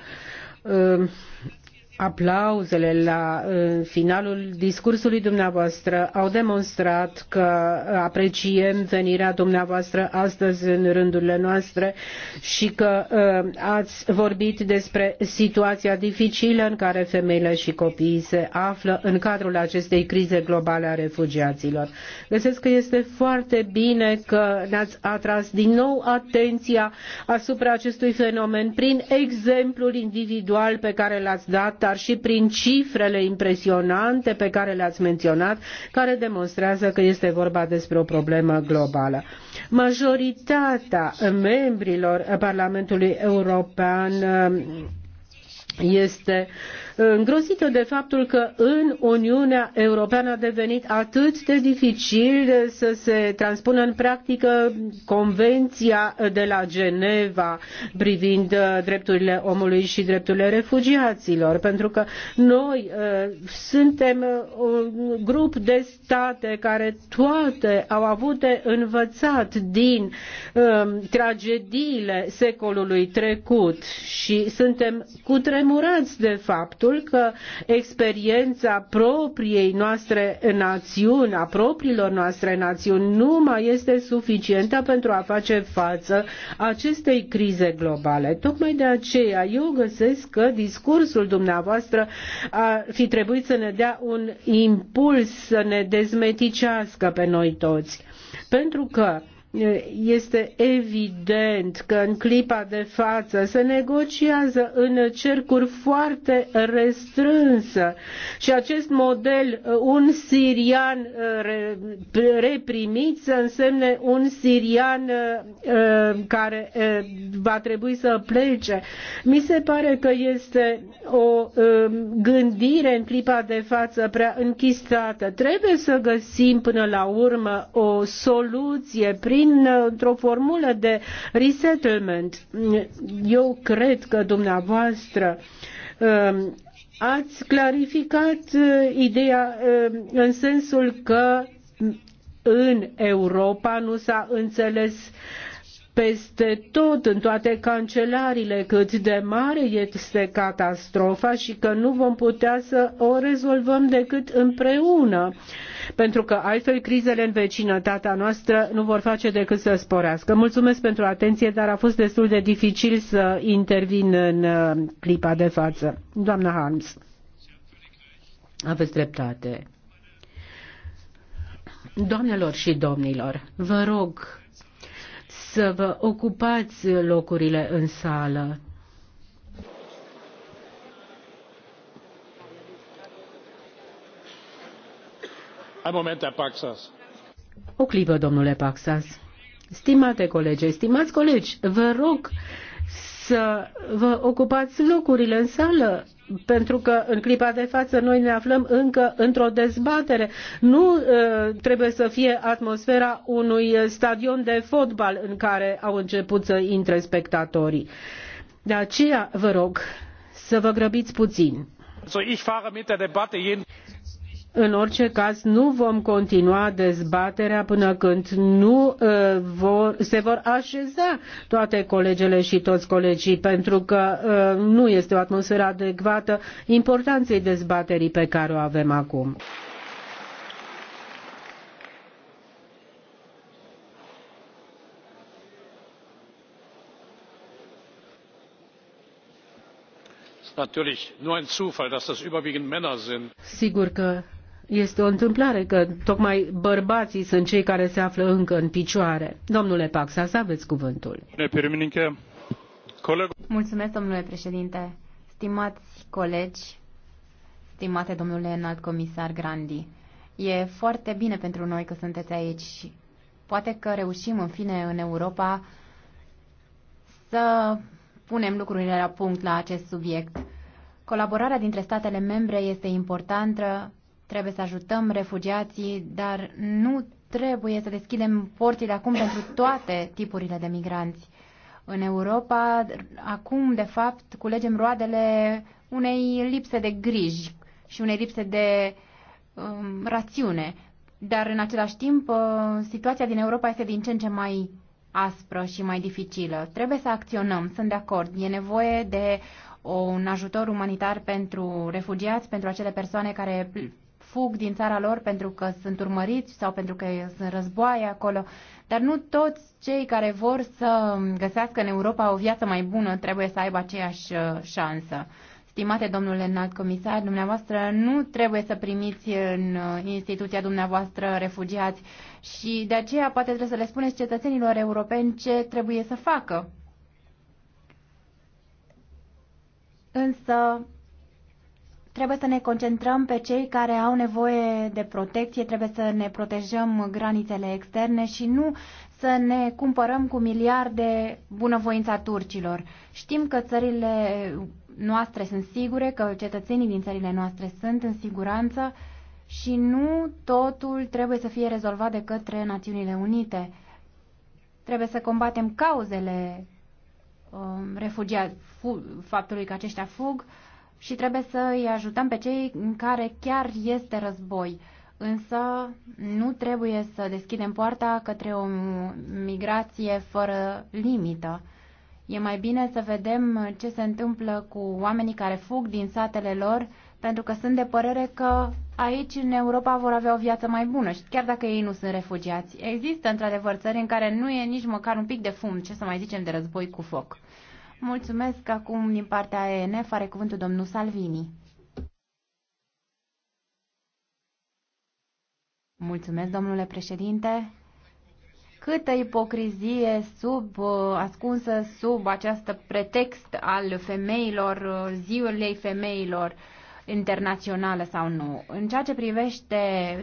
uh, aplauzele la finalul discursului dumneavoastră au demonstrat că apreciem venirea dumneavoastră astăzi în rândurile noastre și că ă, ați vorbit despre situația dificilă în care femeile și copiii se află în cadrul acestei crize globale a refugiaților. Găsesc că este foarte bine că ne-ați atras din nou atenția asupra acestui fenomen prin exemplul individual pe care l-ați dat dar și prin cifrele impresionante pe care le-ați menționat, care demonstrează că este vorba despre o problemă globală. Majoritatea membrilor Parlamentului European um, este uh, îngrozită de faptul că în Uniunea Europeană a devenit atât de dificil să se transpună în practică Convenția de la Geneva privind uh, drepturile omului și drepturile refugiaților, pentru că noi uh, suntem uh, un grup de state care toate au avut de învățat din um, tragediile secolului trecut și suntem cutremurați de fapt faptul că experiența propriei noastre națiuni, a propriilor noastre națiuni, nu mai este suficientă pentru a face față acestei crize globale. Tocmai de aceea eu găsesc că discursul dumneavoastră ar fi trebuit să ne dea un impuls să ne dezmeticească pe noi toți. Pentru că este evident că în clipa de față se negociază în cercuri foarte restrânse și acest model uh, un sirian uh, reprimit să însemne un sirian uh, care va trebui să plece. Mi se pare că este o um, gândire în clipa de față prea închistată. Trebuie să găsim până la urmă o soluție prin Uh, într o formulă de resettlement. Eu cred că dumneavoastră um, ați clarificat uh, ideea um, în sensul că mm, în Europa nu s-a înțeles uh, peste tot, în toate cancelarile, cât de mare este catastrofa și că nu vom putea să o rezolvăm decât împreună, pentru că altfel crizele în vecinătatea noastră nu vor face decât să sporească. Mulțumesc pentru atenție, dar a fost destul de dificil să intervin în uh, clipa de față. Doamna Hans, aveți dreptate. Doamnelor și domnilor, vă rog să vă ocupați locurile în sală. O clipă, domnule Paxas. Stimate colegi, stimați colegi, vă rog să vă ocupați locurile în sală pentru că în clipa de față noi ne aflăm încă într-o dezbatere. Nu uh, trebuie să fie atmosfera unui stadion de fotbal în care au început să intre spectatorii. De aceea vă rog să vă grăbiți puțin. În orice caz, nu vom continua dezbaterea până când nu uh, vor, se vor așeza toate colegele și toți colegii, pentru că uh, nu este o atmosferă adecvată importanței dezbaterii pe care o avem acum. sigur că este o întâmplare că tocmai bărbații sunt cei care se află încă în picioare. Domnule să aveți cuvântul. Mulțumesc, domnule președinte. Stimați colegi, stimate domnule înalt comisar Grandi, e foarte bine pentru noi că sunteți aici. Poate că reușim, în fine, în Europa să punem lucrurile la punct la acest subiect. Colaborarea dintre statele membre este importantă Trebuie să ajutăm refugiații, dar nu trebuie să deschidem porțile acum pentru toate tipurile de migranți. În Europa, acum, de fapt, culegem roadele unei lipse de griji și unei lipse de um, rațiune. Dar, în același timp, uh, situația din Europa este din ce în ce mai aspră și mai dificilă. Trebuie să acționăm, sunt de acord. E nevoie de un ajutor umanitar pentru refugiați, pentru acele persoane care fug din țara lor pentru că sunt urmăriți sau pentru că sunt războaie acolo, dar nu toți cei care vor să găsească în Europa o viață mai bună trebuie să aibă aceeași uh, șansă. Stimate domnule înalt comisar, dumneavoastră nu trebuie să primiți în uh, instituția dumneavoastră refugiați și de aceea poate trebuie să le spuneți cetățenilor europeni ce trebuie să facă. Însă Trebuie să ne concentrăm pe cei care au nevoie de protecție, trebuie să ne protejăm granițele externe și nu să ne cumpărăm cu miliarde bunăvoința turcilor. Știm că țările noastre sunt sigure, că cetățenii din țările noastre sunt în siguranță și nu totul trebuie să fie rezolvat de către Națiunile Unite. Trebuie să combatem cauzele um, refugiați, faptului că aceștia fug și trebuie să îi ajutăm pe cei în care chiar este război. Însă nu trebuie să deschidem poarta către o migrație fără limită. E mai bine să vedem ce se întâmplă cu oamenii care fug din satele lor, pentru că sunt de părere că aici, în Europa, vor avea o viață mai bună, și chiar dacă ei nu sunt refugiați. Există, într-adevăr, țări în care nu e nici măcar un pic de fum, ce să mai zicem, de război cu foc. Mulțumesc acum din partea ENF are cuvântul domnul Salvini. Mulțumesc, domnule președinte. Câtă ipocrizie sub, uh, ascunsă sub acest pretext al femeilor, uh, ziurilei femeilor internațională sau nu. În ceea ce privește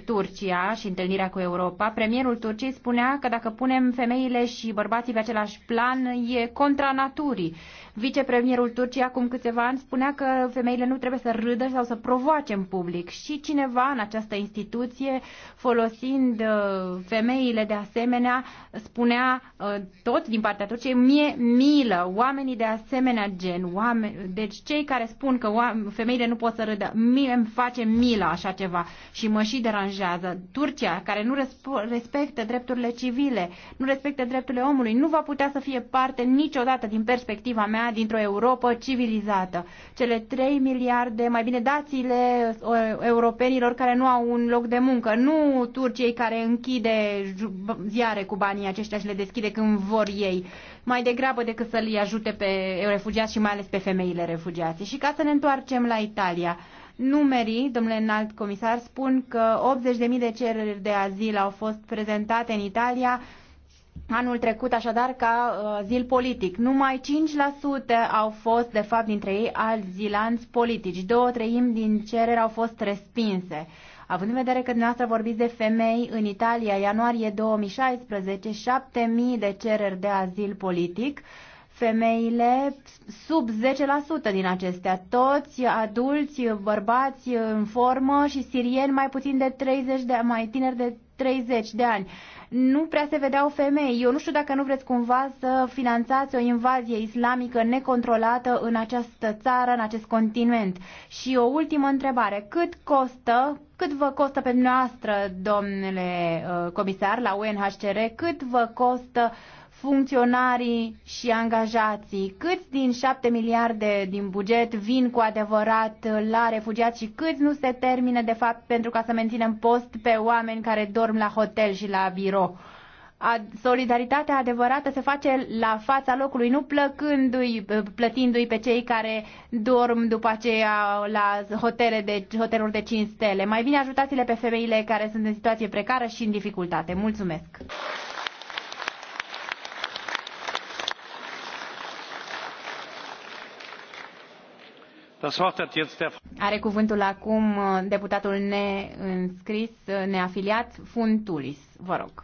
Turcia și întâlnirea cu Europa, premierul Turciei spunea că dacă punem femeile și bărbații pe același plan, e contra naturii. Vicepremierul Turciei acum câțiva ani spunea că femeile nu trebuie să râdă sau să provoace în public și cineva în această instituție, folosind uh, femeile de asemenea, spunea uh, tot din partea Turciei, mie milă, oamenii de asemenea gen, oameni, deci cei care spun că femeile nu pot să râdă, râdă. Mie îmi face milă așa ceva și mă și deranjează. Turcia, care nu respectă drepturile civile, nu respectă drepturile omului, nu va putea să fie parte niciodată, din perspectiva mea, dintr-o Europa civilizată. Cele 3 miliarde, mai bine dați-le europenilor care nu au un loc de muncă, nu Turciei care închide ziare cu banii aceștia și le deschide când vor ei mai degrabă decât să îi ajute pe refugiați și mai ales pe femeile refugiații. Și ca să ne întoarcem la Italia, numerii, domnule înalt comisar, spun că 80.000 de cereri de azil au fost prezentate în Italia, anul trecut așadar ca azil uh, politic. Numai 5% au fost, de fapt, dintre ei azilanți politici. Două treimi din cereri au fost respinse. Având în vedere că dumneavoastră vorbiți de femei, în Italia, ianuarie 2016, 7.000 de cereri de azil politic, femeile sub 10% din acestea, toți adulți, bărbați în formă și sirieni mai puțin de 30 de mai tineri de 30 de ani. Nu prea se vedeau femei. Eu nu știu dacă nu vreți cumva să finanțați o invazie islamică necontrolată în această țară, în acest continent. Și o ultimă întrebare. Cât costă cât vă costă pe noastră, domnule uh, comisar, la UNHCR, cât vă costă funcționarii și angajații? Câți din 7 miliarde din buget vin cu adevărat la refugiați și câți nu se termină, de fapt, pentru ca să menținem post pe oameni care dorm la hotel și la birou? solidaritatea adevărată se face la fața locului, nu plăcându-i, plătindu-i pe cei care dorm după aceea la hotele de, hoteluri de 5 stele. Mai bine ajutați-le pe femeile care sunt în situație precară și în dificultate. Mulțumesc! Are cuvântul acum uh, deputatul neînscris, uh, neafiliat, Funtulis. Vă rog.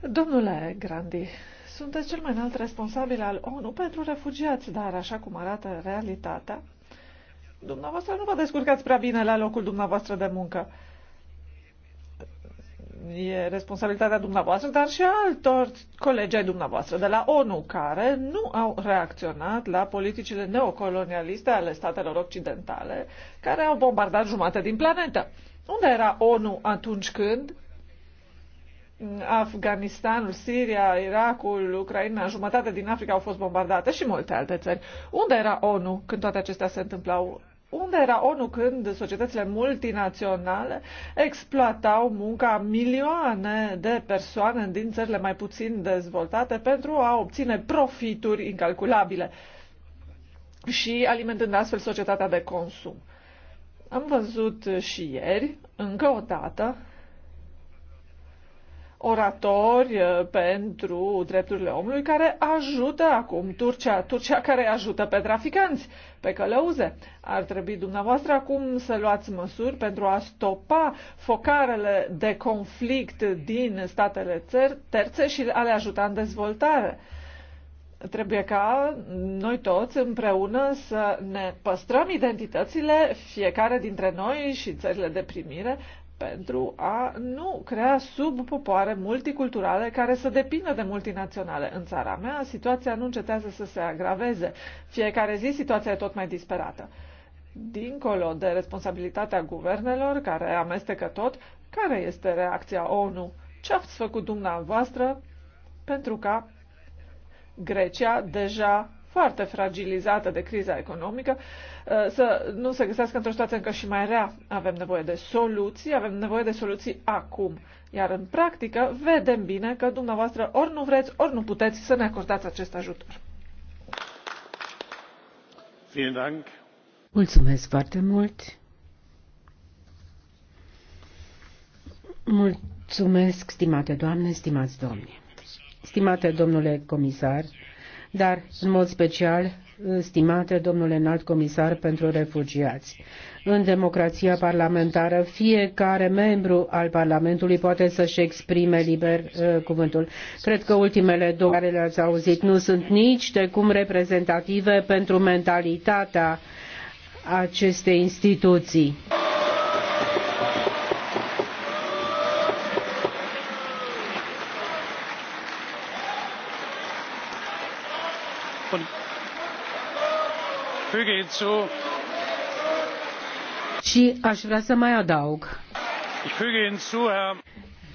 Domnule Grandi, sunteți cel mai înalt responsabil al ONU pentru refugiați, dar așa cum arată realitatea, dumneavoastră nu vă descurcați prea bine la locul dumneavoastră de muncă. E responsabilitatea dumneavoastră, dar și a altor colegi ai dumneavoastră de la ONU, care nu au reacționat la politicile neocolonialiste ale statelor occidentale, care au bombardat jumate din planetă. Unde era ONU atunci când Afganistanul, Siria, Irakul, Ucraina, jumătate din Africa au fost bombardate și multe alte țări. Unde era ONU când toate acestea se întâmplau? Unde era ONU când societățile multinaționale exploatau munca milioane de persoane din țările mai puțin dezvoltate pentru a obține profituri incalculabile și alimentând astfel societatea de consum? Am văzut și ieri, încă o dată, oratori uh, pentru drepturile omului care ajută acum Turcia, Turcia care ajută pe traficanți, pe călăuze. Ar trebui dumneavoastră acum să luați măsuri pentru a stopa focarele de conflict din statele terțe și a le ajuta în dezvoltare. Trebuie ca noi toți împreună să ne păstrăm identitățile, fiecare dintre noi și țările de primire, pentru a nu crea subpopoare multiculturale care să depindă de multinaționale. În țara mea, situația nu încetează să se agraveze. Fiecare zi situația e tot mai disperată. Dincolo de responsabilitatea guvernelor, care amestecă tot, care este reacția ONU? Ce ați făcut dumneavoastră pentru ca Grecia, deja foarte fragilizată de criza economică, uh, să nu se găsească într-o situație încă și mai rea. Avem nevoie de soluții, avem nevoie de soluții acum. Iar în practică vedem bine că dumneavoastră ori nu vreți, ori nu puteți să ne acordați acest ajutor. Mulțumesc foarte mult! Mulțumesc, stimate doamne, stimați domnii stimate domnule comisar, dar în mod special, stimate domnule înalt comisar pentru refugiați. În democrația parlamentară, fiecare membru al Parlamentului poate să-și exprime liber uh, cuvântul. Cred că ultimele două care le-ați auzit nu sunt nici de cum reprezentative pentru mentalitatea acestei instituții. Și aș vrea să mai adaug.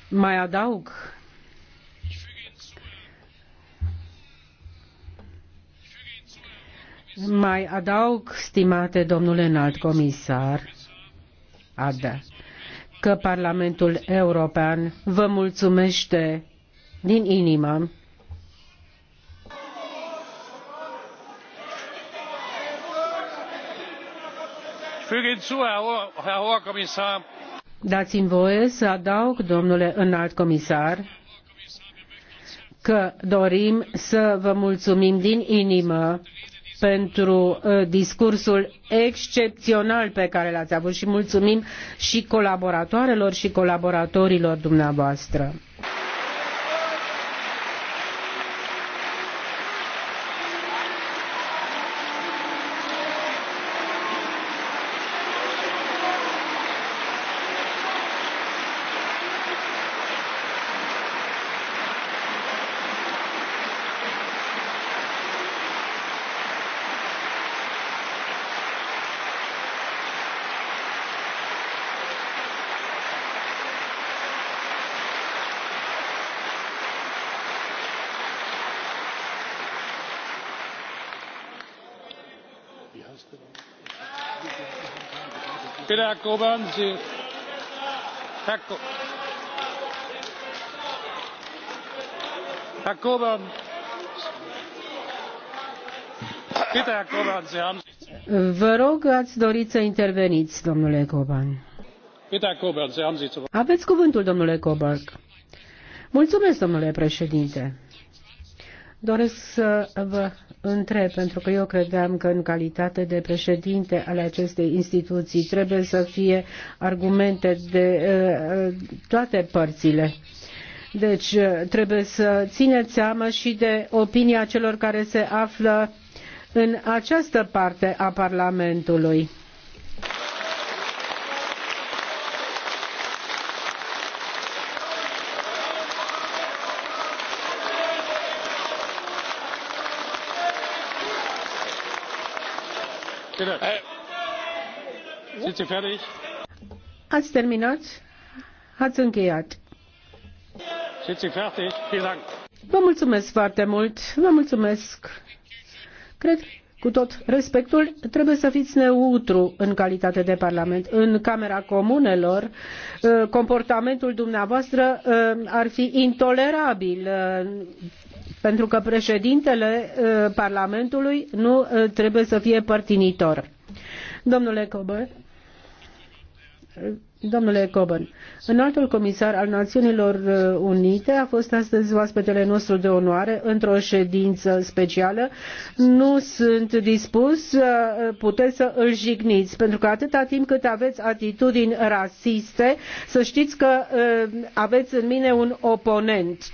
Mai adaug. Mai adaug, stimate domnule înalt comisar, Ada, că Parlamentul European vă mulțumește din inimă Dați-mi voie să adaug, domnule înalt comisar, că dorim să vă mulțumim din inimă pentru uh, discursul excepțional pe care l-ați avut și mulțumim și colaboratoarelor și colaboratorilor dumneavoastră. herr coburn sie haben. vă rog ați dorit să interveniți domnule coburn. aveți cuvântul domnule coburn. Mulțumesc, domnule președinte. Doresc să vă întreb, pentru că eu credeam că în calitate de președinte ale acestei instituții trebuie să fie argumente de uh, toate părțile. Deci uh, trebuie să țineți seama și de opinia celor care se află în această parte a Parlamentului. Eh, Ați terminat? Ați încheiat. Vă mulțumesc foarte mult. Vă mulțumesc. Cred cu tot respectul, trebuie să fiți neutru în calitate de Parlament. În Camera Comunelor, eh, comportamentul dumneavoastră eh, ar fi intolerabil pentru că președintele uh, Parlamentului nu uh, trebuie să fie părtinitor. Domnule Coburn, uh, Domnule Coburn, înaltul comisar al Națiunilor Unite a fost astăzi oaspetele nostru de onoare într-o ședință specială. Nu sunt dispus, puteți să îl jigniți, pentru că atâta timp cât aveți atitudini rasiste, să știți că aveți în mine un oponent.